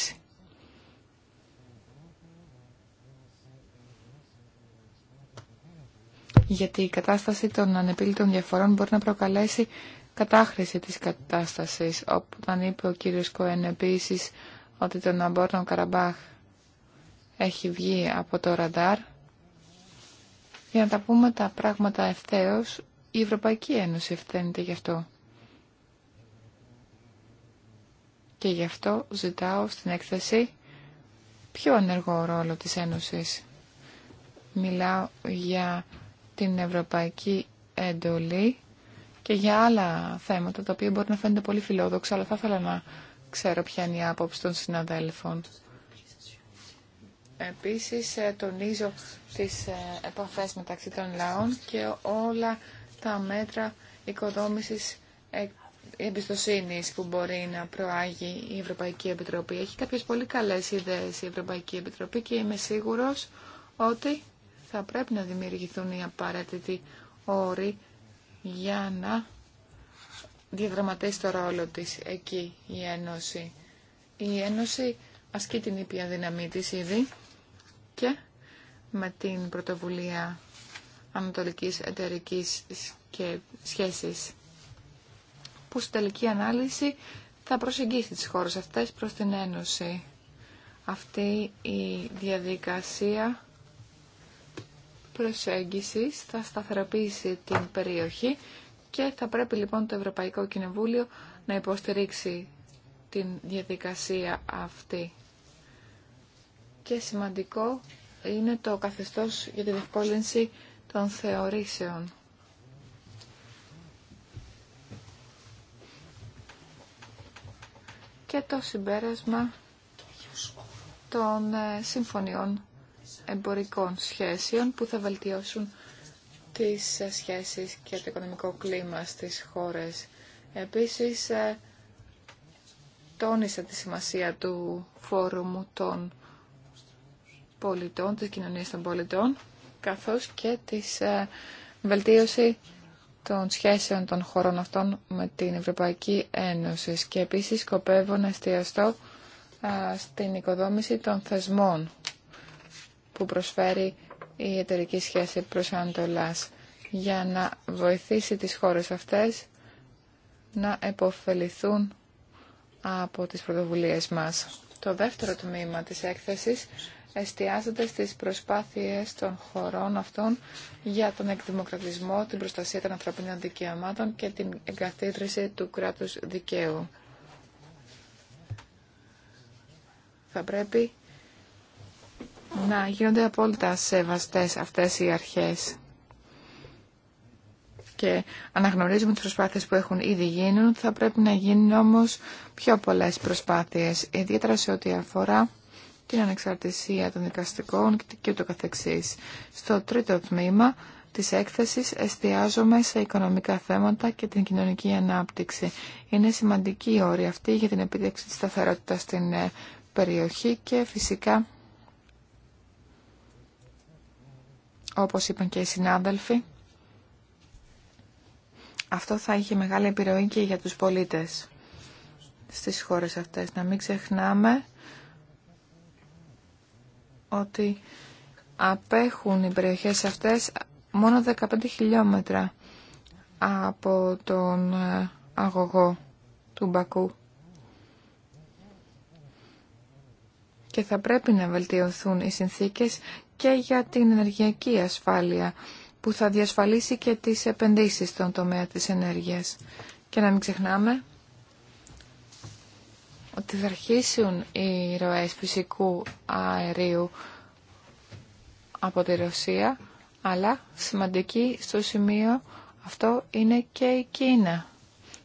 γιατί η κατάσταση των ανεπίλητων διαφορών μπορεί να προκαλέσει κατάχρηση της κατάστασης, όταν είπε ο κύριος Κοέν επίση ότι το Ναμπόρνο Καραμπάχ έχει βγει από το ραντάρ. Για να τα πούμε τα πράγματα ευθέως, η Ευρωπαϊκή Ένωση ευθύνεται γι' αυτό. Και γι' αυτό ζητάω στην έκθεση πιο ενεργό ρόλο της Ένωσης. Μιλάω για την ευρωπαϊκή εντολή και για άλλα θέματα, τα οποία μπορεί να φαίνονται πολύ φιλόδοξα, αλλά θα ήθελα να ξέρω ποια είναι η άποψη των συναδέλφων. Επίσης, ε, τονίζω τις ε, επαφές μεταξύ των λαών και όλα τα μέτρα οικοδόμησης ε, εμπιστοσύνη που μπορεί να προάγει η Ευρωπαϊκή Επιτροπή. Έχει κάποιες πολύ καλές ιδέες η Ευρωπαϊκή Επιτροπή και είμαι σίγουρος ότι θα πρέπει να δημιουργηθούν οι απαραίτητοι όροι για να διαδραματίσει το ρόλο της εκεί η Ένωση. Η Ένωση ασκεί την ήπια δύναμή της ήδη και με την πρωτοβουλία ανατολικής εταιρικής και σχέσης που στην τελική ανάλυση θα προσεγγίσει τις χώρες αυτές προς την Ένωση. Αυτή η διαδικασία προσέγγισης θα σταθεροποιήσει την περιοχή και θα πρέπει λοιπόν το Ευρωπαϊκό Κοινοβούλιο να υποστηρίξει την διαδικασία αυτή. Και σημαντικό είναι το καθεστώς για τη διευκόλυνση των θεωρήσεων. Και το συμπέρασμα των ε, συμφωνιών εμπορικών σχέσεων που θα βελτιώσουν τις ε, σχέσεις και το οικονομικό κλίμα στις χώρες. Επίσης, ε, τόνισε τη σημασία του φόρουμου των πολιτών, της κοινωνίας των πολιτών, καθώς και της ε, βελτίωση των σχέσεων των χωρών αυτών με την Ευρωπαϊκή Ένωση και επίσης σκοπεύω να εστιαστώ στην οικοδόμηση των θεσμών που προσφέρει η εταιρική σχέση προς Ανατολάς για να βοηθήσει τις χώρες αυτές να επωφεληθούν από τις πρωτοβουλίες μας. Το δεύτερο τμήμα της έκθεσης εστιάζεται στις προσπάθειες των χωρών αυτών για τον εκδημοκρατισμό, την προστασία των ανθρωπίνων δικαιωμάτων και την εγκαθίδρυση του κράτους δικαίου. Θα πρέπει να γίνονται απόλυτα σεβαστές αυτές οι αρχές. Και αναγνωρίζουμε τις προσπάθειες που έχουν ήδη γίνουν, θα πρέπει να γίνουν όμως πιο πολλές προσπάθειες, ιδιαίτερα σε ό,τι αφορά την ανεξαρτησία των δικαστικών και το καθεξής. Στο τρίτο τμήμα της έκθεσης εστιάζομαι σε οικονομικά θέματα και την κοινωνική ανάπτυξη. Είναι σημαντική η όρη αυτή για την επίτευξη της σταθερότητας στην ε, περιοχή και φυσικά όπως είπαν και οι συνάδελφοι, αυτό θα είχε μεγάλη επιρροή και για τους πολίτες στις χώρες αυτές. Να μην ξεχνάμε ότι απέχουν οι περιοχές αυτές μόνο 15 χιλιόμετρα από τον ε, αγωγό του Μπακού. Και θα πρέπει να βελτιωθούν οι συνθήκες και για την ενεργειακή ασφάλεια που θα διασφαλίσει και τις επενδύσεις στον τομέα της ενέργειας. Και να μην ξεχνάμε ότι θα αρχίσουν οι ροές φυσικού αερίου από τη Ρωσία, αλλά σημαντική στο σημείο αυτό είναι και η Κίνα.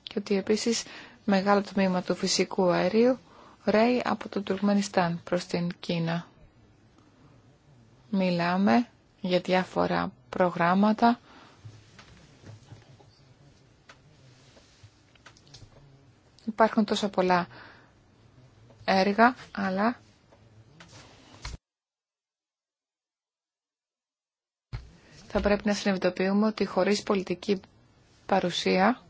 Και ότι επίσης μεγάλο τμήμα του φυσικού αερίου ρέει από το Τουρκμενιστάν προς την Κίνα μιλάμε για διάφορα προγράμματα υπάρχουν τόσα πολλά έργα, αλλά θα πρέπει να συνειδητοποιούμε ότι χωρίς πολιτική παρουσία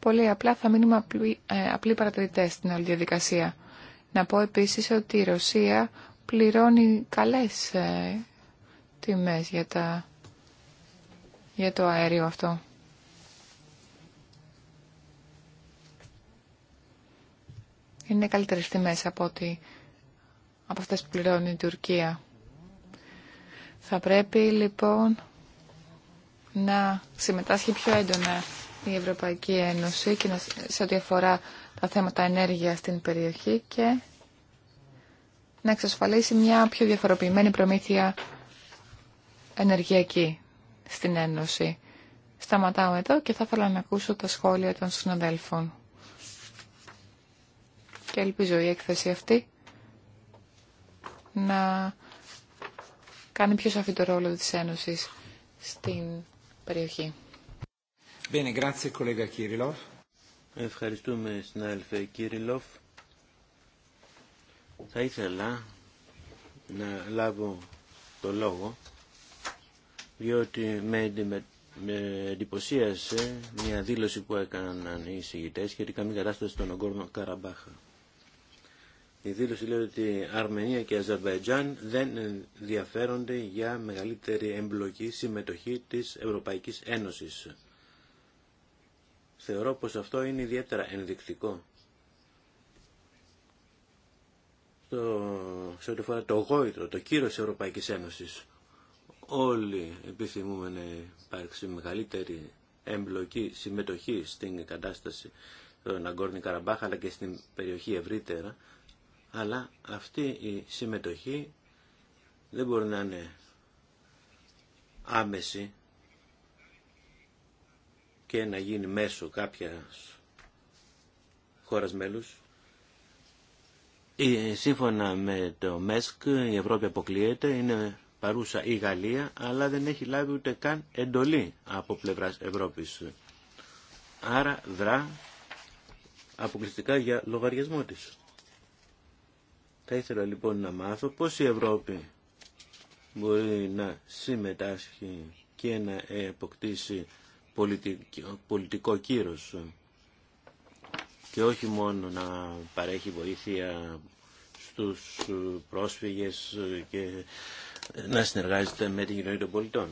πολύ απλά θα μείνουμε απλοί, απλή ε, απλοί παρατηρητές στην όλη διαδικασία. Να πω επίσης ότι η Ρωσία πληρώνει καλές ε, τιμές για, τα, για το αέριο αυτό. Είναι καλύτερες τιμές από, ότι, από αυτές που πληρώνει η Τουρκία. Θα πρέπει λοιπόν να συμμετάσχει πιο έντονα η Ευρωπαϊκή Ένωση και να, σε ό,τι αφορά τα θέματα ενέργεια στην περιοχή και να εξασφαλίσει μια πιο διαφοροποιημένη προμήθεια ενεργειακή στην Ένωση. Σταματάω εδώ και θα ήθελα να ακούσω τα σχόλια των συναδέλφων. Και ελπίζω η έκθεση αυτή να κάνει πιο σαφή το ρόλο της Ένωσης στην περιοχή. Bene, grazie collega Ευχαριστούμε συνάδελφε Κύριλοφ. Θα ήθελα να λάβω το λόγο διότι με, εντυπωσίασε μια δήλωση που έκαναν οι συγητές σχετικά με την κατάσταση των Ογκόρνο Καραμπάχα. Η δήλωση λέει ότι Αρμενία και Αζερβαϊτζάν δεν ενδιαφέρονται για μεγαλύτερη εμπλοκή συμμετοχή της Ευρωπαϊκής Ένωσης. Θεωρώ πως αυτό είναι ιδιαίτερα ενδεικτικό το, σε ό,τι αφορά το γόητρο, το κύρος της Ευρωπαϊκής Ένωσης. Όλοι επιθυμούμε να υπάρξει μεγαλύτερη εμπλοκή, συμμετοχή στην κατάσταση των Αγκόρνη Καραμπάχ αλλά και στην περιοχή ευρύτερα, αλλά αυτή η συμμετοχή δεν μπορεί να είναι άμεση και να γίνει μέσω κάποιας χώρας μέλους Σύμφωνα με το ΜΕΣΚ η Ευρώπη αποκλείεται, είναι παρούσα η Γαλλία, αλλά δεν έχει λάβει ούτε καν εντολή από πλευράς Ευρώπης. Άρα δρά αποκλειστικά για λογαριασμό της. Θα ήθελα λοιπόν να μάθω πώς η Ευρώπη μπορεί να συμμετάσχει και να αποκτήσει πολιτικό κύρος και όχι μόνο να παρέχει βοήθεια στους πρόσφυγες και να συνεργάζεται με την κοινωνία των πολιτών.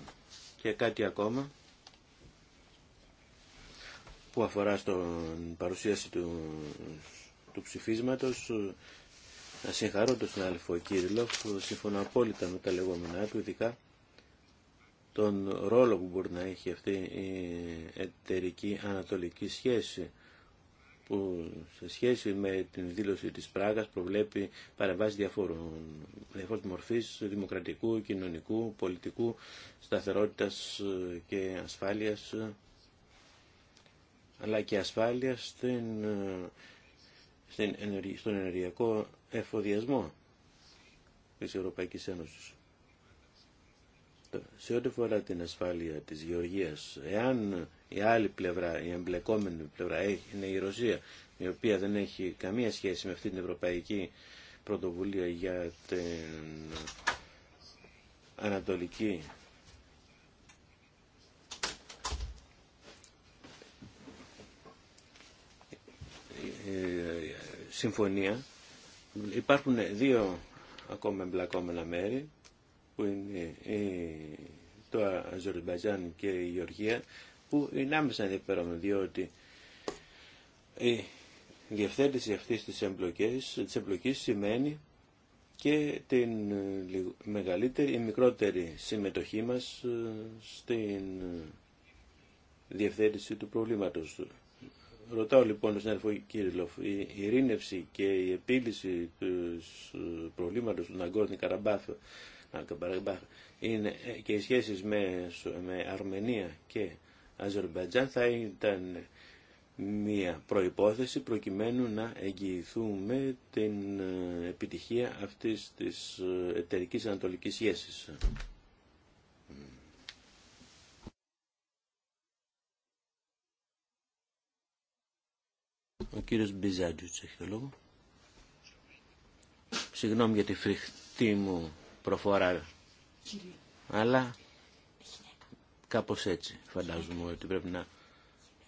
Και κάτι ακόμα που αφορά στον παρουσίαση του, του ψηφίσματος να συγχαρώ τον συνάδελφο που συμφωνώ απόλυτα με τα λεγόμενά του, ειδικά τον ρόλο που μπορεί να έχει αυτή η εταιρική ανατολική σχέση που σε σχέση με την δήλωση της Πράγας προβλέπει παρεμβάσει διαφόρων, διαφόρων μορφής δημοκρατικού, κοινωνικού, πολιτικού, σταθερότητας ε, και ασφάλειας, ε, αλλά και ασφάλειας στην, ε, στην στον ενεργειακό εφοδιασμό της Ευρωπαϊκής Ένωσης. Σε ό,τι φορά την ασφάλεια της Γεωργίας, εάν η άλλη πλευρά, η εμπλεκόμενη πλευρά ε, είναι η Ρωσία, η οποία δεν έχει καμία σχέση με αυτή την ευρωπαϊκή πρωτοβουλία για την ανατολική συμφωνία. Υπάρχουν δύο ακόμα εμπλακόμενα μέρη που είναι το Αζερμπαϊτζάν και η Γεωργία που είναι άμεσα ενδιαφέρον, διότι η διευθέτηση αυτής της εμπλοκής, σημαίνει και την μεγαλύτερη ή μικρότερη συμμετοχή μας ε, στην διευθέτηση του προβλήματος. Ρωτάω λοιπόν τον συνάδελφο Κύριλοφ, η ειρήνευση και η επίλυση του ε, προβλήματος του Ναγκόρνη Καραμπάθ είναι ε, και οι σχέσεις με, με Αρμενία και Αζερμπαϊτζάν θα ήταν μία προϋπόθεση προκειμένου να εγγυηθούμε την ε, επιτυχία αυτής της ε, εταιρικής ανατολικής σχέσης. Ο κύριος Μπιζάντζουτς έχει το λόγο. Συγγνώμη για τη φρικτή μου προφορά. Κύριε. Αλλά Κάπως έτσι φαντάζομαι ότι πρέπει να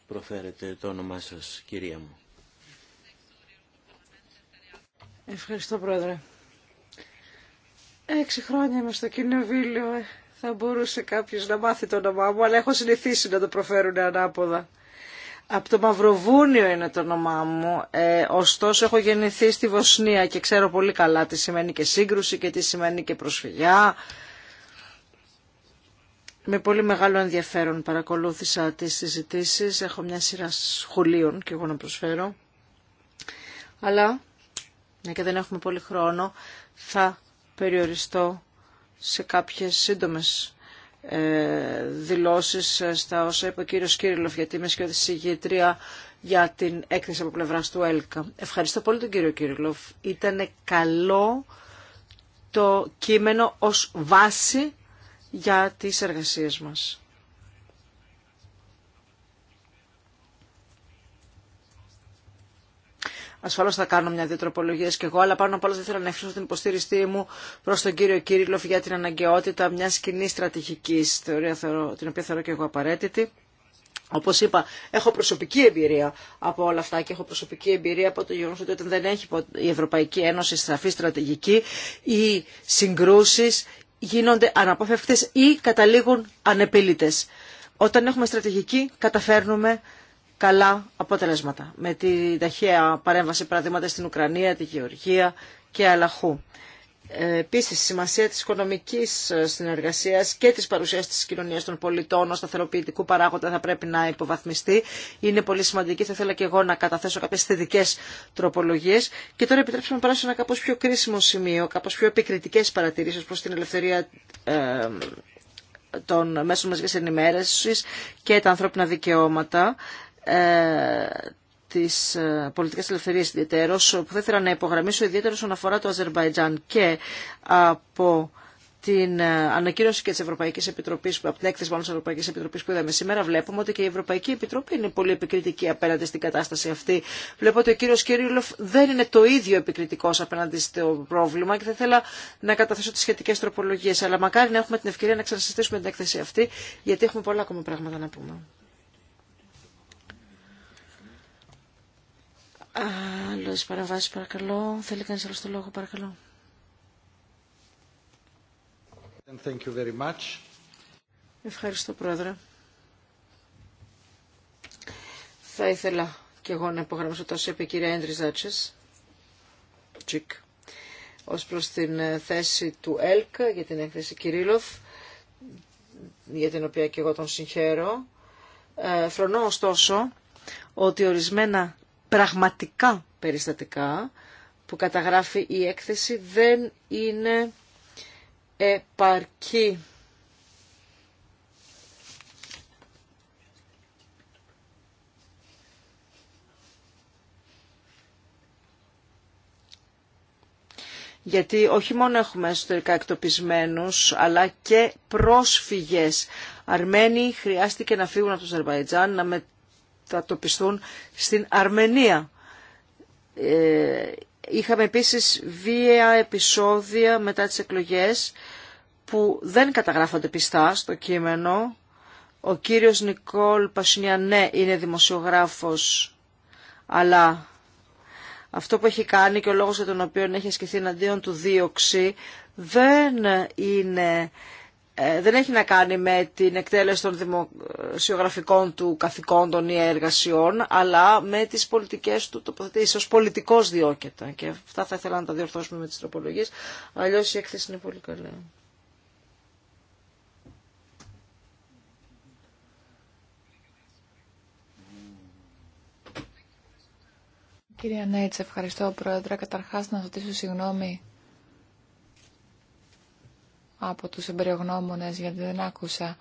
προφέρετε το όνομά σας, κυρία μου. Ευχαριστώ, Πρόεδρε. Έξι χρόνια είμαι στο Ε. Θα μπορούσε κάποιος να μάθει το όνομά μου, αλλά έχω συνηθίσει να το προφέρουν ανάποδα. Από το Μαυροβούνιο είναι το όνομά μου, ε, ωστόσο έχω γεννηθεί στη Βοσνία και ξέρω πολύ καλά τι σημαίνει και σύγκρουση και τι σημαίνει και προσφυγιά με πολύ μεγάλο ενδιαφέρον παρακολούθησα τις συζητήσεις. Έχω μια σειρά σχολείων και εγώ να προσφέρω. Αλλά, μια και δεν έχουμε πολύ χρόνο, θα περιοριστώ σε κάποιες σύντομες ε, δηλώσεις ε, στα όσα είπε ο κύριος Κύριλοφ, γιατί είμαι σχεδόν για την έκθεση από πλευρά του ΕΛΚΑ. Ευχαριστώ πολύ τον κύριο Κύριλοφ. Ήταν καλό το κείμενο ως βάση για τις εργασίες μας. Ασφαλώς θα κάνω μια-δύο τροπολογίε κι εγώ, αλλά πάνω απ' όλα δεν θέλω να ευχαριστήσω την υποστήριστή μου προς τον κύριο Κύριλοφ για την αναγκαιότητα μια κοινή στρατηγική, την οποία θεωρώ και εγώ απαραίτητη. Όπως είπα, έχω προσωπική εμπειρία από όλα αυτά και έχω προσωπική εμπειρία από το γεγονό ότι όταν δεν έχει η Ευρωπαϊκή Ένωση στραφή στρατηγική, οι συγκρούσει, γίνονται αναπόφευκτες ή καταλήγουν ανεπίλητες. Όταν έχουμε στρατηγική καταφέρνουμε καλά αποτελέσματα. Με την ταχαία παρέμβαση παραδείγματα στην Ουκρανία, τη Γεωργία και αλλαχού. Επίση, η σημασία τη οικονομική ε, συνεργασία και τη παρουσία τη κοινωνία των πολιτών ω σταθεροποιητικού παράγοντα θα πρέπει να υποβαθμιστεί. Είναι πολύ σημαντική. Θα ήθελα και εγώ να καταθέσω κάποιε θετικέ τροπολογίε. Και τώρα επιτρέψτε να περάσω σε ένα κάπω πιο κρίσιμο σημείο, κάπω πιο επικριτικέ παρατηρήσει προ την ελευθερία ε, των μέσων μαζική ενημέρωση και τα ανθρώπινα δικαιώματα ε, τη ε, πολιτικής ελευθερία ιδιαίτερως, που θα ήθελα να υπογραμμίσω ιδιαίτερα όσον αφορά το Αζερβαϊτζάν και από την ε, ανακοίνωση και τη Ευρωπαϊκή Επιτροπή, από την έκθεση μάλλον τη Ευρωπαϊκή Επιτροπή που είδαμε σήμερα, βλέπουμε ότι και η Ευρωπαϊκή Επιτροπή είναι πολύ επικριτική απέναντι στην κατάσταση αυτή. Βλέπω ότι ο κύριο Κυρίλοφ δεν είναι το ίδιο επικριτικό απέναντι στο πρόβλημα και θα ήθελα να καταθέσω τι σχετικέ τροπολογίε. Αλλά μακάρι να έχουμε την ευκαιρία να ξανασυστήσουμε την έκθεση αυτή, γιατί έχουμε πολλά ακόμα πράγματα να πούμε. Άλλο παραβάσει παρακαλώ. Θέλει κανείς άλλο το λόγο παρακαλώ. Ευχαριστώ πρόεδρε. Θα ήθελα και εγώ να υπογραμμίσω τόσο είπε η κυρία Έντρι Ω Τσικ. Ως την ε, θέση του ΕΛΚ για την έκθεση Κυρίλοφ, για την οποία και εγώ τον συγχαίρω. Ε, φρονώ ωστόσο ότι ορισμένα πραγματικά περιστατικά που καταγράφει η έκθεση δεν είναι επαρκή. γιατί όχι μόνο έχουμε εσωτερικά εκτοπισμένους, αλλά και πρόσφυγες. Αρμένοι χρειάστηκε να φύγουν από το Αζερβαϊτζάν, να, με, θα τοπιστούν στην Αρμενία. Ε, είχαμε επίσης βία επεισόδια μετά τις εκλογές που δεν καταγράφονται πιστά στο κείμενο. Ο κύριος Νικόλ Πασινιανέ ναι, είναι δημοσιογράφος, αλλά αυτό που έχει κάνει και ο λόγος για τον οποίο έχει ασκηθεί εναντίον του δίωξη δεν είναι ε, δεν έχει να κάνει με την εκτέλεση των δημοσιογραφικών του καθηκόντων ή εργασιών, αλλά με τις πολιτικές του τοποθετήσεις. Ως πολιτικός διώκεται. Και αυτά θα ήθελα να τα διορθώσουμε με τις τροπολογίες. Αλλιώς η έκθεση είναι πολύ καλή. Κύριε Νέιτς, ευχαριστώ Πρόεδρε. Καταρχάς να ζητήσω συγγνώμη από τους εμπεριογνώμονες γιατί δεν άκουσα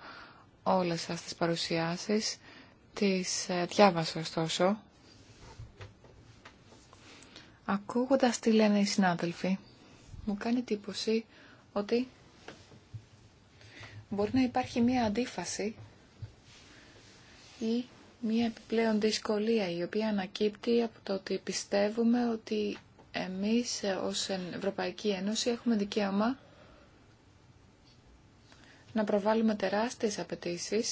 όλες σας τις παρουσιάσεις. Τις ε, διάβασα ωστόσο. Ακούγοντας τι λένε οι συνάδελφοι, μου κάνει εντύπωση ότι μπορεί να υπάρχει μία αντίφαση ή μία επιπλέον δυσκολία η οποία ανακύπτει από το ότι πιστεύουμε ότι εμείς ε, ως Ευρωπαϊκή Ένωση έχουμε δικαίωμα να προβάλλουμε τεράστιες απαιτήσει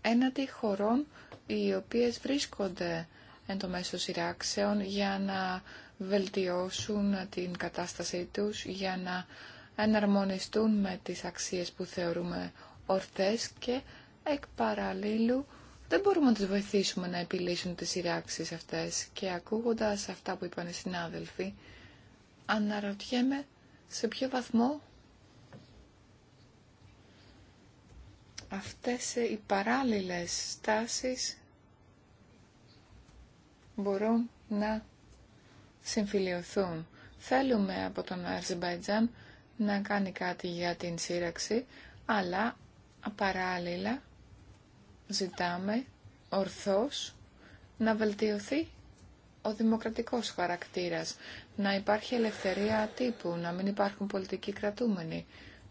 έναντι χωρών οι οποίες βρίσκονται εν το μέσο σειράξεων για να βελτιώσουν την κατάστασή τους, για να εναρμονιστούν με τις αξίες που θεωρούμε ορθές και εκ παραλλήλου δεν μπορούμε να τους βοηθήσουμε να επιλύσουν τις σειράξεις αυτές. Και ακούγοντας αυτά που είπαν οι συνάδελφοι, αναρωτιέμαι σε ποιο βαθμό Αυτές ε, οι παράλληλες στάσεις μπορούν να συμφιλειωθούν. Θέλουμε από τον Αζερμπαϊτζάν να κάνει κάτι για την σύραξη, αλλά παράλληλα ζητάμε ορθώς να βελτιωθεί ο δημοκρατικός χαρακτήρας, να υπάρχει ελευθερία τύπου, να μην υπάρχουν πολιτικοί κρατούμενοι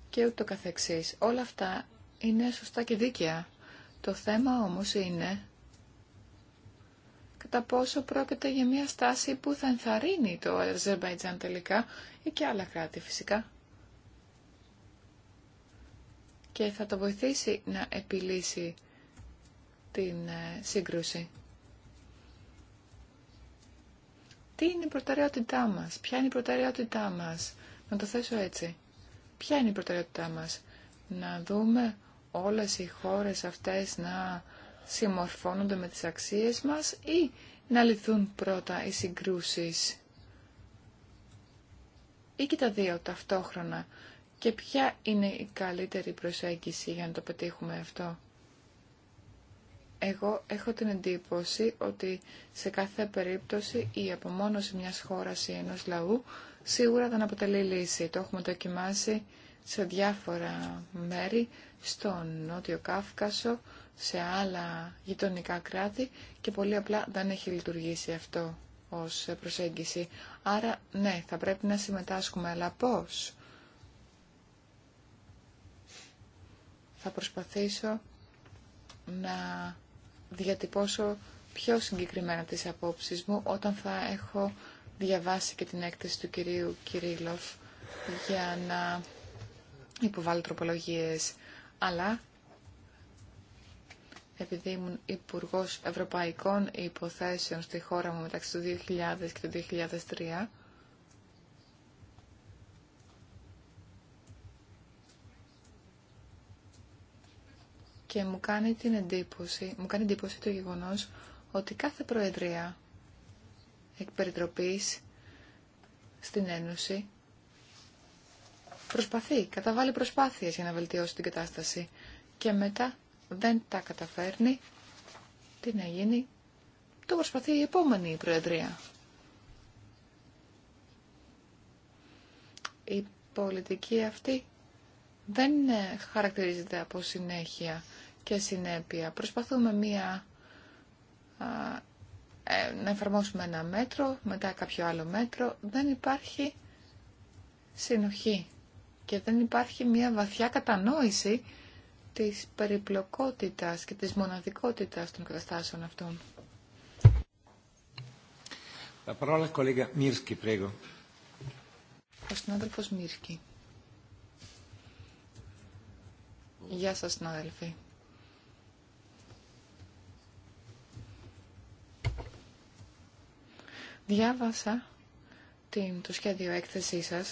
και ούτω καθεξής. Όλα αυτά είναι σωστά και δίκαια. Το θέμα όμως είναι κατά πόσο πρόκειται για μια στάση που θα ενθαρρύνει το Αζερβαϊτζάν τελικά ή και άλλα κράτη φυσικά. Και θα το βοηθήσει να επιλύσει την ε, σύγκρουση. Τι είναι η προτεραιότητά μας, ποια είναι η προτεραιότητά μας, να το θέσω έτσι. Ποια είναι η προτεραιότητά μας, να δούμε όλες οι χώρες αυτές να συμμορφώνονται με τις αξίες μας ή να λυθούν πρώτα οι συγκρούσεις ή και τα δύο ταυτόχρονα και ποια είναι η καλύτερη προσέγγιση για να το πετύχουμε αυτό. Εγώ έχω την εντύπωση ότι σε κάθε περίπτωση η απομόνωση μιας χώρας ή ενός λαού σίγουρα δεν αποτελεί λύση. Το έχουμε δοκιμάσει σε διάφορα μέρη, στον Νότιο Κάφκασο, σε άλλα γειτονικά κράτη και πολύ απλά δεν έχει λειτουργήσει αυτό ως προσέγγιση. Άρα, ναι, θα πρέπει να συμμετάσχουμε, αλλά πώς. Θα προσπαθήσω να διατυπώσω πιο συγκεκριμένα τις απόψεις μου όταν θα έχω διαβάσει και την έκθεση του κυρίου Κυρίλοφ για να υποβάλλω τροπολογίες, αλλά επειδή ήμουν υπουργό Ευρωπαϊκών Υποθέσεων στη χώρα μου μεταξύ του 2000 και του 2003, και μου κάνει την εντύπωση, μου κάνει εντύπωση το γεγονός ότι κάθε προεδρία εκπεριτροπής στην Ένωση προσπαθεί, καταβάλει προσπάθειες για να βελτιώσει την κατάσταση και μετά δεν τα καταφέρνει, τι να γίνει, το προσπαθεί η επόμενη Προεδρία. Η πολιτική αυτή δεν χαρακτηρίζεται από συνέχεια και συνέπεια. Προσπαθούμε μία, ε, να εφαρμόσουμε ένα μέτρο, μετά κάποιο άλλο μέτρο. Δεν υπάρχει συνοχή και δεν υπάρχει μια βαθιά κατανόηση της περιπλοκότητας και της μοναδικότητας των καταστάσεων αυτών. Ο συνάδελφος Μιρσκι. Γεια σας, συνάδελφοι. Διάβασα το σχέδιο έκθεσή σας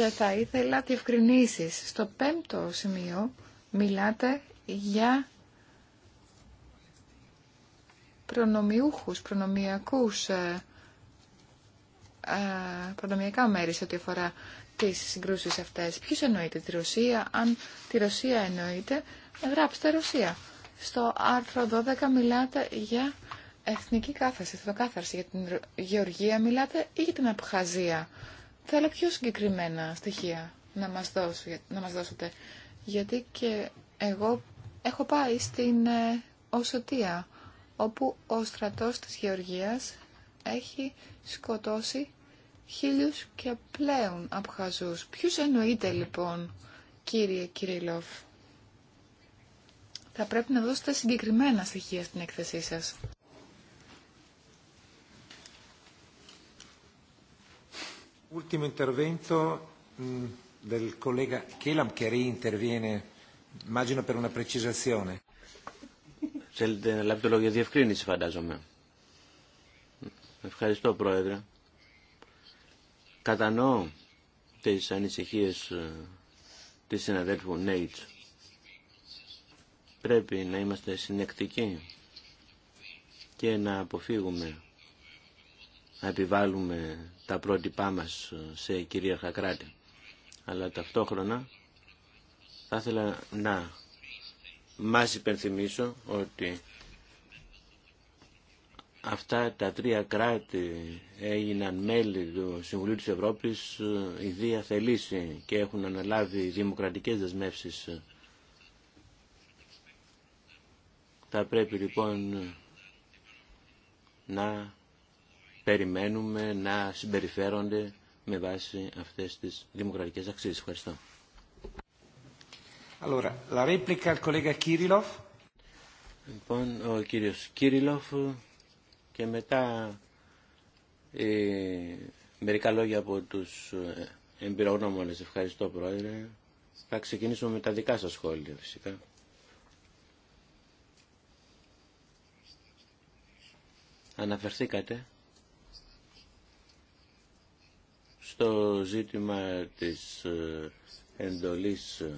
και θα ήθελα διευκρινήσεις. Στο πέμπτο σημείο μιλάτε για προνομιούχους, προνομιακούς, ε, ε, προνομιακά μέρη σε ό,τι αφορά τις συγκρούσεις αυτές. Ποιος εννοείται, τη Ρωσία, αν τη Ρωσία εννοείται, γράψτε Ρωσία. Στο άρθρο 12 μιλάτε για εθνική κάθαρση, κάθαρση για την Γεωργία μιλάτε ή για την Απχαζία. Θέλω πιο συγκεκριμένα στοιχεία να μας, να μας δώσετε. Γιατί και εγώ έχω πάει στην ε, Οσοτία, όπου ο στρατός της Γεωργίας έχει σκοτώσει χίλιους και πλέον Απχαζούς. Ποιους εννοείται λοιπόν, κύριε Κυρίλοφ. Θα πρέπει να δώσετε συγκεκριμένα στοιχεία στην έκθεσή σας. Ultimo intervento mm, del collega Kelam che riinterviene, immagino per una precisazione. Θέλετε να λάβετε λόγο διευκρίνηση φαντάζομαι. Ευχαριστώ Πρόεδρε. Κατανοώ τις ανησυχίες ε, της συναδέλφου Νέιτ. Πρέπει να είμαστε συνεκτικοί και να αποφύγουμε να επιβάλλουμε τα πρότυπά μας σε κυρίαρχα κράτη. Αλλά ταυτόχρονα θα ήθελα να μας υπενθυμίσω ότι αυτά τα τρία κράτη έγιναν μέλη του Συμβουλίου της Ευρώπης ιδία θελήση και έχουν αναλάβει δημοκρατικές δεσμεύσεις. Θα πρέπει λοιπόν να περιμένουμε να συμπεριφέρονται με βάση αυτές τις δημοκρατικές αξίες. Ευχαριστώ. Allora, la replica al collega Λοιπόν, ο κύριος Κύριλοφ και μετά ε, μερικά λόγια από τους ε, εμπειρογνώμονες. Ευχαριστώ Πρόεδρε. Θα ξεκινήσουμε με τα δικά σας σχόλια φυσικά. Αναφερθήκατε στο ζήτημα της ε, εντολής ε,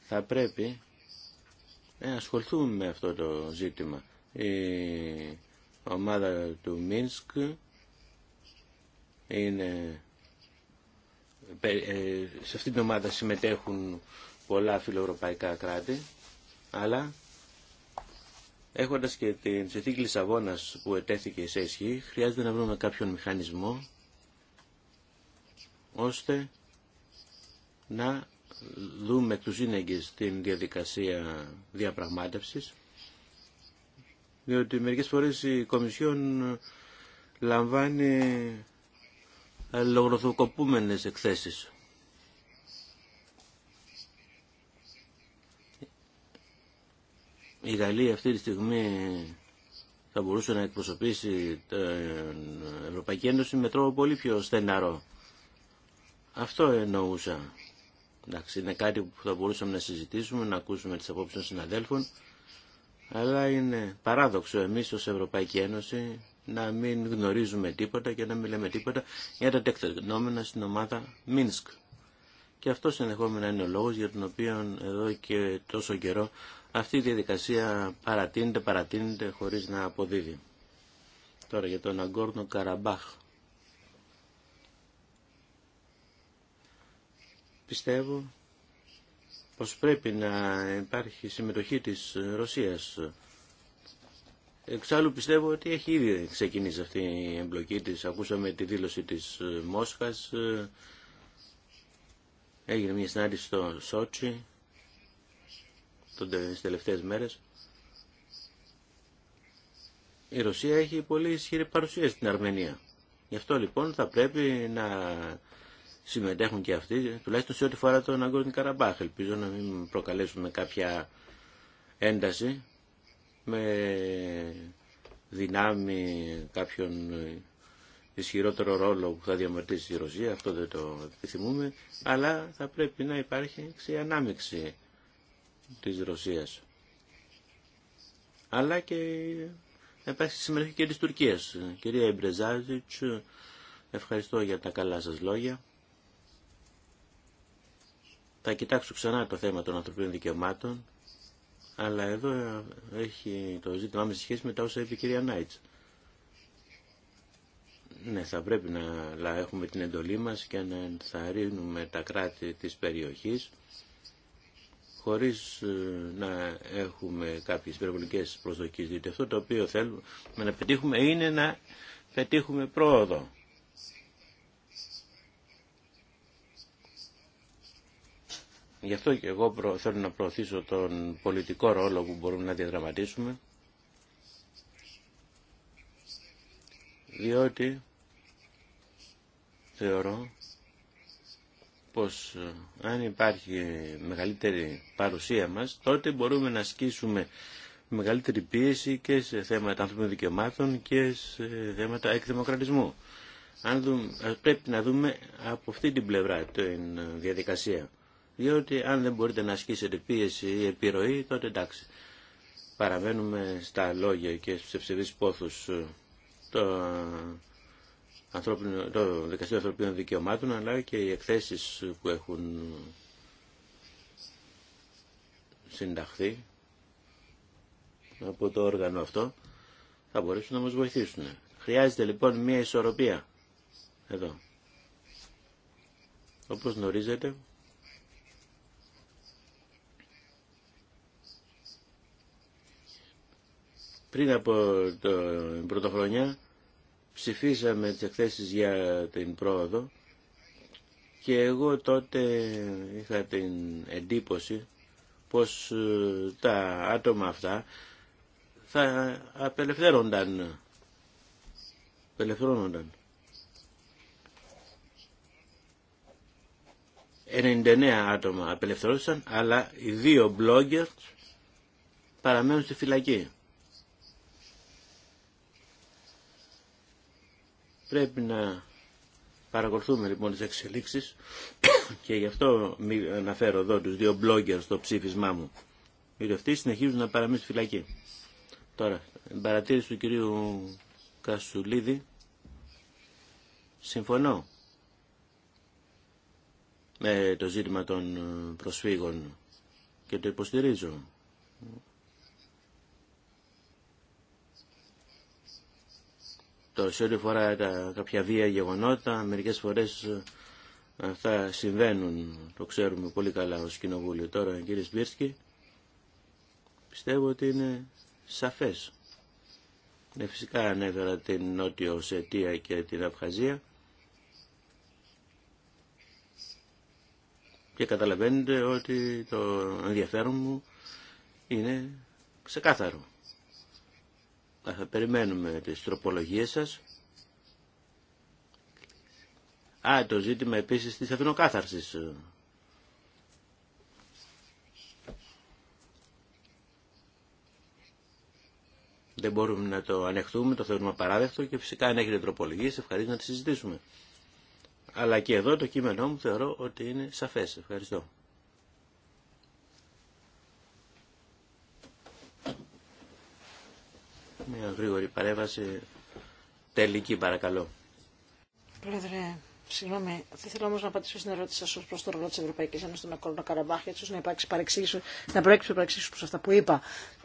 θα πρέπει να ασχοληθούμε με αυτό το ζήτημα. Η ομάδα του Μίνσκ είναι ε, σε αυτήν την ομάδα συμμετέχουν πολλά φιλοευρωπαϊκά κράτη αλλά Έχοντας και την συνθήκη Λισαβόνας που ετέθηκε σε ισχύ, χρειάζεται να βρούμε κάποιον μηχανισμό ώστε να δούμε τους σύνεγγες στην διαδικασία διαπραγμάτευσης, διότι μερικές φορές η Κομισιόν λαμβάνει αλληλογροθοκοπούμενες εκθέσεις. η Γαλλία αυτή τη στιγμή θα μπορούσε να εκπροσωπήσει την Ευρωπαϊκή Ένωση με τρόπο πολύ πιο στεναρό. Αυτό εννοούσα. Εντάξει, είναι κάτι που θα μπορούσαμε να συζητήσουμε, να ακούσουμε τις απόψεις των συναδέλφων, αλλά είναι παράδοξο εμείς ως Ευρωπαϊκή Ένωση να μην γνωρίζουμε τίποτα και να μην λέμε τίποτα για τα τεκτενόμενα στην ομάδα Μίνσκ. Και αυτό ενδεχόμενα είναι ο λόγος για τον οποίο εδώ και τόσο καιρό αυτή η διαδικασία παρατείνεται, παρατείνεται χωρίς να αποδίδει. Τώρα για τον Αγκόρνο Καραμπάχ. Πιστεύω πως πρέπει να υπάρχει συμμετοχή της Ρωσίας. Εξάλλου πιστεύω ότι έχει ήδη ξεκινήσει αυτή η εμπλοκή της. Ακούσαμε τη δήλωση της Μόσχας. Έγινε μια συνάντηση στο Σότσι τις τελευταίες μέρες. Η Ρωσία έχει πολύ ισχυρή παρουσία στην Αρμενία. Γι' αυτό λοιπόν θα πρέπει να συμμετέχουν και αυτοί, τουλάχιστον σε ό,τι φορά τον Αγκόρνη Καραμπάχ. Ελπίζω να μην προκαλέσουμε κάποια ένταση με δυνάμει κάποιον ισχυρότερο ρόλο που θα διαμαρτύρει η Ρωσία, αυτό δεν το επιθυμούμε, αλλά θα πρέπει να υπάρχει ξεανάμιξη της Ρωσίας. Αλλά και υπάρχει συμμετοχή και της Τουρκίας. Κυρία Ιμπρεζάζιτς, ευχαριστώ για τα καλά σας λόγια. Θα κοιτάξω ξανά το θέμα των ανθρωπίνων δικαιωμάτων, αλλά εδώ έχει το ζήτημά με σχέση με τα όσα είπε η κυρία Νάιτς. Ναι, θα πρέπει να έχουμε την εντολή μας και να ενθαρρύνουμε τα κράτη της περιοχής χωρίς ε, να έχουμε κάποιες υπερβολικές προσδοκίες, διότι αυτό το οποίο θέλουμε να πετύχουμε είναι να πετύχουμε πρόοδο. Γι' αυτό και εγώ θέλω να προωθήσω τον πολιτικό ρόλο που μπορούμε να διαδραματίσουμε, διότι θεωρώ πως ε, αν υπάρχει μεγαλύτερη παρουσία μας, τότε μπορούμε να ασκήσουμε μεγαλύτερη πίεση και σε θέματα ανθρώπινων δικαιωμάτων και σε θέματα εκδημοκρατισμού. Αν ε, πρέπει να δούμε από αυτή την πλευρά την διαδικασία. Διότι αν δεν μπορείτε να ασκήσετε πίεση ή επιρροή, τότε εντάξει. Παραμένουμε στα λόγια και στους ευσεβείς πόθους. Ε, το το Δικαστήριο Ανθρωπίνων Δικαιωμάτων αλλά και οι εκθέσεις που έχουν συνταχθεί από το όργανο αυτό θα μπορέσουν να μας βοηθήσουν. Χρειάζεται λοιπόν μια ισορροπία εδώ. Όπως γνωρίζετε πριν από την πρωτοχρονιά ψηφίσαμε τις εκθέσεις για την πρόοδο και εγώ τότε είχα την εντύπωση πως ε, τα άτομα αυτά θα απελευθέρονταν. Απελευθερώνονταν. 99 άτομα απελευθερώθησαν αλλά οι δύο bloggers παραμένουν στη φυλακή. Πρέπει να παρακολουθούμε λοιπόν τις εξελίξεις και γι' αυτό αναφέρω εδώ τους δύο bloggers στο ψήφισμά μου. Γιατί αυτοί συνεχίζουν να παραμείνουν στη φυλακή. Τώρα, παρατήρηση του κυρίου Κασουλίδη. Συμφωνώ με το ζήτημα των προσφύγων και το υποστηρίζω. Τώρα, σε ό,τι φορά τα, κάποια βία γεγονότα, μερικές φορές ε, αυτά συμβαίνουν, το ξέρουμε πολύ καλά ως Κοινοβούλιο. Τώρα, κύριε Σπίρσκι, πιστεύω ότι είναι σαφές. ναι φυσικά ανέφερα την Νότιο Σετία και την Αυχαζία. Και καταλαβαίνετε ότι το ενδιαφέρον μου είναι ξεκάθαρο. Θα περιμένουμε τις τροπολογίες σας. Α, το ζήτημα επίσης της εθνοκάθαρσης. Δεν μπορούμε να το ανεχτούμε, το θεωρούμε παράδεκτο και φυσικά αν έχετε τροπολογίες ευχαριστώ να τις συζητήσουμε. Αλλά και εδώ το κείμενό μου θεωρώ ότι είναι σαφές. Ευχαριστώ. Μια γρήγορη παρέμβαση. Τελική παρακαλώ. Πρόεδρε, συγγνώμη, θα ήθελα όμω να απαντήσω στην ερώτηση σα ω προ το ρόλο τη Ευρωπαϊκή Ένωση στον Αγκόρνο Καραμπάχ, έτσι ώστε να υπάρξει παρεξήγηση, να προέκυψε παρεξήγηση προ αυτά που είπα.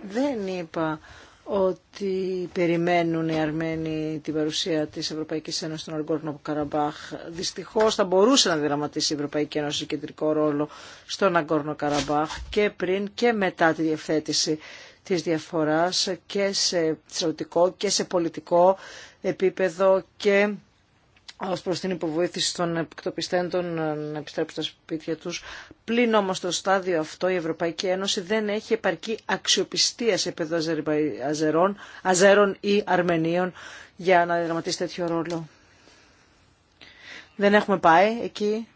Δεν είπα ότι περιμένουν οι Αρμένοι την παρουσία της Ευρωπαϊκής Ένωσης στον αγκορνο Καραμπάχ. Δυστυχώς θα μπορούσε να δραματίσει η Ευρωπαϊκή Ένωση κεντρικό ρόλο στον Αγκόρνο Καραμπάχ και πριν και μετά τη διευθέτηση της διαφοράς και σε στρατιωτικό και σε πολιτικό επίπεδο και ω προς την υποβοήθηση των εκτοπιστέντων ε, να επιστρέψουν στα σπίτια τους. Πλην όμως το στάδιο αυτό η Ευρωπαϊκή Ένωση δεν έχει επαρκή αξιοπιστία σε επίπεδο Αζερών, Αζέρων ή Αρμενίων για να δραματίσει τέτοιο ρόλο. Δεν έχουμε πάει εκεί,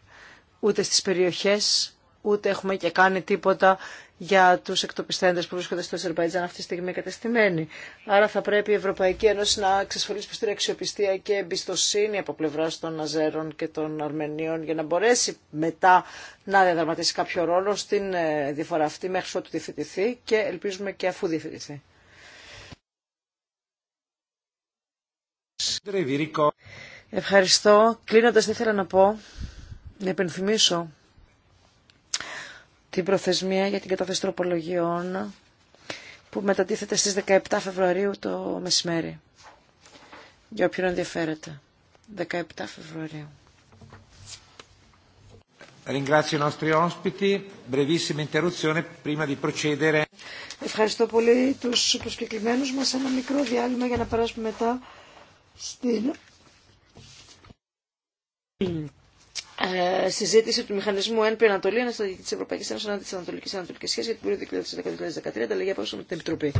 ούτε στις περιοχές, ούτε έχουμε και κάνει τίποτα για τους εκτοπιστέντες που βρίσκονται στο Αζερβαϊτζάν αυτή τη στιγμή κατεστημένοι. Άρα θα πρέπει η Ευρωπαϊκή Ένωση να εξασφαλίσει πως αξιοπιστία και εμπιστοσύνη από πλευρά των Αζέρων και των Αρμενίων για να μπορέσει μετά να διαδραματίσει κάποιο ρόλο στην ε, διαφορά αυτή μέχρι ότου διευθυντηθεί και ελπίζουμε και αφού διευθυντηθεί. Ευχαριστώ. Κλείνοντας, δεν ήθελα να πω, να υπενθυμίσω την προθεσμία για την κατάθεση τροπολογιών που μετατίθεται στις 17 Φεβρουαρίου το μεσημέρι. Για όποιον ενδιαφέρεται. 17 Φεβρουαρίου. Ευχαριστώ πολύ τους προσκεκλημένους μας. Ένα μικρό διάλειμμα για να περάσουμε μετά στην ε, συζήτηση του μηχανισμού ΕΝΠΗ Ανατολή, ένα στρατηγική τη Ευρωπαϊκή Ένωση τη Ανατολική Ανατολική Σχέση για την περίοδο 2010-2013, ανταλλαγή απόψε με την Επιτροπή.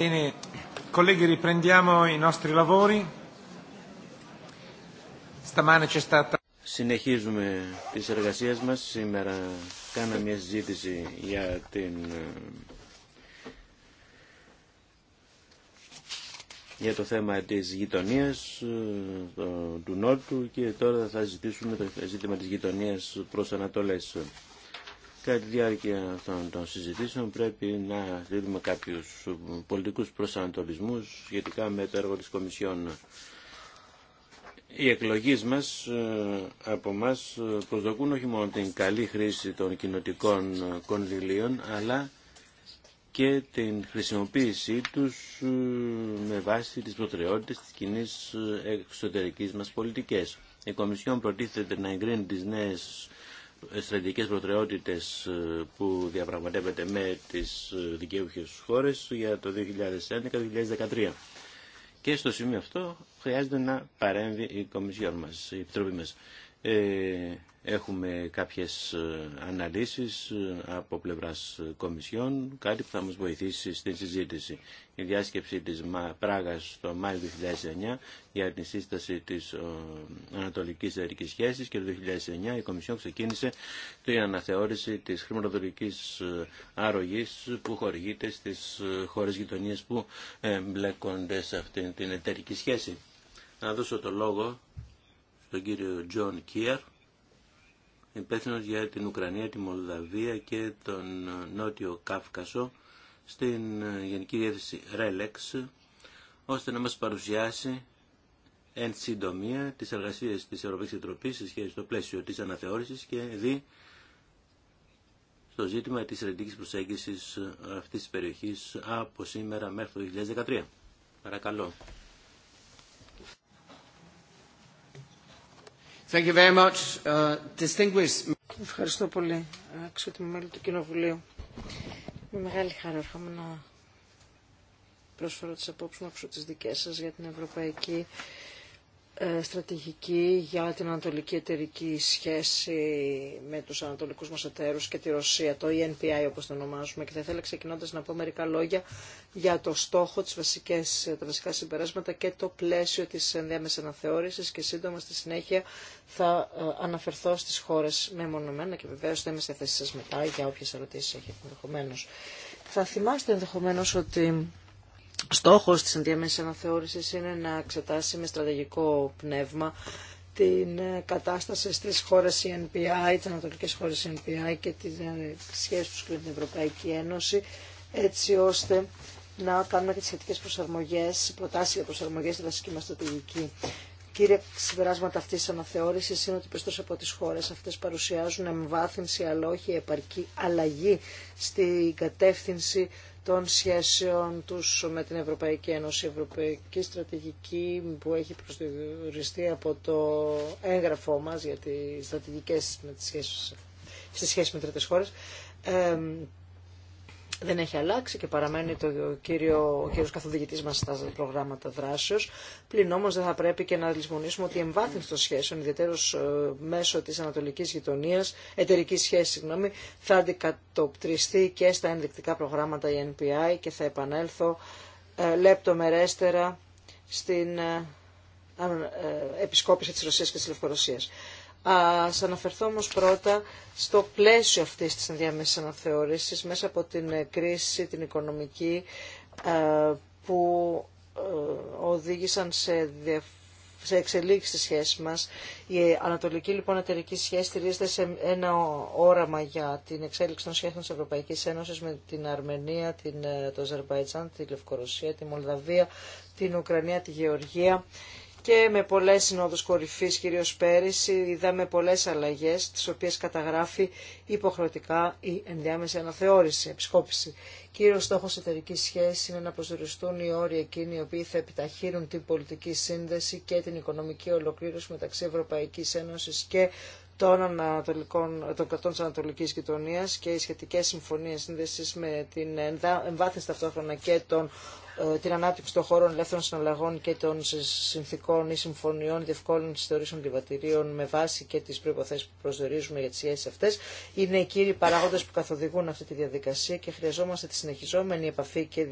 Bene, colleghi, riprendiamo i nostri lavori. Stamane c'è stata. Συνεχίζουμε τις εργασίες μας. Σήμερα κάναμε μια συζήτηση για την ε, για το θέμα της γειτονίας ε, του Νότου και τώρα θα ζητήσουμε το ζήτημα της γειτονίας προς Ανατολές. Κατά τη διάρκεια αυτών των συζητήσεων πρέπει να δίνουμε κάποιους πολιτικούς προσανατολισμούς σχετικά με το έργο της Κομισιόν. Οι εκλογές μας ε, από μας ε, προσδοκούν όχι μόνο την καλή χρήση των κοινοτικών κονδυλίων αλλά και την χρησιμοποίησή τους ε, με βάση τις προτεραιότητες της κοινή εξωτερικής μας πολιτικές. Η Κομισιόν προτίθεται να εγκρίνει τις νέες στρατηγικές προτεραιότητες ε, που διαπραγματεύεται με τις ε, δικαιούχες χώρες για το 2011-2013. Και στο σημείο αυτό χρειάζεται να παρέμβει η Κομισιόν μας, η Επιτροπή μας. Ε, έχουμε κάποιες ε, αναλύσεις ε, από πλευράς κομισιών, κάτι που θα μας βοηθήσει στην συζήτηση. Η διάσκεψη της Πράγας το Μάιο 2009 για την σύσταση της Ανατολικής Εταιρικής Σχέσης και το 2009 η Κομισιόν ξεκίνησε την αναθεώρηση της χρηματοδοτικής αρρωγής που χορηγείται στις χώρες γειτονίες που μπλέκονται σε αυτή την εταιρική σχέση. Να δώσω το λόγο τον κύριο Τζον Κίαρ, υπεύθυνο για την Ουκρανία, τη Μολδαβία και τον Νότιο Κάφκασο στην ε, Γενική Διεύθυνση Ρέλεξ, ώστε να μας παρουσιάσει εν συντομία τις εργασίες της Ευρωπαϊκής Επιτροπής σε σχέση στο πλαίσιο της αναθεώρησης και δει στο ζήτημα της ερετίκης προσέγγισης αυτής της περιοχής από σήμερα μέχρι το 2013. Παρακαλώ. Thank you very much. Uh, distinguished... Ευχαριστώ πολύ, αξιότιμο μέλη του Κοινοβουλίου. Με μεγάλη χαρά έρχομαι να προσφέρω τις απόψεις μου από τις δικές σας για την ευρωπαϊκή ε, στρατηγική για την ανατολική εταιρική σχέση με τους ανατολικούς μας εταίρους και τη Ρωσία, το ENPI όπως το ονομάζουμε. Και θα ήθελα ξεκινώντα να πω μερικά λόγια για το στόχο, τις βασικές, τα βασικά συμπεράσματα και το πλαίσιο της ενδιάμεσης αναθεώρησης και σύντομα στη συνέχεια θα ε, αναφερθώ στις χώρες μεμονωμένα και βεβαίως θα είμαι σε θέση σας μετά για όποιες ερωτήσεις έχετε ενδεχομένω. Θα θυμάστε ενδεχομένω ότι Στόχο τη ενδιαμέσης αναθεώρηση είναι να εξετάσει με στρατηγικό πνεύμα την ε, κατάσταση στι χώρε ENPI, τι ανατολικέ χώρε ENPI και τι ε, σχέσει του με την Ευρωπαϊκή Ένωση, έτσι ώστε να κάνουμε και τι σχετικές προσαρμογέ, προτάσει για προσαρμογέ στη βασική μα στρατηγική. Κύρια συμπεράσματα αυτή τη αναθεώρηση είναι ότι περισσότερε από τι χώρε αυτέ παρουσιάζουν εμβάθυνση, αλλά όχι επαρκή αλλαγή στην κατεύθυνση των σχέσεων τους με την Ευρωπαϊκή Ένωση. Η Ευρωπαϊκή Στρατηγική που έχει προσδιοριστεί από το έγγραφό μας για τις στρατηγικές με τις σχέσεις, στις σχέση με τρίτες χώρες δεν έχει αλλάξει και παραμένει το κύριο, ο κύριος καθοδηγητής μας στα προγράμματα δράσεως. Πλην όμως δεν θα πρέπει και να λησμονήσουμε ότι η εμβάθυνση των σχέσεων, ιδιαίτερως ε, μέσω της ανατολικής γειτονίας, εταιρική σχέση, συγγνώμη, θα αντικατοπτριστεί και στα ενδεικτικά προγράμματα η NPI και θα επανέλθω ε, λεπτομερέστερα στην ε, επισκόπηση της Ρωσίας και της Λευκορωσίας α αναφερθώ όμως πρώτα στο πλαίσιο αυτής της ενδιάμεσης αναθεώρησης μέσα από την ε, κρίση, την οικονομική ε, που ε, οδήγησαν σε, σε εξελίξει τη σχέση μας. Η ανατολική λοιπόν εταιρική σχέση στηρίζεται σε ένα όραμα για την εξέλιξη των σχέσεων της Ευρωπαϊκής Ένωσης με την Αρμενία, την, το Αζερβαϊτζάν, τη Λευκορωσία, τη Μολδαβία, την Ουκρανία, τη Γεωργία και με πολλές συνόδους κορυφής κυρίως πέρυσι είδαμε πολλές αλλαγές τις οποίες καταγράφει υποχρεωτικά η ενδιάμεση αναθεώρηση, επισκόπηση. Κύριο στόχο εταιρική σχέση είναι να προσδιοριστούν οι όροι εκείνοι οι οποίοι θα επιταχύνουν την πολιτική σύνδεση και την οικονομική ολοκλήρωση μεταξύ Ευρωπαϊκή Ένωση και των, ανατολικών, των κρατών τη Ανατολική Γειτονίας και οι σχετικέ συμφωνίε σύνδεση με την εμβάθυνση ταυτόχρονα και των ε, την ανάπτυξη των χώρων ελεύθερων συναλλαγών και των συνθήκων ή συμφωνιών διευκόλυνση θεωρήσεων διαβατηρίων με βάση και τι προποθέσει που προσδιορίζουμε για τι σχέσει αυτέ, είναι οι κύριοι παράγοντε που καθοδηγούν αυτή τη διαδικασία και χρειαζόμαστε τη συνεχιζόμενη επαφή και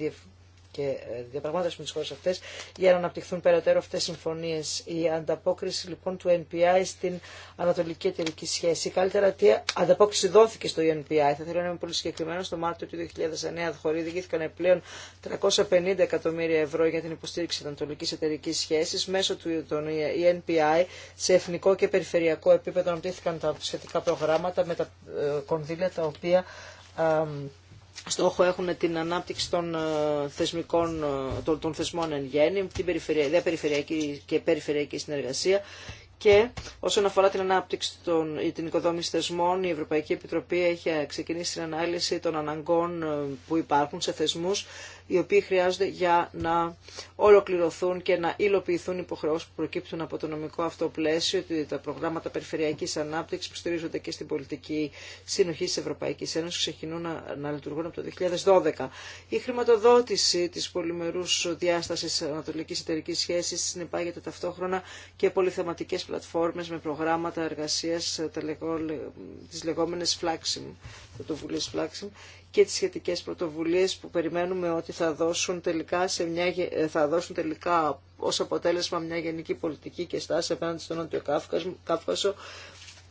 και ε, διαπραγμάτευση με τις χώρες αυτές για να αναπτυχθούν περαιτέρω αυτές οι συμφωνίες. Η ανταπόκριση λοιπόν του NPI στην ανατολική εταιρική σχέση. Καλύτερα τι ανταπόκριση δόθηκε στο NPI. Θα θέλω να είμαι πολύ συγκεκριμένο. Στο Μάρτιο του 2009 χορηγήθηκαν πλέον 350 εκατομμύρια ευρώ για την υποστήριξη της ανατολικής εταιρικής σχέσης μέσω του NPI σε εθνικό και περιφερειακό επίπεδο αναπτύχθηκαν τα σχετικά προγράμματα με τα ε, κονδύλια τα οποία στόχο έχουν την ανάπτυξη των, ε, θεσμικών, ε, των, των θεσμών εν γέννη, την περιφερειακή, και περιφερειακή συνεργασία και όσον αφορά την ανάπτυξη των, την οικοδόμηση θεσμών, η Ευρωπαϊκή Επιτροπή έχει ξεκινήσει την ανάλυση των αναγκών ε, που υπάρχουν σε θεσμούς οι οποίοι χρειάζονται για να ολοκληρωθούν και να υλοποιηθούν υποχρεώσει που προκύπτουν από το νομικό αυτό πλαίσιο, ότι τα προγράμματα περιφερειακή ανάπτυξη που στηρίζονται και στην πολιτική συνοχή τη Ευρωπαϊκή Ένωση ξεκινούν να, λειτουργούν από το 2012. Η χρηματοδότηση τη πολυμερού διάσταση ανατολική εταιρική σχέση συνεπάγεται ταυτόχρονα και πολυθεματικέ πλατφόρμε με προγράμματα εργασία, τι λεγόμενε φλάξιμ, πρωτοβουλίε φλάξιμ, και τις σχετικές πρωτοβουλίες που περιμένουμε ότι θα δώσουν τελικά, σε μια, ε, θα δώσουν τελικά ως αποτέλεσμα μια γενική πολιτική και στάση απέναντι στον Νότιο Κάφκασο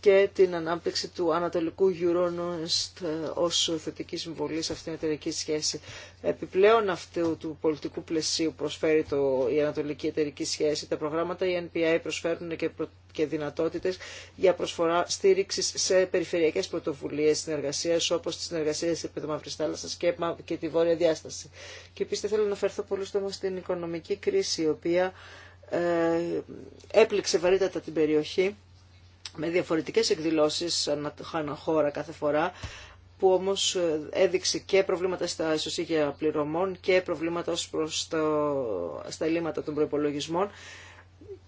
και την ανάπτυξη του Ανατολικού Euronest ως θετική συμβολή σε αυτήν την εταιρική σχέση. Επιπλέον αυτού του πολιτικού πλαισίου προσφέρει το, η Ανατολική Εταιρική Σχέση. Τα προγράμματα η NPI προσφέρουν και, προ, δυνατότητες για προσφορά στήριξης σε περιφερειακές πρωτοβουλίες συνεργασίας όπως τις συνεργασίες επί το Μαύρη Θάλασσας και, τη Βόρεια Διάσταση. Και επίσης θέλω να φερθώ πολύ όμω στην οικονομική κρίση η οποία ε, έπληξε βαρύτατα την περιοχή με διαφορετικές εκδηλώσεις ανά χώρα κάθε φορά που όμως ε, έδειξε και προβλήματα στα ισοσύγεια πληρωμών και προβλήματα ως προς το, στα ελλείμματα των προϋπολογισμών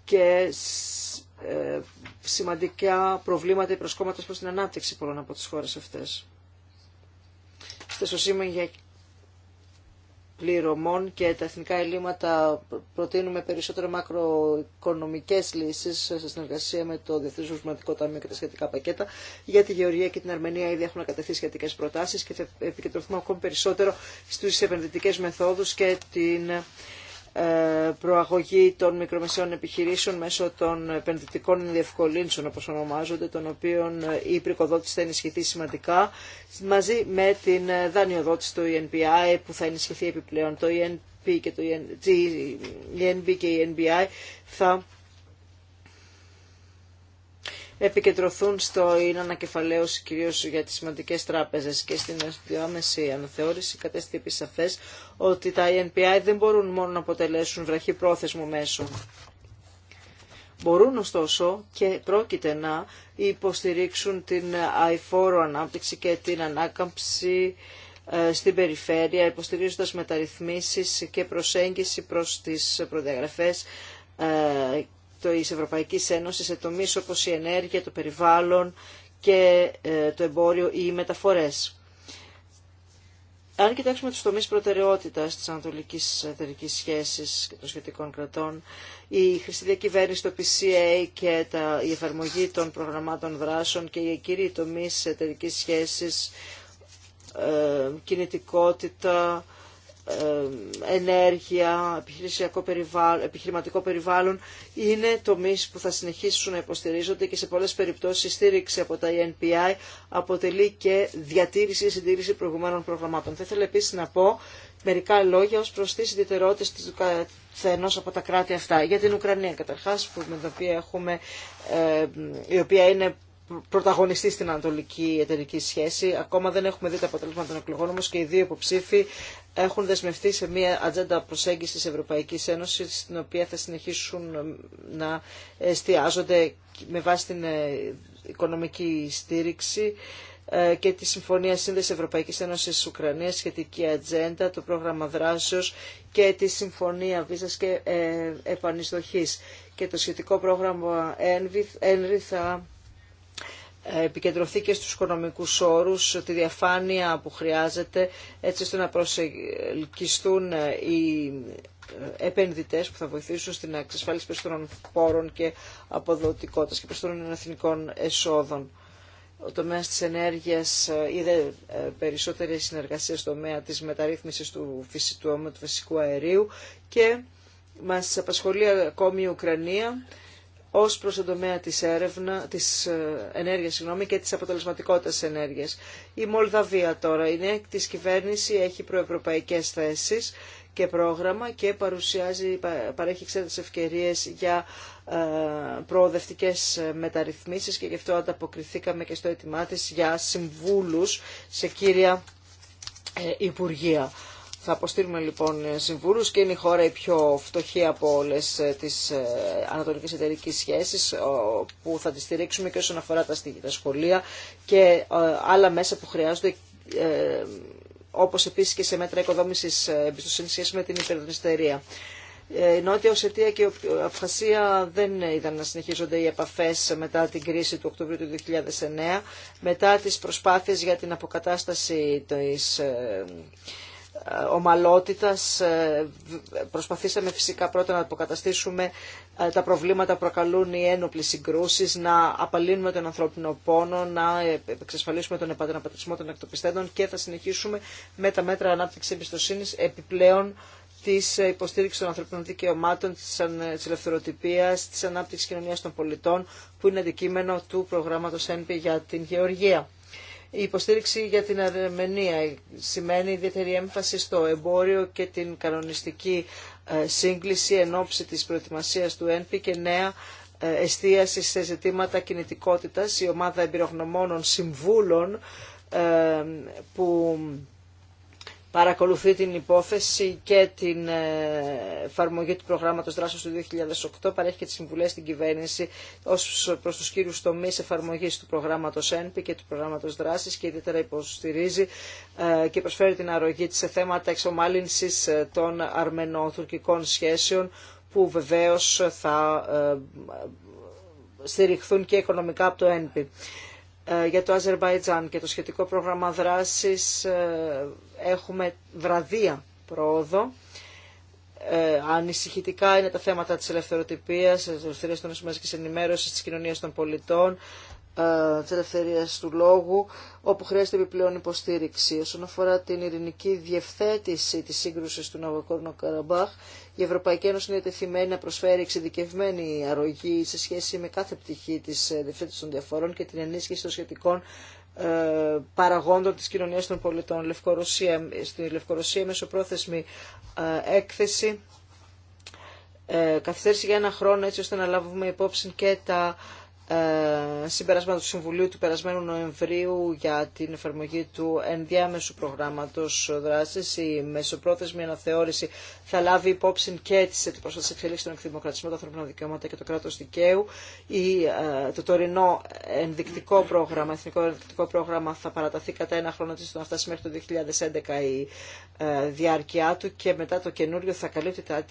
και ε, σημαντικά προβλήματα κόμματα προς την ανάπτυξη πολλών από τις χώρες αυτές. Στα πληρωμών και τα εθνικά ελλείμματα προτείνουμε περισσότερο μακροοικονομικές λύσεις σε συνεργασία με το Διεθνές Ρωσματικό Ταμείο και τα σχετικά πακέτα. Για τη Γεωργία και την Αρμενία ήδη έχουν κατευθεί σχετικές προτάσεις και θα επικεντρωθούμε ακόμη περισσότερο στους επενδυτικές μεθόδους και την ε, προαγωγή των μικρομεσαίων επιχειρήσεων μέσω των επενδυτικών διευκολύνσεων, όπως ονομάζονται, των οποίων ε, η πρικοδότηση θα ενισχυθεί σημαντικά, μαζί με την ε, δανειοδότηση του ENPI που θα ενισχυθεί επιπλέον. Το ENP και το ENB και η NBI θα επικεντρωθούν στο είναι ανακεφαλαίωση κυρίω για τις σημαντικέ τράπεζες και στην άμεση αναθεώρηση κατέστη επισαφέ ότι τα ENPI δεν μπορούν μόνο να αποτελέσουν βραχή πρόθεσμο μέσο. Μπορούν ωστόσο και πρόκειται να υποστηρίξουν την αηφόρο ανάπτυξη και την ανάκαμψη ε, στην περιφέρεια, υποστηρίζοντας μεταρρυθμίσεις και προσέγγιση προς τις προδιαγραφές ε, της Ευρωπαϊκής Ένωσης σε τομείς όπως η ενέργεια, το περιβάλλον και ε, το εμπόριο ή οι μεταφορές. Αν κοιτάξουμε τους τομείς προτεραιότητας της Ανατολικής Εταιρικής Σχέσης και των σχετικών κρατών, η χρηστή διακυβέρνηση, το PCA και τα, η εφαρμογή των προγραμμάτων δράσεων και οι κύριοι τομείς εταιρικής σχέσης, ε, κινητικότητα, ε, ενέργεια, επιχειρησιακό περιβάλλον, επιχειρηματικό περιβάλλον είναι τομεί που θα συνεχίσουν να υποστηρίζονται και σε πολλές περιπτώσεις η στήριξη από τα ENPI αποτελεί και διατήρηση ή συντήρηση προηγουμένων προγραμμάτων. Θα ήθελα επίση να πω μερικά λόγια ως προς τις ιδιαιτερότητες του καθενός από τα κράτη αυτά. Για την Ουκρανία καταρχάς, με την οποία έχουμε, ε, η οποία είναι πρωταγωνιστεί στην Ανατολική Εταιρική Σχέση. Ακόμα δεν έχουμε δει τα αποτελέσματα των εκλογών, όμω και οι δύο υποψήφοι έχουν δεσμευτεί σε μια ατζέντα τη Ευρωπαϊκή Ένωση, στην οποία θα συνεχίσουν να εστιάζονται με βάση την ε, οικονομική στήριξη ε, και τη Συμφωνία Σύνδεση Ευρωπαϊκής Ένωσης Ουκρανίας, σχετική ατζέντα, το πρόγραμμα δράσεω και τη Συμφωνία Βίζα και ε, Επανισδοχή. Και το σχετικό πρόγραμμα θα επικεντρωθεί και στους οικονομικούς όρους, τη διαφάνεια που χρειάζεται, έτσι ώστε να προσελκυστούν ε, οι ε, επενδυτές που θα βοηθήσουν στην εξασφάλιση περισσότερων πόρων και αποδοτικότητας και περισσότερων εθνικών εσόδων. Ο τομέας της ενέργειας ε, είδε περισσότερη συνεργασία στο τομέα της μεταρρύθμισης του φυσικού, αερίου και μας απασχολεί ακόμη η Ουκρανία ως προς τον τομέα της, έρευνα, της ε, ενέργειας συγγνώμη, και της αποτελεσματικότητας ενέργειας. Η Μολδαβία τώρα, είναι εκ της κυβέρνηση έχει προευρωπαϊκές θέσεις και πρόγραμμα και παρουσιάζει, παρέχει ξέρετε ευκαιρίες για ε, προοδευτικές ε, μεταρρυθμίσεις και γι' αυτό ανταποκριθήκαμε και στο αίτημά για συμβούλους σε κύρια Υπουργεία. Θα αποστείλουμε λοιπόν συμβούλου και είναι η χώρα η πιο φτωχή από όλε τι ε, ανατολικέ εταιρικέ σχέσει που θα τη στηρίξουμε και όσον αφορά τα σχολεία και ε, άλλα μέσα που χρειάζονται ε, όπω επίση και σε μέτρα οικοδόμηση εμπιστοσύνη σχέση με την υπερδυστερία. Η Νότια Οσετία και η Αφχασία δεν είδαν να συνεχίζονται οι επαφέ μετά την κρίση του Οκτωβρίου του 2009, μετά τι προσπάθειε για την αποκατάσταση της ε, ομαλότητας. Ε, προσπαθήσαμε φυσικά πρώτα να αποκαταστήσουμε ε, τα προβλήματα που προκαλούν οι ένοπλες συγκρούσεις, να απαλύνουμε τον ανθρώπινο πόνο, να εξασφαλίσουμε τον επαναπατρισμό των εκτοπιστέντων και θα συνεχίσουμε με τα μέτρα ανάπτυξης εμπιστοσύνη επιπλέον τη υποστήριξη των ανθρωπίνων δικαιωμάτων, τη ελευθεροτυπία, τη ανάπτυξη κοινωνία των πολιτών, που είναι αντικείμενο του προγράμματο ΕΝΠΗ για την Γεωργία. Η υποστήριξη για την Αρμενία σημαίνει ιδιαίτερη έμφαση στο εμπόριο και την κανονιστική ε, σύγκληση εν ώψη της προετοιμασίας του ΕΝΠΗ και νέα ε, εστίαση σε ζητήματα κινητικότητας. Η ομάδα εμπειρογνωμόνων συμβούλων ε, που παρακολουθεί την υπόθεση και την ε, εφαρμογή του προγράμματος δράσης του 2008, παρέχει και τις συμβουλές στην κυβέρνηση ως προς τους κύριους τομείς εφαρμογής του προγράμματος ΕΝΠΗ και του προγράμματος δράσης και ιδιαίτερα υποστηρίζει ε, και προσφέρει την αρρωγή της σε θέματα εξομάλυνσης ε, των αρμενοτουρκικών σχέσεων που βεβαίως θα στηριχθούν και οικονομικά από το ΕΝΠΗ. Ε, για το Αζερβαϊτζάν και το σχετικό πρόγραμμα δράσης ε, έχουμε βραδία πρόοδο. Ε, ανησυχητικά είναι τα θέματα της ελευθεροτυπίας, της ελευθερίας των μαζικής ενημέρωσης, της κοινωνίας των πολιτών, της ε, ελευθερίας του λόγου, όπου χρειάζεται επιπλέον υποστήριξη. Όσον αφορά την ειρηνική διευθέτηση της σύγκρουσης του Ναγκόρνο Καραμπάχ, η Ευρωπαϊκή Ένωση είναι τεθειμένη να προσφέρει εξειδικευμένη αρρωγή σε σχέση με κάθε πτυχή της ε, διευθέτησης των διαφορών και την ενίσχυση των σχετικών ε, παραγόντων της κοινωνίας των πολιτών. Λευκορωσία, στη Λευκορωσία μεσοπρόθεσμη έκθεση καθυστέρηση για ένα χρόνο έτσι ώστε να λάβουμε υπόψη και τα ε, συμπεράσματα του Συμβουλίου του περασμένου Νοεμβρίου για την εφαρμογή του ενδιάμεσου προγράμματος δράσης. Η μεσοπρόθεσμη αναθεώρηση θα λάβει υπόψη και τις πρόσφατες εξελίξεις των εκδημοκρατισμών, των ανθρωπινών δικαιωμάτων και το κράτος δικαίου. Η, ε, το τωρινό ενδεικτικό πρόγραμμα, εθνικό ενδεικτικό πρόγραμμα θα παραταθεί κατά ένα χρόνο της να φτάσει μέχρι το 2011 η ε, διάρκεια του και μετά το καινούριο θα καλύπτει τα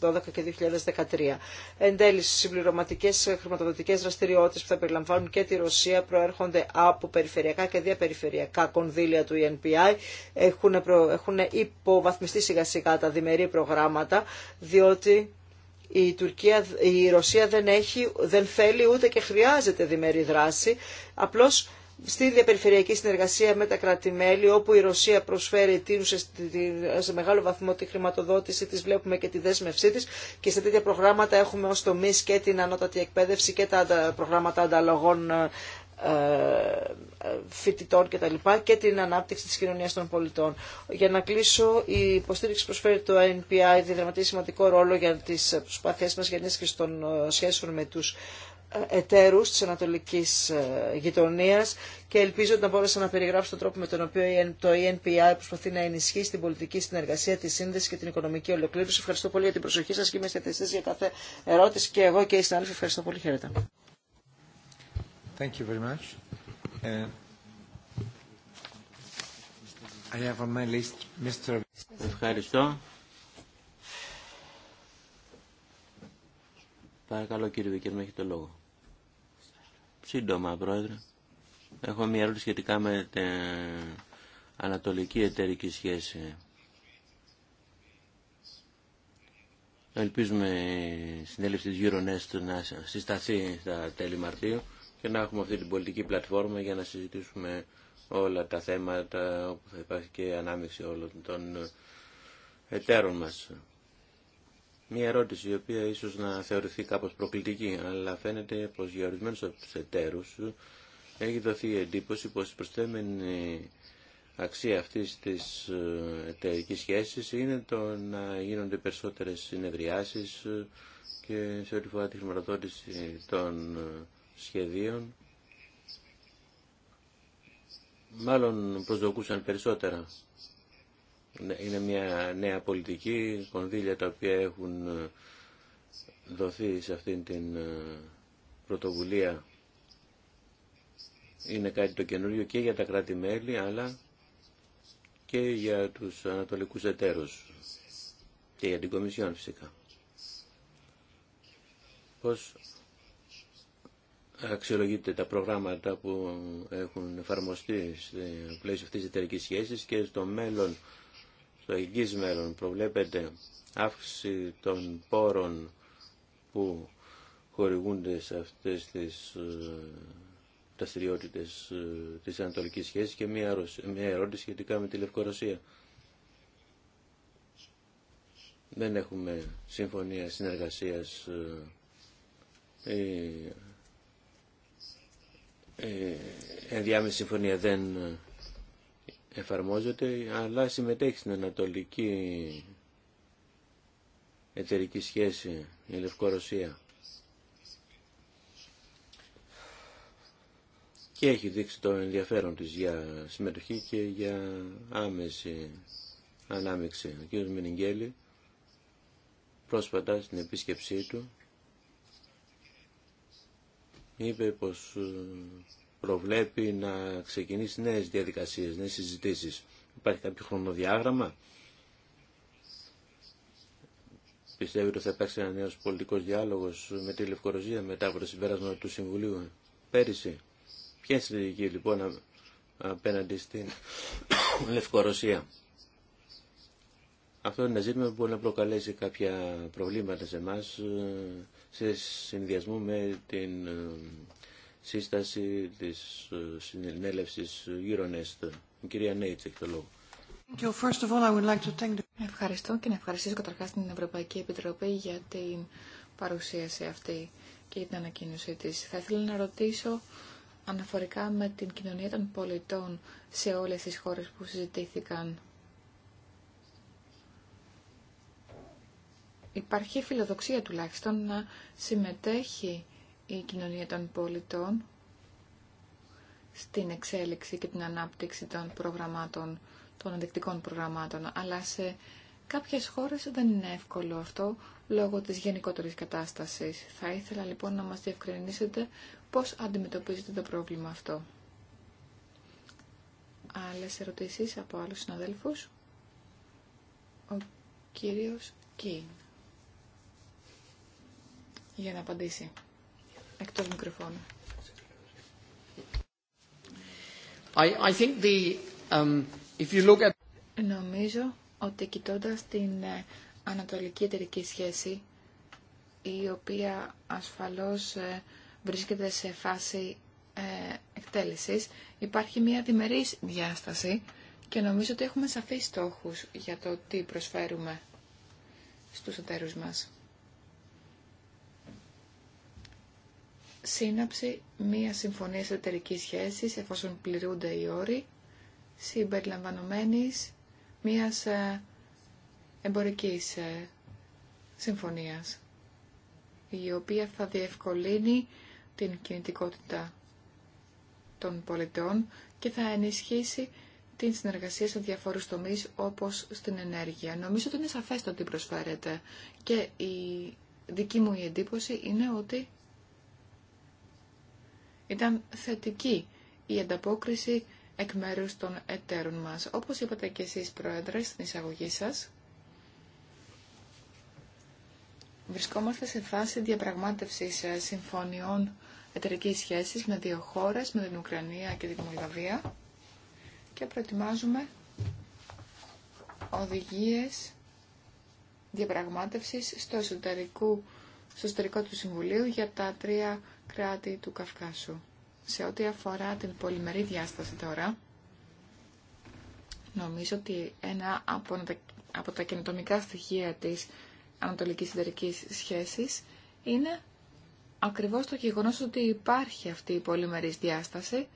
2012 και 2013. Εν τέλει, συμπληρωματικές χρηματοδοτικές δραστηριότητε που θα περιλαμβάνουν και τη Ρωσία προέρχονται από περιφερειακά και διαπεριφερειακά κονδύλια του ENPI. Έχουν, προ... έχουν υποβαθμιστεί σιγά σιγά τα διμερεί προγράμματα, διότι η, Τουρκία, η Ρωσία δεν, έχει, δεν θέλει ούτε και χρειάζεται διμερή δράση. Απλώς στη διαπεριφερειακή συνεργασία με τα κρατη όπου η Ρωσία προσφέρει την, σε μεγάλο βαθμό τη χρηματοδότηση, τη βλέπουμε και τη δέσμευσή τη και σε τέτοια προγράμματα έχουμε ω τομεί και την ανώτατη εκπαίδευση και τα προγράμματα ανταλλαγών ε, ε, φοιτητών και τα λοιπά και την ανάπτυξη της κοινωνίας των πολιτών. Για να κλείσω, η υποστήριξη προσφέρει το NPI διδραματίζει σημαντικό ρόλο για τις προσπάθειές μας για ενίσχυση των ε, σχέσεων με τους εταίρους της ανατολικής ε, γειτονίας και ελπίζω ότι να μπόρεσα να περιγράψω τον τρόπο με τον οποίο το ENPI προσπαθεί να ενισχύσει την πολιτική συνεργασία, τη σύνδεση και την οικονομική ολοκλήρωση. Ευχαριστώ πολύ για την προσοχή σας και είμαστε στη για κάθε ερώτηση και εγώ και οι συνάδελφοι ευχαριστώ πολύ. Χαίρετε. Thank you very much. Ε, I have on my list Mr. Ευχαριστώ. Παρακαλώ κύριε με έχετε το λόγο. Σύντομα, Πρόεδρε. Έχω μια ερώτηση σχετικά με την ανατολική εταιρική σχέση. Ελπίζουμε η συνέλευση της Euronest να συσταθεί στα τέλη Μαρτίου και να έχουμε αυτή την πολιτική πλατφόρμα για να συζητήσουμε όλα τα θέματα όπου θα υπάρχει και ανάμειξη όλων των εταίρων μας. Μία ερώτηση η οποία ίσως να θεωρηθεί κάπως προκλητική, αλλά φαίνεται πως για ορισμένους από τους εταίρους έχει δοθεί εντύπωση πως η προσθέμενη αξία αυτής της ε, εταιρικής σχέσης είναι το να γίνονται περισσότερες συνεδριάσεις ε, και σε ό,τι φορά τη χρηματοδότηση των ε, σχεδίων μάλλον προσδοκούσαν περισσότερα ναι, είναι μια νέα πολιτική, κονδύλια τα οποία έχουν ε, δοθεί σε αυτήν την ε, πρωτοβουλία είναι κάτι το καινούριο και για τα κράτη-μέλη αλλά και για τους ανατολικούς εταίρους και για την Κομισιόν φυσικά. Πώς αξιολογείτε τα προγράμματα που έχουν εφαρμοστεί στο πλαίσιο αυτής της εταιρικής σχέσης και στο μέλλον στο εγγύς μέλλον προβλέπεται αύξηση των πόρων που χορηγούνται σε αυτές τις δραστηριότητε ε, ε, της Ανατολικής Σχέσης και μια ερώτηση σχετικά με τη Λευκορωσία. Δεν έχουμε συμφωνία συνεργασίας ε, ενδιάμεση συμφωνία δεν εφαρμόζεται, αλλά συμμετέχει στην ανατολική εταιρική σχέση η Λευκορωσία. Και έχει δείξει το ενδιαφέρον της για συμμετοχή και για άμεση ανάμειξη. Ο κ. Μινιγγέλη πρόσφατα στην επίσκεψή του είπε πως ε, προβλέπει να ξεκινήσει νέες διαδικασίες, νέες συζητήσεις. Υπάρχει κάποιο χρονοδιάγραμμα. Πιστεύει ότι θα υπάρξει ένα νέος πολιτικός διάλογος με τη Λευκορωσία μετά από το συμπέρασμα του Συμβουλίου πέρυσι. Ποια είναι η στρατηγική λοιπόν απέναντι στην Λευκορωσία. Αυτό είναι ένα ζήτημα που μπορεί να προκαλέσει κάποια προβλήματα σε εμά ε, σε συνδυασμό με την ε, σύσταση της ε, συνελεύσης γύρω Η κυρία Νέιτς έχει το λόγο. Ευχαριστώ και να ευχαριστήσω καταρχάς την Ευρωπαϊκή Επιτροπή για την παρουσίαση αυτή και την ανακοίνωσή της. Θα ήθελα να ρωτήσω αναφορικά με την κοινωνία των πολιτών σε όλες τις χώρες που συζητήθηκαν. Υπάρχει φιλοδοξία τουλάχιστον να συμμετέχει η κοινωνία των πολιτών στην εξέλιξη και την ανάπτυξη των προγραμμάτων, των ενδεικτικών προγραμμάτων, αλλά σε κάποιες χώρες δεν είναι εύκολο αυτό λόγω της γενικότερης κατάστασης. Θα ήθελα λοιπόν να μας διευκρινίσετε πώς αντιμετωπίζετε το πρόβλημα αυτό. Άλλες ερωτήσεις από άλλους συναδέλφους. Ο κύριος Κιν. Για να απαντήσει εκτός μικροφώνου. I, um, Νομίζω ότι κοιτώντας την ε, ανατολική εταιρική σχέση, η οποία ασφαλώς ε, βρίσκεται σε φάση ε, εκτέλεσης, υπάρχει μια διμερής διάσταση και νομίζω ότι έχουμε σαφείς στόχους για το τι προσφέρουμε στους εταίρους μας. σύναψη μία συμφωνία εταιρική σχέσης εφόσον πληρούνται οι όροι συμπεριλαμβανομένης μίας ε, εμπορικής ε, συμφωνίας η οποία θα διευκολύνει την κινητικότητα των πολιτών και θα ενισχύσει την συνεργασία σε διαφόρους τομείς όπως στην ενέργεια. Νομίζω ότι είναι σαφές το τι προσφέρεται και η δική μου εντύπωση είναι ότι ήταν θετική η ανταπόκριση εκ μέρους των εταίρων μας. Όπως είπατε και εσείς, Πρόεδρε, στην εισαγωγή σας, βρισκόμαστε σε φάση διαπραγμάτευσης ε, συμφωνιών εταιρική σχέσης με δύο χώρες, με την Ουκρανία και την Μολδαβία και προετοιμάζουμε οδηγίες διαπραγμάτευσης στο στο εσωτερικό του Συμβουλίου για τα τρία κράτη του Καυκάσου. Σε ό,τι αφορά την πολυμερή διάσταση τώρα, νομίζω ότι ένα από, από τα καινοτομικά στοιχεία της ανατολικής συντερικής σχέσης είναι ακριβώς το γεγονός ότι υπάρχει αυτή η πολυμερή διάσταση,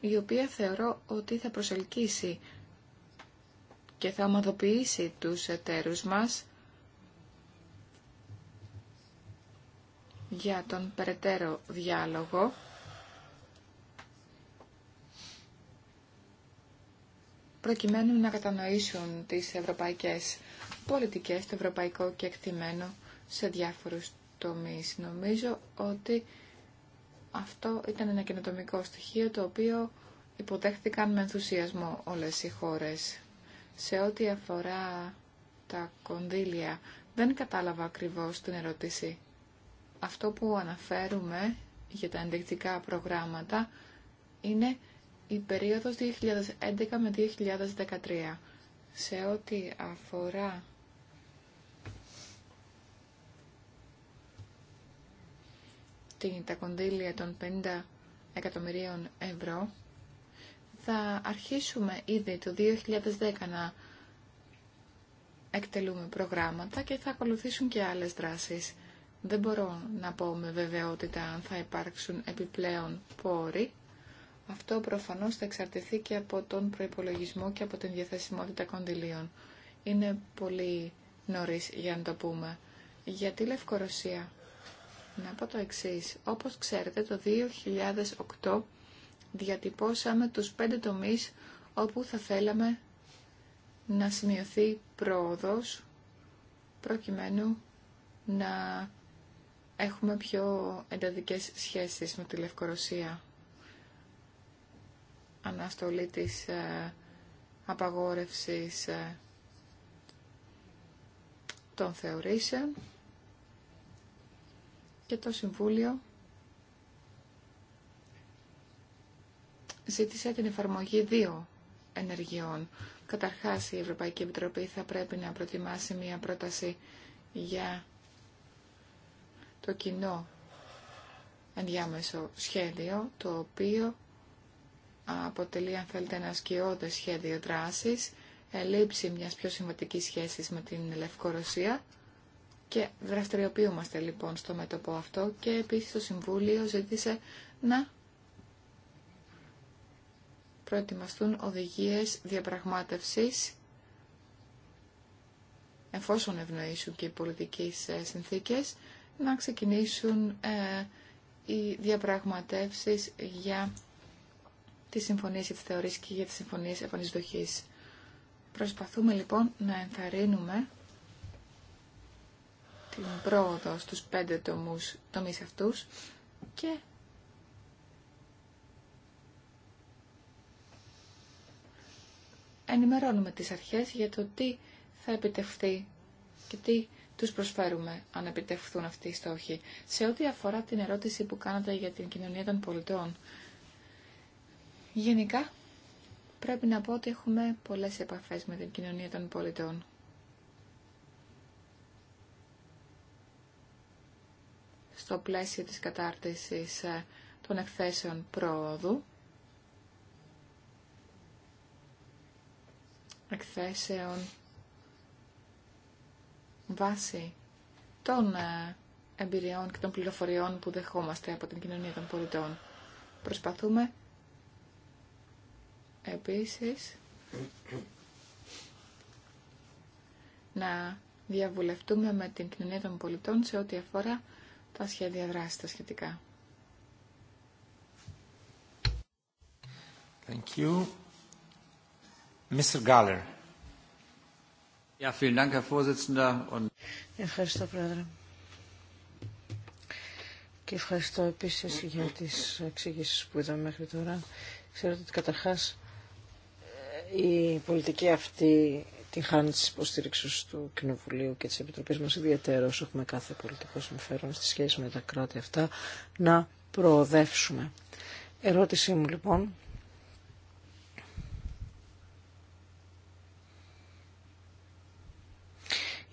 η οποία θεωρώ ότι θα προσελκύσει και θα ομαδοποιήσει τους εταίρους μας για τον περαιτέρω διάλογο. προκειμένου να κατανοήσουν τις ευρωπαϊκές πολιτικές, το ευρωπαϊκό και εκτιμένο σε διάφορους τομείς. Νομίζω ότι αυτό ήταν ένα καινοτομικό στοιχείο το οποίο υποτέχθηκαν με ενθουσιασμό όλες οι χώρες. Σε ό,τι αφορά τα κονδύλια, δεν κατάλαβα ακριβώς την ερώτηση αυτό που αναφέρουμε για τα ενδεικτικά προγράμματα είναι η περίοδος 2011 με 2013. Σε ό,τι αφορά την, τα κονδύλια των 50 εκατομμυρίων ευρώ, θα αρχίσουμε ήδη το 2010 να εκτελούμε προγράμματα και θα ακολουθήσουν και άλλες δράσεις. Δεν μπορώ να πω με βεβαιότητα αν θα υπάρξουν επιπλέον πόροι. Αυτό προφανώς θα εξαρτηθεί και από τον προϋπολογισμό και από την διαθεσιμότητα κονδυλίων. Είναι πολύ νωρίς για να το πούμε. Γιατί Λευκορωσία, να πω το εξής. Όπως ξέρετε, το 2008 διατυπώσαμε τους πέντε τομείς όπου θα θέλαμε να σημειωθεί πρόοδος προκειμένου να έχουμε πιο εντατικές σχέσεις με τη Λευκορωσία. Αναστολή της ε, απαγόρευσης ε, των θεωρήσεων και το Συμβούλιο ζήτησε την εφαρμογή δύο ενεργειών. Καταρχάς η Ευρωπαϊκή Επιτροπή θα πρέπει να προτιμάσει μια πρόταση για το κοινό ενδιάμεσο σχέδιο, το οποίο αποτελεί, αν θέλετε, ένα σκιώδες σχέδιο δράσης, ελήψη μιας πιο σημαντική σχέσης με την Λευκορωσία και δραστηριοποιούμαστε λοιπόν στο μέτωπο αυτό και επίσης το Συμβούλιο ζήτησε να προετοιμαστούν οδηγίες διαπραγμάτευσης εφόσον ευνοήσουν και οι πολιτικές ε, συνθήκες να ξεκινήσουν ε, οι διαπραγματεύσεις για τις συμφωνίες για θεωρή και για τις συμφωνίες επανεισδοχής. Προσπαθούμε λοιπόν να ενθαρρύνουμε την πρόοδο στους πέντε τομούς, τομείς αυτούς και ενημερώνουμε τις αρχές για το τι θα επιτευχθεί και τι τους προσφέρουμε αν επιτευχθούν αυτοί οι στόχοι. Σε ό,τι αφορά την ερώτηση που κάνατε για την κοινωνία των πολιτών, γενικά πρέπει να πω ότι έχουμε πολλές επαφές με την κοινωνία των πολιτών. Στο πλαίσιο της κατάρτισης ε, των εκθέσεων πρόοδου, εκθέσεων βάση των ε, εμπειριών και των πληροφοριών που δεχόμαστε από την κοινωνία των πολιτών. Προσπαθούμε επίσης να διαβουλευτούμε με την κοινωνία των πολιτών σε ό,τι αφορά τα σχέδια δράσης τα σχετικά. Thank you. Mr. Ευχαριστώ, Πρόεδρε. Και ευχαριστώ επίση για τι εξήγησει που είδαμε μέχρι τώρα. Ξέρετε ότι καταρχά η πολιτική αυτή την χάνει τη υποστήριξη του Κοινοβουλίου και τη Επιτροπή μα, ιδιαίτερα όσο έχουμε κάθε πολιτικό συμφέρον στη σχέση με τα κράτη αυτά, να προοδεύσουμε. Ερώτησή μου λοιπόν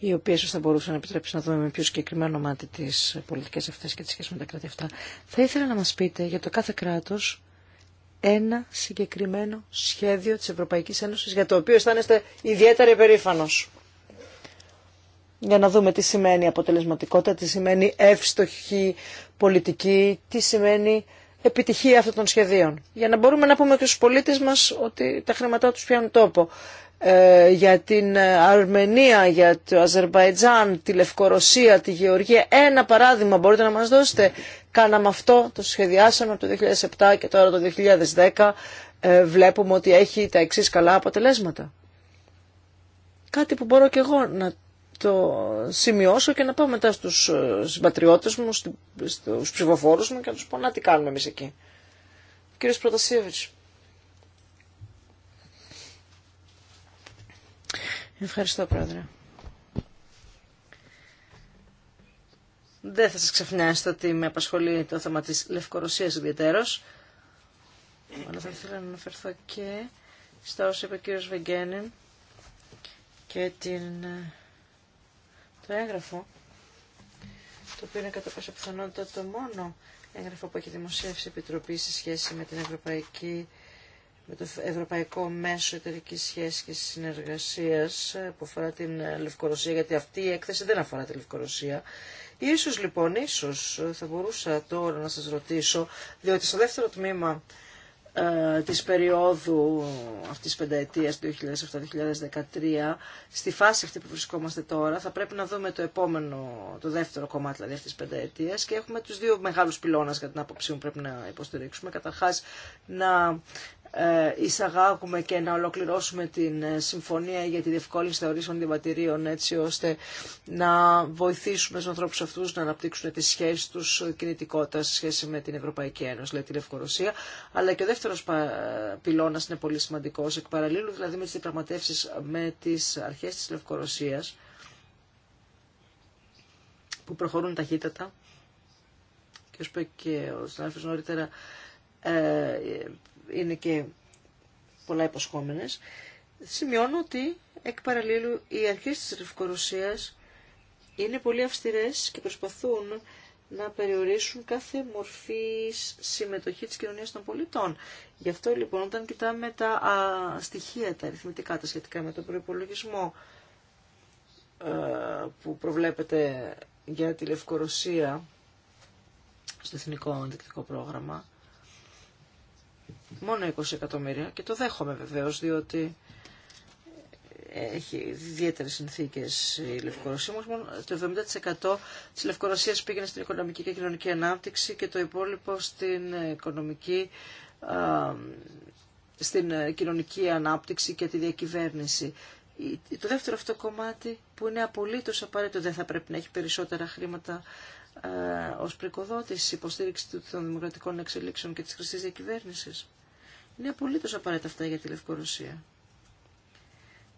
οι οποίε θα μπορούσαν να επιτρέψουν να δούμε με πιο συγκεκριμένο μάτι τι πολιτικέ αυτέ και τι σχέσει με τα κράτη αυτά. Θα ήθελα να μα πείτε για το κάθε κράτο ένα συγκεκριμένο σχέδιο τη Ευρωπαϊκή Ένωση για το οποίο αισθάνεστε ιδιαίτερα υπερήφανο. Για να δούμε τι σημαίνει αποτελεσματικότητα, τι σημαίνει εύστοχη πολιτική, τι σημαίνει επιτυχία αυτών των σχεδίων. Για να μπορούμε να πούμε και στους πολίτες μας ότι τα χρήματά τους πιάνουν τόπο. Ε, για την Αρμενία, για το Αζερβαϊτζάν, τη Λευκορωσία, τη Γεωργία. Ένα παράδειγμα μπορείτε να μας δώσετε. Κάναμε αυτό, το σχεδιάσαμε από το 2007 και τώρα το 2010 ε, βλέπουμε ότι έχει τα εξής καλά αποτελέσματα. Κάτι που μπορώ και εγώ να το σημειώσω και να πάω μετά στους ε, συμπατριώτες μου, στους ψηφοφόρους μου και να τους πω να τι κάνουμε εμείς εκεί. κύριος Ευχαριστώ πρόεδρε. Δεν θα σας ξεφνιάσετε ότι με απασχολεί το θέμα της Λευκορωσίας ιδιαίτερος. Αλλά θα ήθελα να αναφερθώ και στα όσα είπε ο κύριος Βεγγένιν και την ε, το έγγραφο, το οποίο είναι κατά πάσα πιθανότητα το μόνο έγγραφο που έχει δημοσιεύσει η Επιτροπή σε σχέση με, την Ευρωπαϊκή, με το Ευρωπαϊκό Μέσο Εταιρική Σχέση και Συνεργασία ε, που αφορά την ε, Λευκορωσία, γιατί αυτή η έκθεση δεν αφορά τη Λευκορωσία. Ίσως λοιπόν, ίσως θα μπορούσα τώρα να σας ρωτήσω, διότι στο δεύτερο τμήμα ε, της περίοδου αυτής της πενταετίας 2007-2013 στη φάση αυτή που βρισκόμαστε τώρα θα πρέπει να δούμε το επόμενο το δεύτερο κομμάτι δηλαδή αυτής της πενταετίας και έχουμε τους δύο μεγάλους πυλώνας για την άποψή μου πρέπει να υποστηρίξουμε καταρχάς να ε, εισαγάγουμε και να ολοκληρώσουμε την ε, συμφωνία για τη διευκόλυνση θεωρήσεων διαβατηρίων έτσι ώστε να βοηθήσουμε στους ανθρώπους αυτούς να αναπτύξουν τις σχέσεις τους κινητικότητα σε σχέση με την Ευρωπαϊκή Ένωση, δηλαδή τη Λευκορωσία. Αλλά και ο δεύτερος πυλώνας είναι πολύ σημαντικός, εκ παραλλήλου δηλαδή με τις διαπραγματεύσεις με τις αρχές της Λευκορωσίας που προχωρούν ταχύτατα και ως είπε και ο συνάδελφος νωρίτερα ε, είναι και πολλά υποσχόμενες, σημειώνω ότι εκ παραλλήλου οι αρχές της Ρευκορωσίας είναι πολύ αυστηρές και προσπαθούν να περιορίσουν κάθε μορφή συμμετοχή της κοινωνίας των πολιτών. Γι' αυτό λοιπόν όταν κοιτάμε τα α, στοιχεία, τα αριθμητικά, τα σχετικά με τον προϋπολογισμό ε, που προβλέπεται για τη Λευκορωσία στο Εθνικό Ενδεικτικό Πρόγραμμα, μόνο 20 εκατομμύρια και το δέχομαι βεβαίως διότι έχει ιδιαίτερες συνθήκες η Λευκορωσία, μόνο το 70% της Λευκορωσίας πήγαινε στην οικονομική και κοινωνική ανάπτυξη και το υπόλοιπο στην οικονομική στην κοινωνική ανάπτυξη και τη διακυβέρνηση. Το δεύτερο αυτό κομμάτι που είναι απολύτως απαραίτητο δεν θα πρέπει να έχει περισσότερα χρήματα ως πρικοδότηση υποστήριξη των δημοκρατικών εξελίξεων και της χρηστής διακυβέρνησης. Είναι απολύτω απαραίτητα αυτά για τη Λευκορωσία.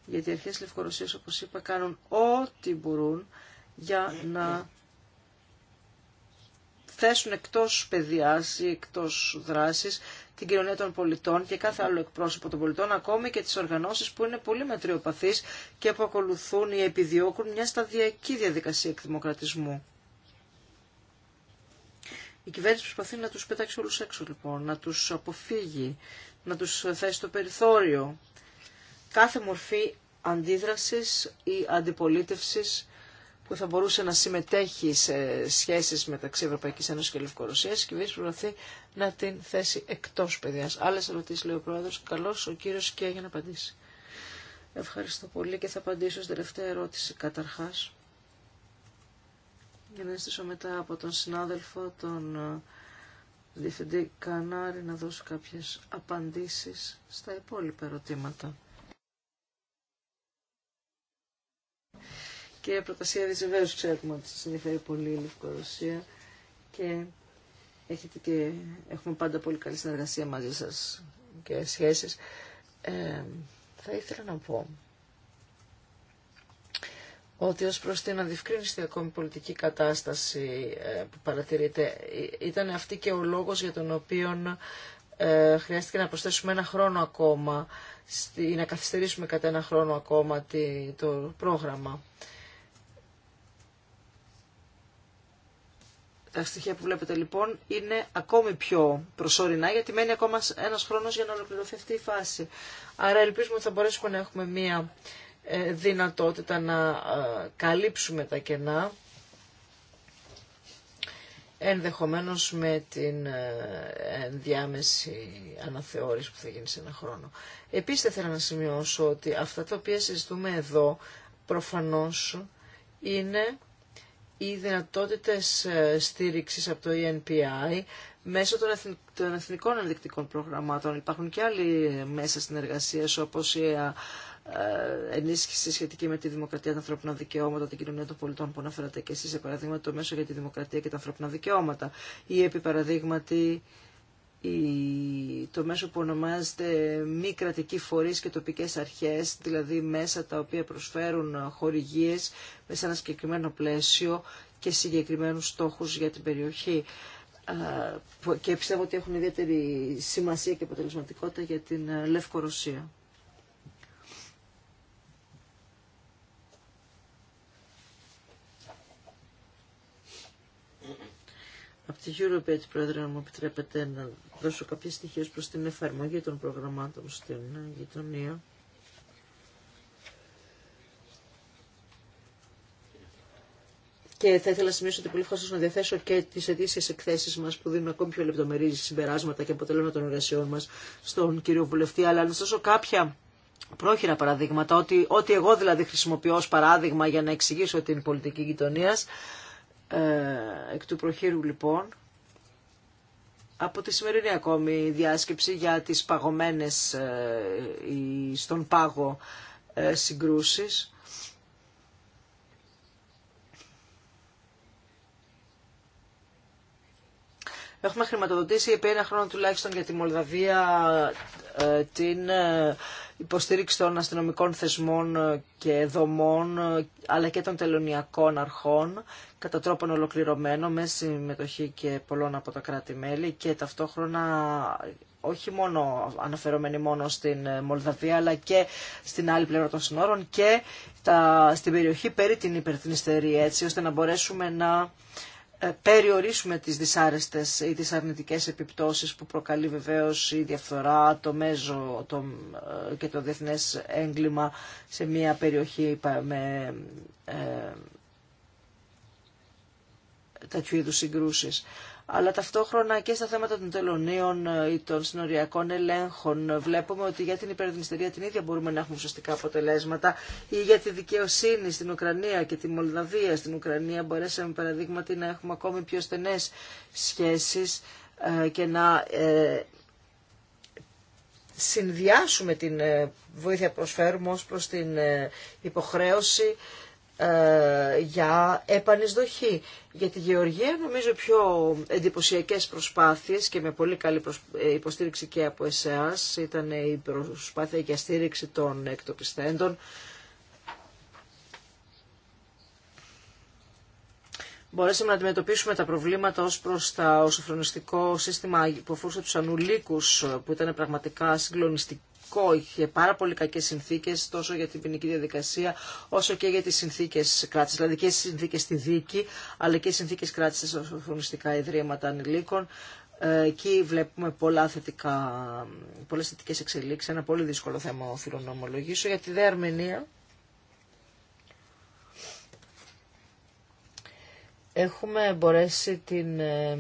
Γιατί οι αρχέ τη Λευκορωσία, όπω είπα, κάνουν ό,τι μπορούν για να θέσουν εκτό παιδιά ή εκτό δράσης την κοινωνία των πολιτών και κάθε άλλο εκπρόσωπο των πολιτών, ακόμη και τι οργανώσει που είναι πολύ μετριοπαθεί και που ακολουθούν ή επιδιώκουν μια σταδιακή διαδικασία εκδημοκρατισμού. Η κυβέρνηση προσπαθεί να τους πέταξει όλους έξω λοιπόν, να τους αποφύγει, να τους θέσει στο περιθώριο. Κάθε μορφή αντίδρασης ή αντιπολίτευσης που θα μπορούσε να συμμετέχει σε σχέσεις μεταξύ Ευρωπαϊκής Ένωσης και Λευκορωσίας και βέβαια προσπαθεί να την θέσει εκτός παιδιάς. Άλλες ερωτήσεις λέει ο Πρόεδρος. Καλώς ο κύριος και για να απαντήσει. Ευχαριστώ πολύ και θα απαντήσω στην τελευταία ερώτηση καταρχάς. Για να μετά από τον συνάδελφο τον Διευθυντή Κανάρη να δώσει κάποιες απαντήσεις στα υπόλοιπα ερωτήματα. Και η προτασία της ξέρουμε ότι ενδιαφέρει πολύ η Λευκορωσία και, έχετε και έχουμε πάντα πολύ καλή συνεργασία μαζί σα και σχέσεις. Ε, θα ήθελα να πω ότι ως προς την αδιευκρίνηστη ακόμη πολιτική κατάσταση ε, που παρατηρείται ε, ήταν αυτή και ο λόγος για τον οποίο ε, χρειάστηκε να προσθέσουμε ένα χρόνο ακόμα ή να καθυστερήσουμε κατά ένα χρόνο ακόμα το πρόγραμμα. Τα στοιχεία που βλέπετε λοιπόν είναι ακόμη πιο προσωρινά γιατί μένει ακόμα ένας χρόνος για να ολοκληρωθεί αυτή η φάση. Άρα ελπίζουμε ότι θα μπορέσουμε να έχουμε μία ε, δυνατότητα να ε, καλύψουμε τα κενά ενδεχομένως με την ε, διάμεση αναθεώρηση που θα γίνει σε ένα χρόνο. Επίσης θέλω να σημειώσω ότι αυτά τα οποία συζητούμε εδώ προφανώς είναι οι δυνατότητες στήριξης από το ENPI μέσω των εθνικών ενδεικτικών προγραμμάτων. Υπάρχουν και άλλοι μέσα συνεργασίες όπως η ε, ενίσχυση σχετική με τη δημοκρατία, τα ανθρώπινα δικαιώματα, την κοινωνία των πολιτών που αναφέρατε και εσεί, σε παραδείγμα το μέσο για τη δημοκρατία και τα ανθρώπινα δικαιώματα ή επί παραδείγματι το μέσο που ονομάζεται μη κρατικοί φορείς και τοπικές αρχές, δηλαδή μέσα τα οποία προσφέρουν χορηγίες μέσα σε ένα συγκεκριμένο πλαίσιο και συγκεκριμένους στόχους για την περιοχή και πιστεύω ότι έχουν ιδιαίτερη σημασία και αποτελεσματικότητα για την ε, Λευκορωσία. από τη Europe, πρόεδρε, να μου επιτρέπετε να δώσω κάποιε στοιχεία προς την εφαρμογή των προγραμμάτων στην γειτονία. Και θα ήθελα να σημειώσω ότι πολύ ευχαριστώ να διαθέσω και τι αιτήσει εκθέσει μα που δίνουν ακόμη πιο λεπτομερεί συμπεράσματα και αποτελέσματα των εργασιών μα στον κύριο Βουλευτή. Αλλά να δώσω κάποια πρόχειρα παραδείγματα, ότι, ότι εγώ δηλαδή χρησιμοποιώ ω παράδειγμα για να εξηγήσω την πολιτική γειτονία. Ε, εκ του προχείρου λοιπόν από τη σημερινή ακόμη διάσκεψη για τις παγωμένες ε, στον πάγο ε, συγκρούσεις Έχουμε χρηματοδοτήσει επί ένα χρόνο τουλάχιστον για τη Μολδαβία ε, την ε, υποστήριξη των αστυνομικών θεσμών ε, και δομών αλλά και των τελωνιακών αρχών κατά τρόπον ολοκληρωμένο με συμμετοχή και πολλών από τα κράτη-μέλη και ταυτόχρονα όχι μόνο αναφερόμενοι μόνο στην Μολδαβία αλλά και στην άλλη πλευρά των συνόρων και τα, στην περιοχή περί την υπερθυνιστερή έτσι ώστε να μπορέσουμε να ε, περιορίσουμε τις δυσάρεστες ή τις αρνητικές επιπτώσεις που προκαλεί βεβαίως η διαφθορά, το μέζο το, ε, και το διεθνές έγκλημα σε μια περιοχή με ε, τέτοιου είδους συγκρούσεις αλλά ταυτόχρονα και στα θέματα των τελωνίων ε, ή των συνοριακών ελέγχων ε, βλέπουμε ότι για την υπερδυνιστερία την ίδια μπορούμε να έχουμε σωστικά αποτελέσματα ή για τη δικαιοσύνη στην Ουκρανία και τη Μολδαβία στην Ουκρανία μπορέσαμε παραδείγματι να έχουμε ακόμη πιο στενές σχέσεις ε, και να συνδυάσουμε την βοήθεια προσφέρουμε ως προς την υποχρέωση ε, για επανεισδοχή. Για τη Γεωργία νομίζω πιο εντυπωσιακές προσπάθειες και με πολύ καλή ε, υποστήριξη και από εσάς ήταν η προσπάθεια για στήριξη των εκτοπιστέντων. Μπορέσαμε να αντιμετωπίσουμε τα προβλήματα ως προς το φρονιστικό σύστημα που αφορούσε τους ανουλίκους που ήταν πραγματικά συγκλονιστικοί Είχε πάρα πολύ κακέ συνθήκε τόσο για την ποινική διαδικασία όσο και για τι συνθήκε κράτηση. Δηλαδή και συνθήκε στη δίκη, αλλά και συνθήκε κράτηση στα ιδρύματα ανηλίκων. Ε, εκεί βλέπουμε πολλά θετικά, πολλές θετικές εξελίξεις. Ένα πολύ δύσκολο θέμα οφείλω να ομολογήσω. Για τη δε Αρμενία έχουμε μπορέσει την ε,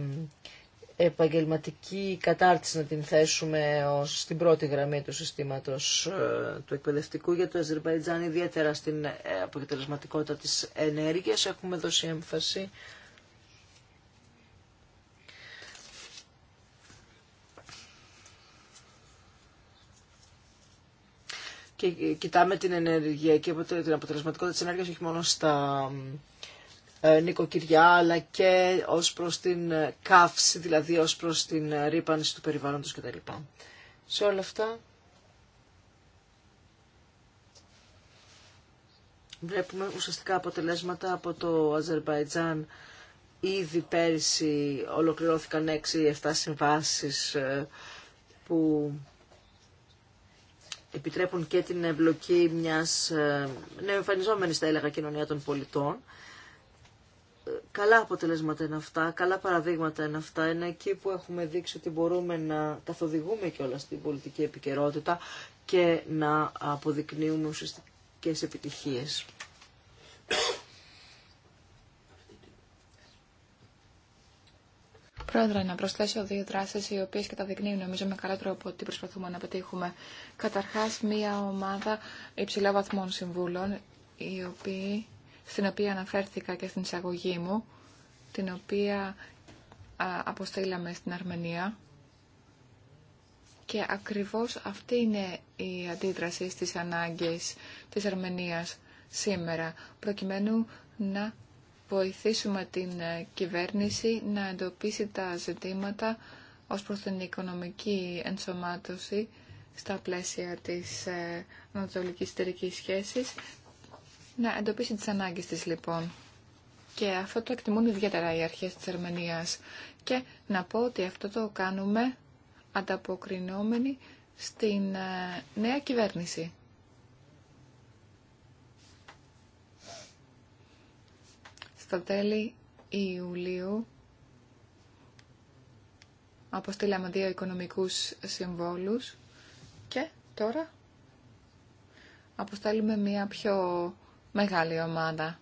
επαγγελματική κατάρτιση να την θέσουμε ως στην πρώτη γραμμή του συστήματος ε, του εκπαιδευτικού για το Αζερβαϊτζάν ιδιαίτερα στην ε, αποτελεσματικότητα της ενέργειας έχουμε δώσει έμφαση και κοιτάμε την ενεργειακή την αποτελεσματικότητα της ενέργειας όχι μόνο στα ε, νοικοκυριά αλλά και ως προς την ε, καύση, δηλαδή ως προς την ε, ρήπανση του περιβάλλοντος κτλ. Σε όλα αυτά βλέπουμε ουσιαστικά αποτελέσματα από το Αζερβαϊτζάν ήδη πέρυσι ολοκληρώθηκαν 6-7 συμβάσεις που επιτρέπουν και την εμπλοκή μιας νεοεμφανιζόμενης θα έλεγα κοινωνία των πολιτών καλά αποτελέσματα είναι αυτά, καλά παραδείγματα είναι αυτά. Είναι εκεί που έχουμε δείξει ότι μπορούμε να καθοδηγούμε και όλα στην πολιτική επικαιρότητα και να αποδεικνύουμε ουσιαστικές επιτυχίες. Πρόεδρε, να προσθέσω δύο δράσει οι οποίε καταδεικνύουν νομίζω με καλό τρόπο ότι προσπαθούμε να πετύχουμε. Καταρχά, μία ομάδα υψηλά βαθμών συμβούλων, οι οποίοι στην οποία αναφέρθηκα και στην εισαγωγή μου, την οποία αποστήλαμε στην Αρμενία. Και ακριβώς αυτή είναι η αντίδραση στις ανάγκες της Αρμενίας σήμερα, προκειμένου να βοηθήσουμε την ε, κυβέρνηση να εντοπίσει τα ζητήματα ως προς την οικονομική ενσωμάτωση στα πλαίσια της ε, ανατολικής Τερικής σχέσης να εντοπίσει τις ανάγκες της λοιπόν. Και αυτό το εκτιμούν ιδιαίτερα οι αρχές της Αρμενίας. Και να πω ότι αυτό το κάνουμε ανταποκρινόμενοι στην ε, νέα κυβέρνηση. Στο τέλη Ιουλίου αποστήλαμε δύο οικονομικούς συμβόλους και τώρα αποστέλουμε μια πιο Μεγάλη ομάδα.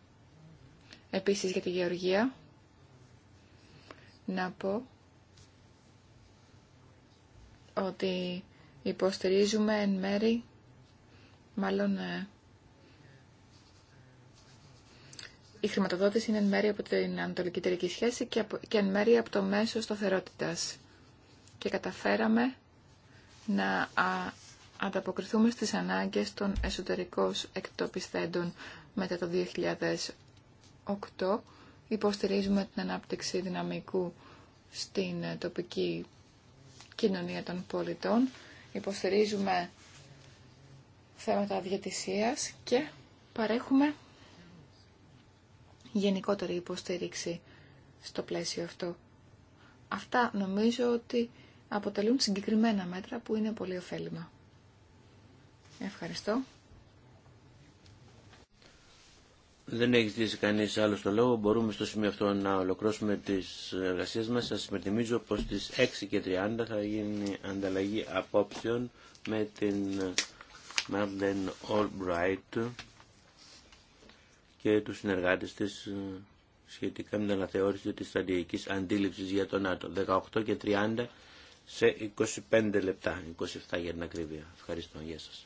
Επίσης για τη Γεωργία. Να πω ότι υποστηρίζουμε εν μέρη, μάλλον ε, η χρηματοδότηση είναι εν μέρη από την Ανατολική Τερική Σχέση και, και εν μέρη από το μέσο σταθερότητας. Και καταφέραμε να ανταποκριθούμε στις ανάγκες των εσωτερικών εκτοπιστέντων μετά το 2008. Υποστηρίζουμε την ανάπτυξη δυναμικού στην ε, τοπική κοινωνία των πολιτών. Υποστηρίζουμε θέματα διατησίας και παρέχουμε γενικότερη υποστήριξη στο πλαίσιο αυτό. Αυτά νομίζω ότι αποτελούν συγκεκριμένα μέτρα που είναι πολύ ωφέλιμα. Ευχαριστώ. Δεν έχει ζητήσει κανεί άλλο το λόγο. Μπορούμε στο σημείο αυτό να ολοκλώσουμε τι εργασίε μα. Σα υπενθυμίζω πω στι 6 θα γίνει ανταλλαγή απόψεων με την Μάρντεν Ολμπράιτ και του συνεργάτε τη σχετικά με την αναθεώρηση τη στρατηγική αντίληψη για τον ΝΑΤΟ. 18 και 30 σε 25 λεπτά, 27 για την ακρίβεια. Ευχαριστώ. Γεια σας.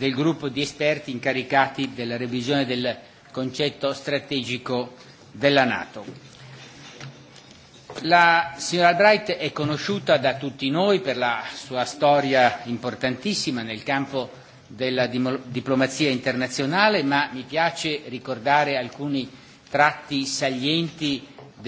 del gruppo di esperti incaricati della revisione del concetto strategico della Nato. La signora Albright è conosciuta da tutti noi per la sua storia importantissima nel campo della diplomazia internazionale, ma mi piace ricordare alcuni tratti salienti